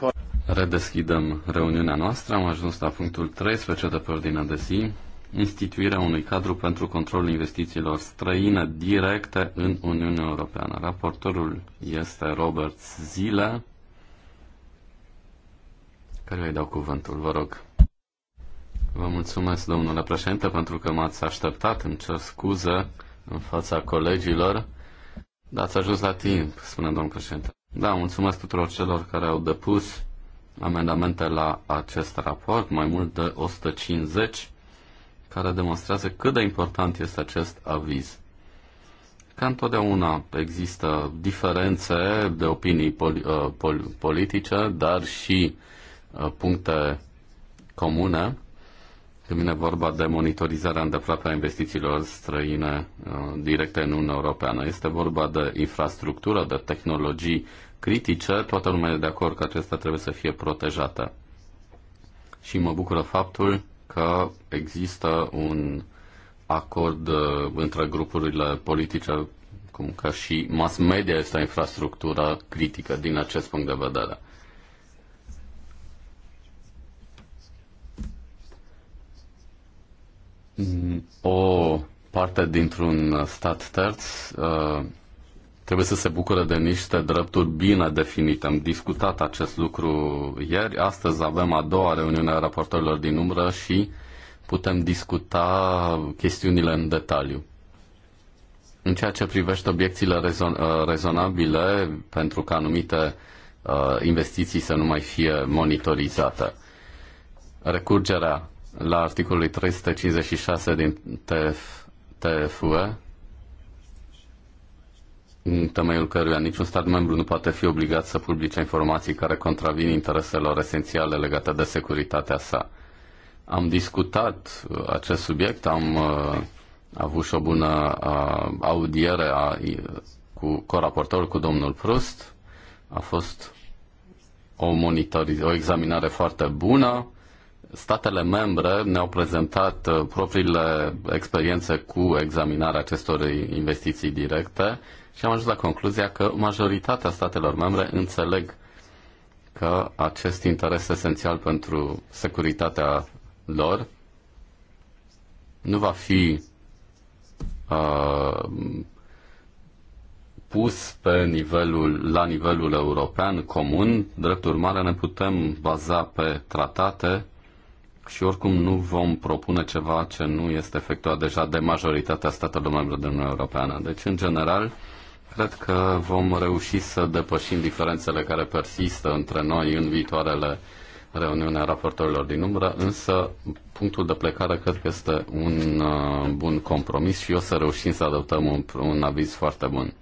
Redeschidem reuniunea noastră. Am ajuns la punctul 13 de pe ordinea de zi. Instituirea unui cadru pentru controlul investițiilor străine directe în Uniunea Europeană. Raportorul este Robert Zile, care îi dau cuvântul. Vă rog. Vă mulțumesc, domnule președinte, pentru că m-ați așteptat. Îmi cer scuze în fața colegilor. Da, ați ajuns la timp, spune domnul președinte. Da, mulțumesc tuturor celor care au depus amendamente la acest raport, mai mult de 150, care demonstrează cât de important este acest aviz. Ca întotdeauna există diferențe de opinii pol- uh, pol- politice, dar și uh, puncte comune când vine vorba de monitorizarea îndepărtată a investițiilor străine uh, directe în Uniunea Europeană. Este vorba de infrastructură, de tehnologii critice, toată lumea e de acord că acestea trebuie să fie protejate. Și mă bucură faptul că există un acord uh, între grupurile politice, cum că și mass media este o infrastructură critică din acest punct de vedere. Mm, o parte dintr-un stat terț uh, trebuie să se bucure de niște drepturi bine definite. Am discutat acest lucru ieri, astăzi avem a doua reuniune a raportorilor din umbră și putem discuta chestiunile în detaliu. În ceea ce privește obiecțiile rezon- uh, rezonabile pentru că anumite uh, investiții să nu mai fie monitorizate, recurgerea la articolul 356 din TF, TFUE, în temeiul căruia niciun stat membru nu poate fi obligat să publice informații care contravin intereselor esențiale legate de securitatea sa. Am discutat uh, acest subiect, am uh, avut și o bună uh, audiere a, cu coraportorul, cu domnul Prust. A fost o, monitoriz- o examinare foarte bună statele membre ne-au prezentat uh, propriile experiențe cu examinarea acestor investiții directe și am ajuns la concluzia că majoritatea statelor membre înțeleg că acest interes esențial pentru securitatea lor nu va fi uh, pus pe nivelul, la nivelul european comun. Drept urmare, ne putem baza pe tratate și oricum nu vom propune ceva ce nu este efectuat deja de majoritatea statelor membre din Uniunea Europeană. Deci, în general, cred că vom reuși să depășim diferențele care persistă între noi în viitoarele reuniuni a raportorilor din umbră, însă punctul de plecare cred că este un uh, bun compromis și o să reușim să adoptăm un, un aviz foarte bun.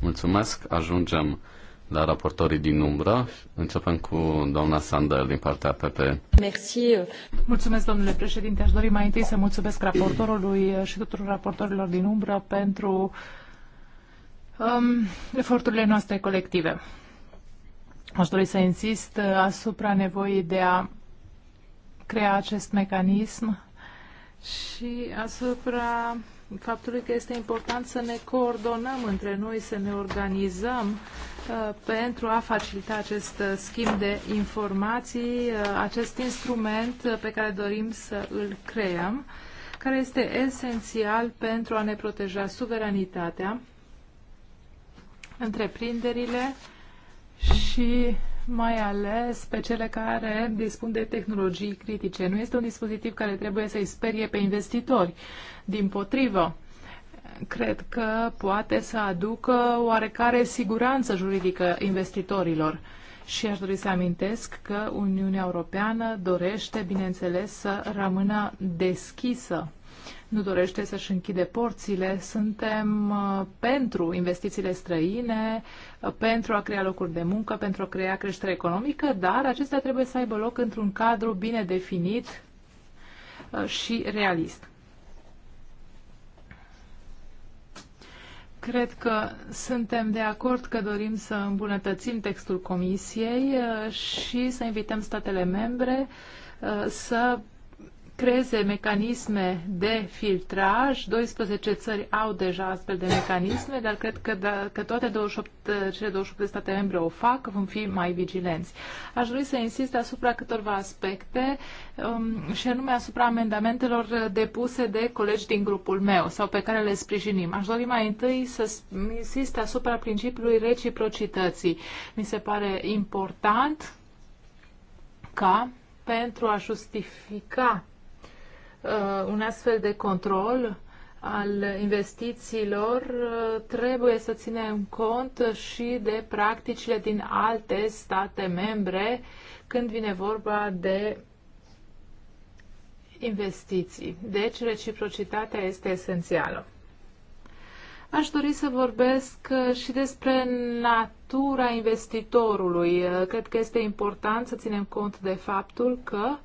Mulțumesc, ajungem la raportorii din umbră. Începem cu doamna Sandel, din partea PP. Merci. Mulțumesc, domnule președinte. Aș dori mai întâi să mulțumesc raportorului și tuturor raportorilor din umbră pentru um, eforturile noastre colective. Aș dori să insist asupra nevoii de a crea acest mecanism și asupra faptului că este important să ne coordonăm între noi, să ne organizăm uh, Uh, pentru a facilita acest uh, schimb de informații, uh, acest instrument pe care dorim să îl creăm, care este esențial pentru a ne proteja suveranitatea, întreprinderile și mai ales pe cele care dispun de tehnologii critice. Nu este un dispozitiv care trebuie să-i sperie pe investitori. Din potrivă, cred că poate să aducă oarecare siguranță juridică investitorilor. Și aș dori să amintesc că Uniunea Europeană dorește, bineînțeles, să rămână deschisă nu dorește să-și închide porțile. Suntem uh, pentru investițiile străine, uh, pentru a crea locuri de muncă, pentru a crea creștere economică, dar acestea trebuie să aibă loc într-un cadru bine definit uh, și realist. Cred că suntem de acord că dorim să îmbunătățim textul Comisiei uh, și să invităm statele membre uh, să creeze mecanisme de filtraj. 12 țări au deja astfel de mecanisme, dar cred că, da, că toate 28, cele 28 de state membre o fac, vom fi mai vigilenți. Aș dori să insist asupra câtorva aspecte um, și anume asupra amendamentelor depuse de colegi din grupul meu sau pe care le sprijinim. Aș dori mai întâi să insist asupra principiului reciprocității. Mi se pare important ca pentru a justifica Uh, un astfel de control al investițiilor uh, trebuie să ținem cont și de practicile din alte state membre când vine vorba de investiții. Deci reciprocitatea este esențială. Aș dori să vorbesc uh, și despre natura investitorului. Cred că este important să ținem cont de faptul că uh,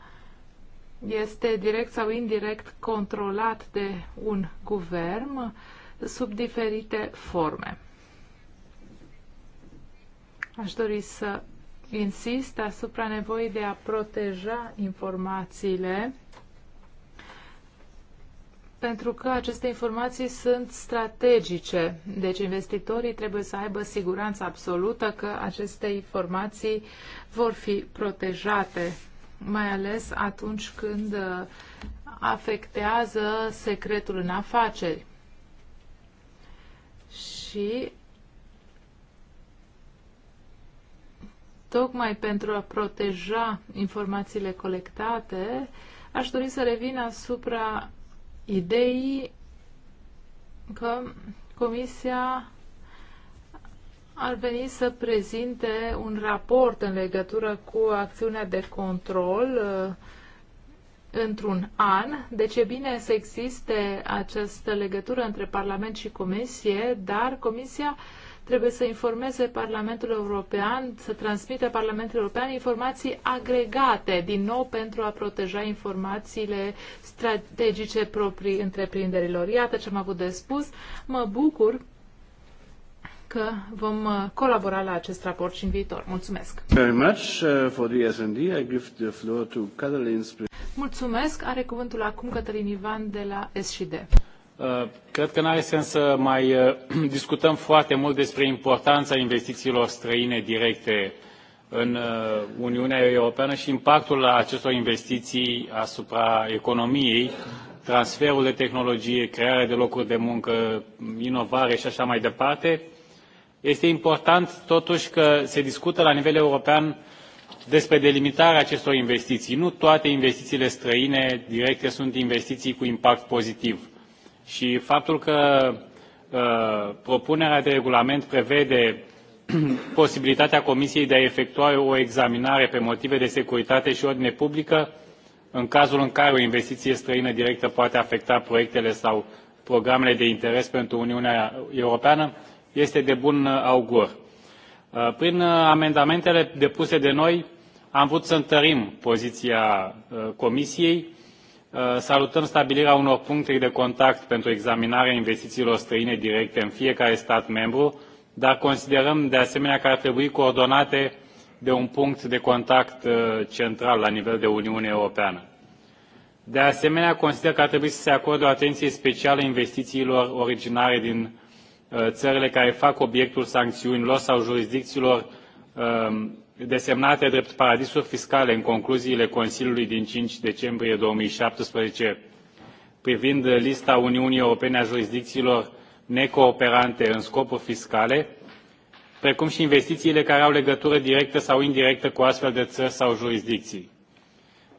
este direct sau indirect controlat de un guvern sub diferite forme. Aș dori să insist asupra nevoii de a proteja informațiile pentru că aceste informații sunt strategice. Deci investitorii trebuie să aibă siguranța absolută că aceste informații vor fi protejate mai ales atunci când uh, afectează secretul în afaceri. Și tocmai pentru a proteja informațiile colectate, aș dori să revin asupra ideii că Comisia ar veni să prezinte un raport în legătură cu acțiunea de control uh, într-un an. Deci e bine să existe această legătură între Parlament și Comisie, dar Comisia trebuie să informeze Parlamentul European, să transmită Parlamentul European informații agregate, din nou pentru a proteja informațiile strategice proprii întreprinderilor. Iată ce am avut de spus. Mă bucur că vom uh, colabora la acest raport și în viitor. Mulțumesc! Very much uh, for the S&D. I give the floor to Catalin Mulțumesc! Are cuvântul acum Cătălin Ivan de la S&D. Uh, cred că nu are sens să mai discutăm foarte mult despre importanța investițiilor străine directe în Uniunea Europeană și impactul acestor investiții asupra economiei, transferul de tehnologie, crearea de locuri de muncă, inovare și așa mai departe. Este important totuși că se discută la nivel european despre delimitarea acestor investiții. Nu toate investițiile străine directe sunt investiții cu impact pozitiv. Și faptul că uh, propunerea de regulament prevede posibilitatea Comisiei de a efectua o examinare pe motive de securitate și ordine publică în cazul în care o investiție străină directă poate afecta proiectele sau programele de interes pentru Uniunea Europeană, este de bun uh, augur. Uh, prin uh, amendamentele depuse de noi am vrut să întărim poziția Comisiei. Salutăm stabilirea unor puncte de contact pentru examinarea investițiilor străine directe în fiecare stat membru, dar considerăm de asemenea că ar trebui coordonate de un punct de contact central la nivel de Uniune Europeană. De asemenea, consider că ar trebui să se acorde o atenție specială investițiilor originare din Uh, țările care fac obiectul sancțiunilor sau jurisdicțiilor um, desemnate drept paradisuri fiscale în concluziile Consiliului din 5 decembrie 2017 privind lista Uniunii Europene a jurisdicțiilor necooperante în scopuri fiscale, precum și investițiile care au legătură directă sau indirectă cu astfel de țări sau jurisdicții.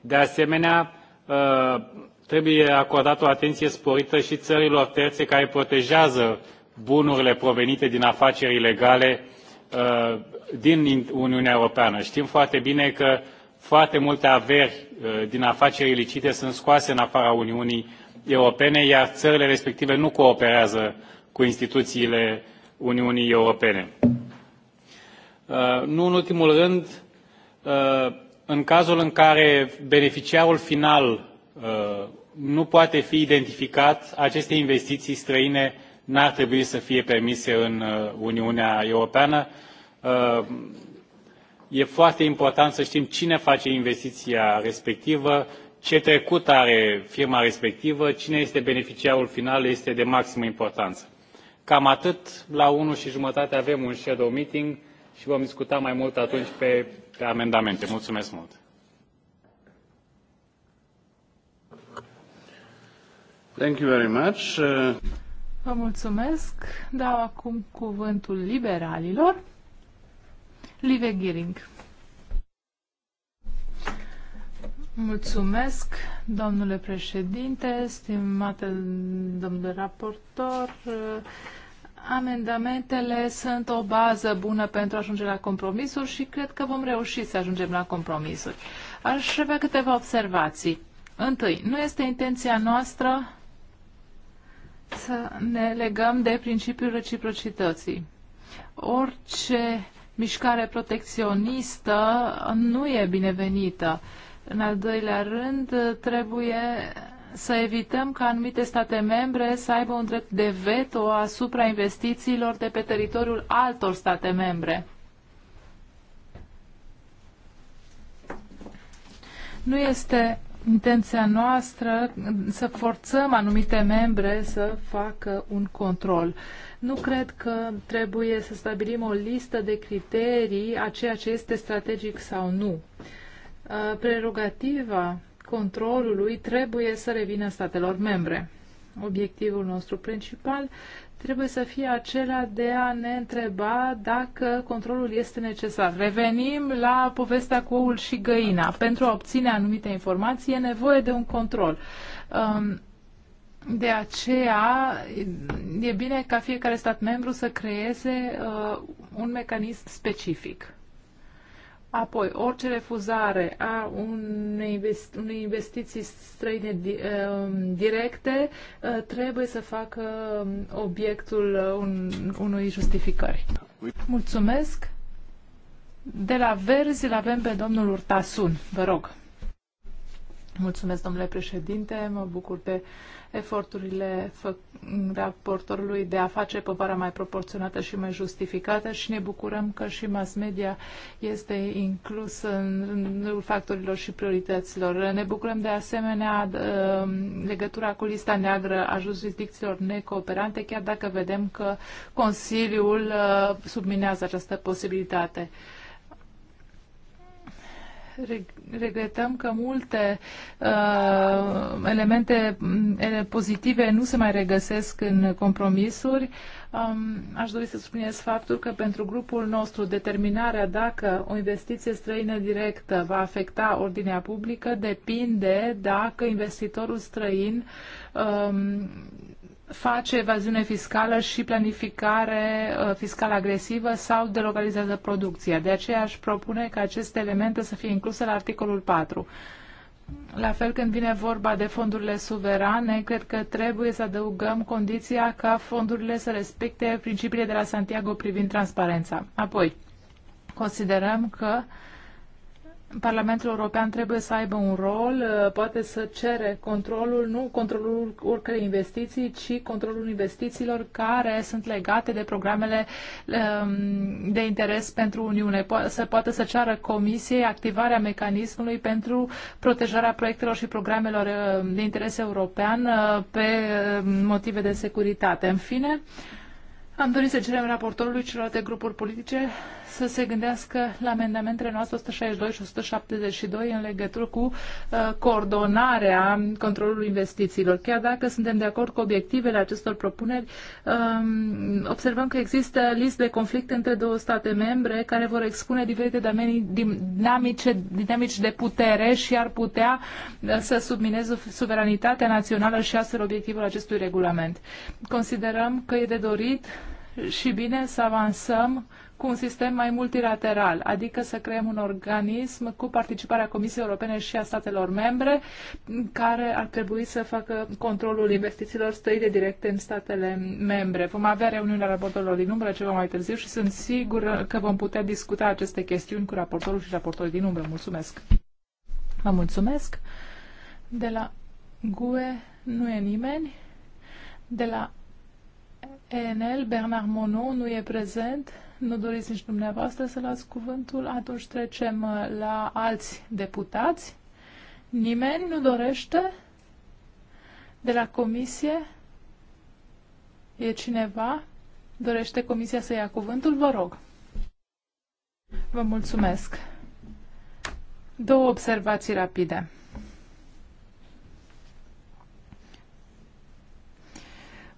De asemenea, uh, trebuie acordată o atenție sporită și țărilor terțe care protejează bunurile provenite din afaceri ilegale uh, din Uniunea Europeană. Știm foarte bine că foarte multe averi uh, din afaceri ilicite sunt scoase în afara Uniunii Europene, iar țările respective nu cooperează cu instituțiile Uniunii Europene. Uh, nu în ultimul rând, în cazul în care beneficiarul final nu poate fi identificat, aceste investiții străine n-ar trebui să fie permise în uh, Uniunea Europeană. Uh, e foarte important să știm cine face investiția respectivă, ce trecut are firma respectivă, cine este beneficiarul final, este de maximă importanță. Cam atât. La 1 și jumătate avem un shadow meeting și vom discuta mai mult atunci pe, pe amendamente. Mulțumesc mult! Thank you very much. Uh... Vă mulțumesc. Dau acum cuvântul liberalilor. Live Giring. Mulțumesc, domnule președinte, stimate domnule raportor. Amendamentele sunt o bază bună pentru a ajunge la compromisuri și cred că vom reuși să ajungem la compromisuri. Aș avea câteva observații. Întâi, nu este intenția noastră să ne legăm de principiul reciprocității. Orice mișcare protecționistă nu e binevenită. În al doilea rând, trebuie să evităm ca anumite state membre să aibă un drept de veto asupra investițiilor de pe teritoriul altor state membre. Nu este intenția noastră să forțăm anumite membre să facă un control. Nu cred că trebuie să stabilim o listă de criterii a ceea ce este strategic sau nu. Uh, prerogativa controlului trebuie să revină statelor membre. Obiectivul nostru principal trebuie să fie acela de a ne întreba dacă controlul este necesar. Revenim la povestea cu oul și găina. Pentru a obține anumite informații e nevoie de un control. Um, de aceea e bine ca fiecare stat membru să creeze uh, un mecanism specific. Apoi, orice refuzare a unei, investiții străine um, directe uh, trebuie să facă um, obiectul uh, unui justificări. Mulțumesc. De la Verzi îl avem pe domnul Urtasun. Vă rog. Mulțumesc, domnule președinte. Mă bucur de eforturile raportorului de a face povara mai proporționată și mai justificată și ne bucurăm că și mass media este inclusă în rândul factorilor și priorităților. Ne bucurăm de asemenea uh, legătura cu lista neagră a jurisdicțiilor necooperante, chiar dacă vedem că Consiliul uh, subminează această posibilitate regretăm că multe uh, elemente mm, pozitive nu se mai regăsesc în compromisuri. Um, aș dori să subliniez faptul că pentru grupul nostru determinarea dacă o investiție străină directă va afecta ordinea publică depinde dacă investitorul străin um, face evaziune fiscală și planificare uh, fiscală agresivă sau delocalizează producția. De aceea aș propune ca aceste elemente să fie incluse la articolul 4. La fel când vine vorba de fondurile suverane, cred că trebuie să adăugăm condiția ca fondurile să respecte principiile de la Santiago privind transparența. Apoi, considerăm că uh, Parlamentul European trebuie să aibă un rol, uh, poate să cere controlul, nu controlul oricărei investiții, ci controlul investițiilor care sunt legate de programele um, de interes pentru Uniune. Să poate să ceară Comisiei activarea mecanismului pentru protejarea proiectelor și programelor uh, de interes european uh, pe motive de securitate. În fine, am dorit să cerem raportorului celorlalte grupuri politice să se gândească la amendamentele noastre 162 și 172 în legătură cu uh, coordonarea controlului investițiilor. Chiar dacă suntem de acord cu obiectivele acestor propuneri, um, observăm că există liste de conflicte între două state membre care vor expune diferite dinamice, dinamici de putere și ar putea uh, să submineze suveranitatea națională și astfel obiectivul acestui regulament. Considerăm că e de dorit și bine să avansăm cu un sistem mai multilateral, adică să creăm un organism cu participarea Comisiei Europene și a statelor membre, care ar trebui să facă controlul investițiilor străine directe în statele membre. Vom avea reuniunea raportorilor din umbră ceva mai târziu și sunt sigur că vom putea discuta aceste chestiuni cu raportorul și raportorii din umbră. Mulțumesc! Vă mulțumesc! De la GUE nu e nimeni. De la ENL, Bernard Monod nu e prezent. Nu doriți nici dumneavoastră să luați cuvântul? Atunci trecem uh, la alți deputați. Nimeni nu dorește? De la comisie? E cineva? Dorește comisia să ia cuvântul? Vă rog. Vă mulțumesc. Două observații rapide.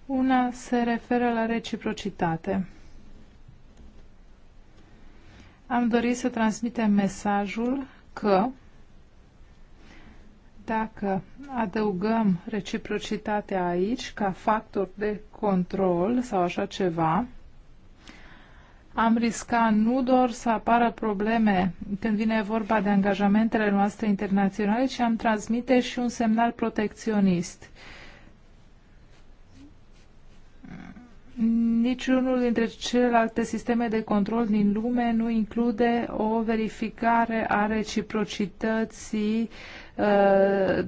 Una se referă la reciprocitate am dorit să transmitem mesajul că dacă adăugăm reciprocitatea aici ca factor de control sau așa ceva, am risca nu doar să apară probleme când vine vorba de angajamentele noastre internaționale, ci am transmite și un semnal protecționist. Uh, Niciunul dintre celelalte sisteme de control din lume nu include o verificare a reciprocității uh,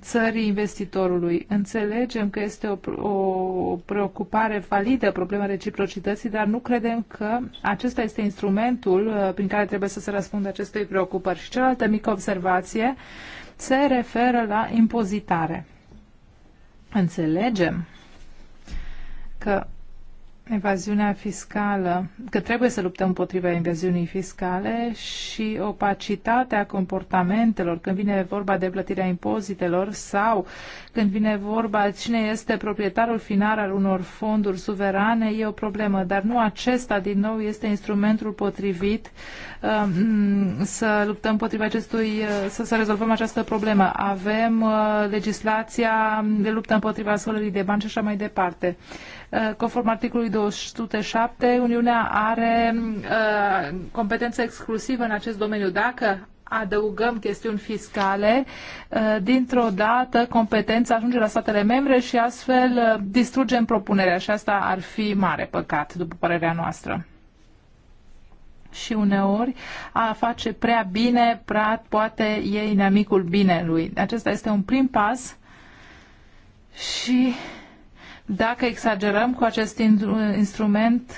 țării investitorului. Înțelegem că este o, o preocupare validă problema reciprocității, dar nu credem că acesta este instrumentul uh, prin care trebuie să se răspundă acestei preocupări. Și cealaltă mică observație se referă la impozitare. Înțelegem că evaziunea fiscală, că trebuie să luptăm împotriva evaziunii fiscale și opacitatea comportamentelor când vine vorba de plătirea impozitelor sau când vine vorba cine este proprietarul final al unor fonduri suverane, e o problemă, dar nu acesta din nou este instrumentul potrivit um, să luptăm împotriva acestui, uh, să, să rezolvăm această problemă. Avem uh, legislația de luptă împotriva solării de bani și așa mai departe. Conform articolului 207, Uniunea are uh, competență exclusivă în acest domeniu. Dacă adăugăm chestiuni fiscale, uh, dintr-o dată competența ajunge la statele membre și astfel uh, distrugem propunerea și asta ar fi mare păcat, după părerea noastră. Și uneori a face prea bine, prea poate e inamicul binelui. Acesta este un prim pas și dacă exagerăm cu acest instrument,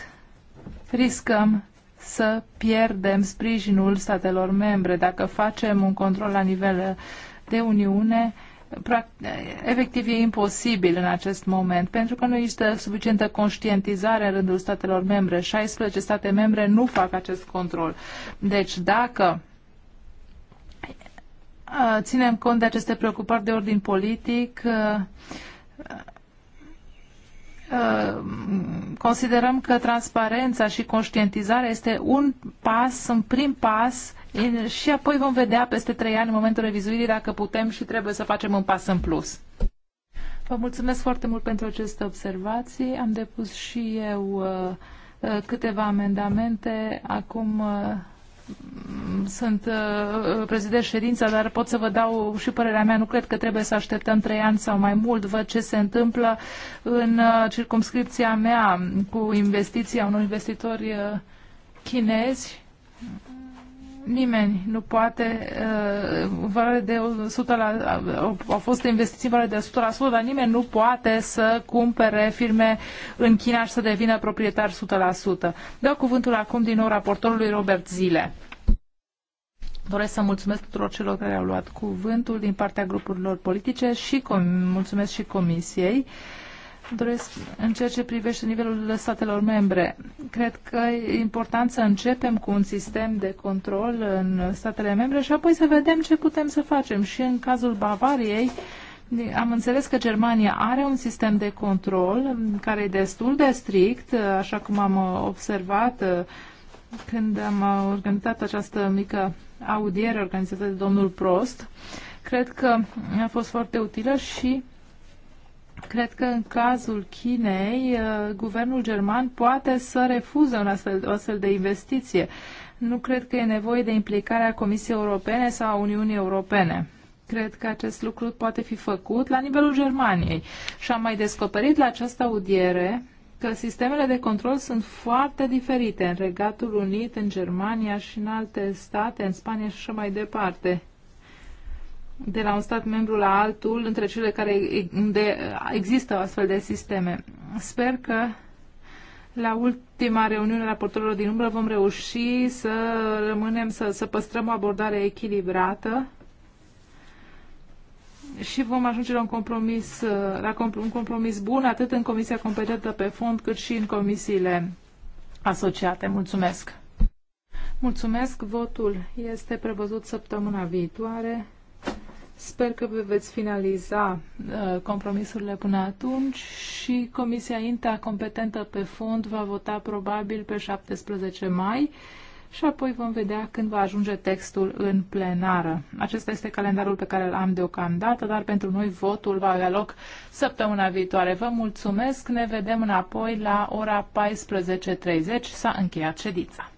riscăm să pierdem sprijinul statelor membre. Dacă facem un control la nivel de Uniune, efectiv e imposibil în acest moment, pentru că nu există suficientă conștientizare în rândul statelor membre. 16 state membre nu fac acest control. Deci dacă uh, ținem cont de aceste preocupări de ordin politic, uh, Uh, considerăm că transparența și conștientizarea este un pas, un prim pas și apoi vom vedea peste trei ani în momentul revizuirii dacă putem și trebuie să facem un pas în plus. Vă mulțumesc foarte mult pentru aceste observații. Am depus și eu uh, uh, câteva amendamente. Acum sunt uh, prezident ședința, dar pot să vă dau și părerea mea. Nu cred că trebuie să așteptăm trei ani sau mai mult. Văd ce se întâmplă în uh, circumscripția mea cu investiția unor investitori uh, chinezi Nimeni nu poate, uh, valoare de 100 la, uh, au fost investiții în valoare de 100%, dar nimeni nu poate să cumpere firme în China și să devină proprietar 100%. Dau cuvântul acum din nou raportorului Robert Zile. Doresc să mulțumesc tuturor celor care au luat cuvântul din partea grupurilor politice și mulțumesc și comisiei. Uh, doresc în ceea ce privește nivelul statelor membre. Cred că e important să începem cu un sistem de control în statele membre și apoi să vedem ce putem să facem. Și în cazul Bavariei, am înțeles că Germania are un sistem de control care e destul de strict, așa cum am observat când am organizat această mică audiere organizată de domnul Prost. Cred că a fost foarte utilă și Cred că în cazul Chinei, uh, guvernul german poate să refuze un astfel, o astfel de investiție. Nu cred că e nevoie de implicarea Comisiei Europene sau a Uniunii Europene. Cred că acest lucru poate fi făcut la nivelul Germaniei. Și am mai descoperit la această audiere că sistemele de control sunt foarte diferite în Regatul Unit, în Germania și în alte state, în Spania și așa mai departe de la un stat membru la altul între cele care unde există astfel de sisteme. Sper că la ultima reuniune la raportorilor din umbră vom reuși să rămânem, să, să păstrăm o abordare echilibrată și vom ajunge la un compromis, la un compromis bun, atât în comisia competentă pe fond, cât și în comisiile asociate. Mulțumesc! Mulțumesc! Votul este prevăzut săptămâna viitoare. Sper că veți finaliza uh, compromisurile până atunci și Comisia INTA competentă pe fond va vota probabil pe 17 mai și apoi vom vedea când va ajunge textul în plenară. Acesta este calendarul pe care îl am deocamdată, dar pentru noi votul va avea loc săptămâna viitoare. Vă mulțumesc, ne vedem înapoi la ora 14.30. S-a încheiat ședința.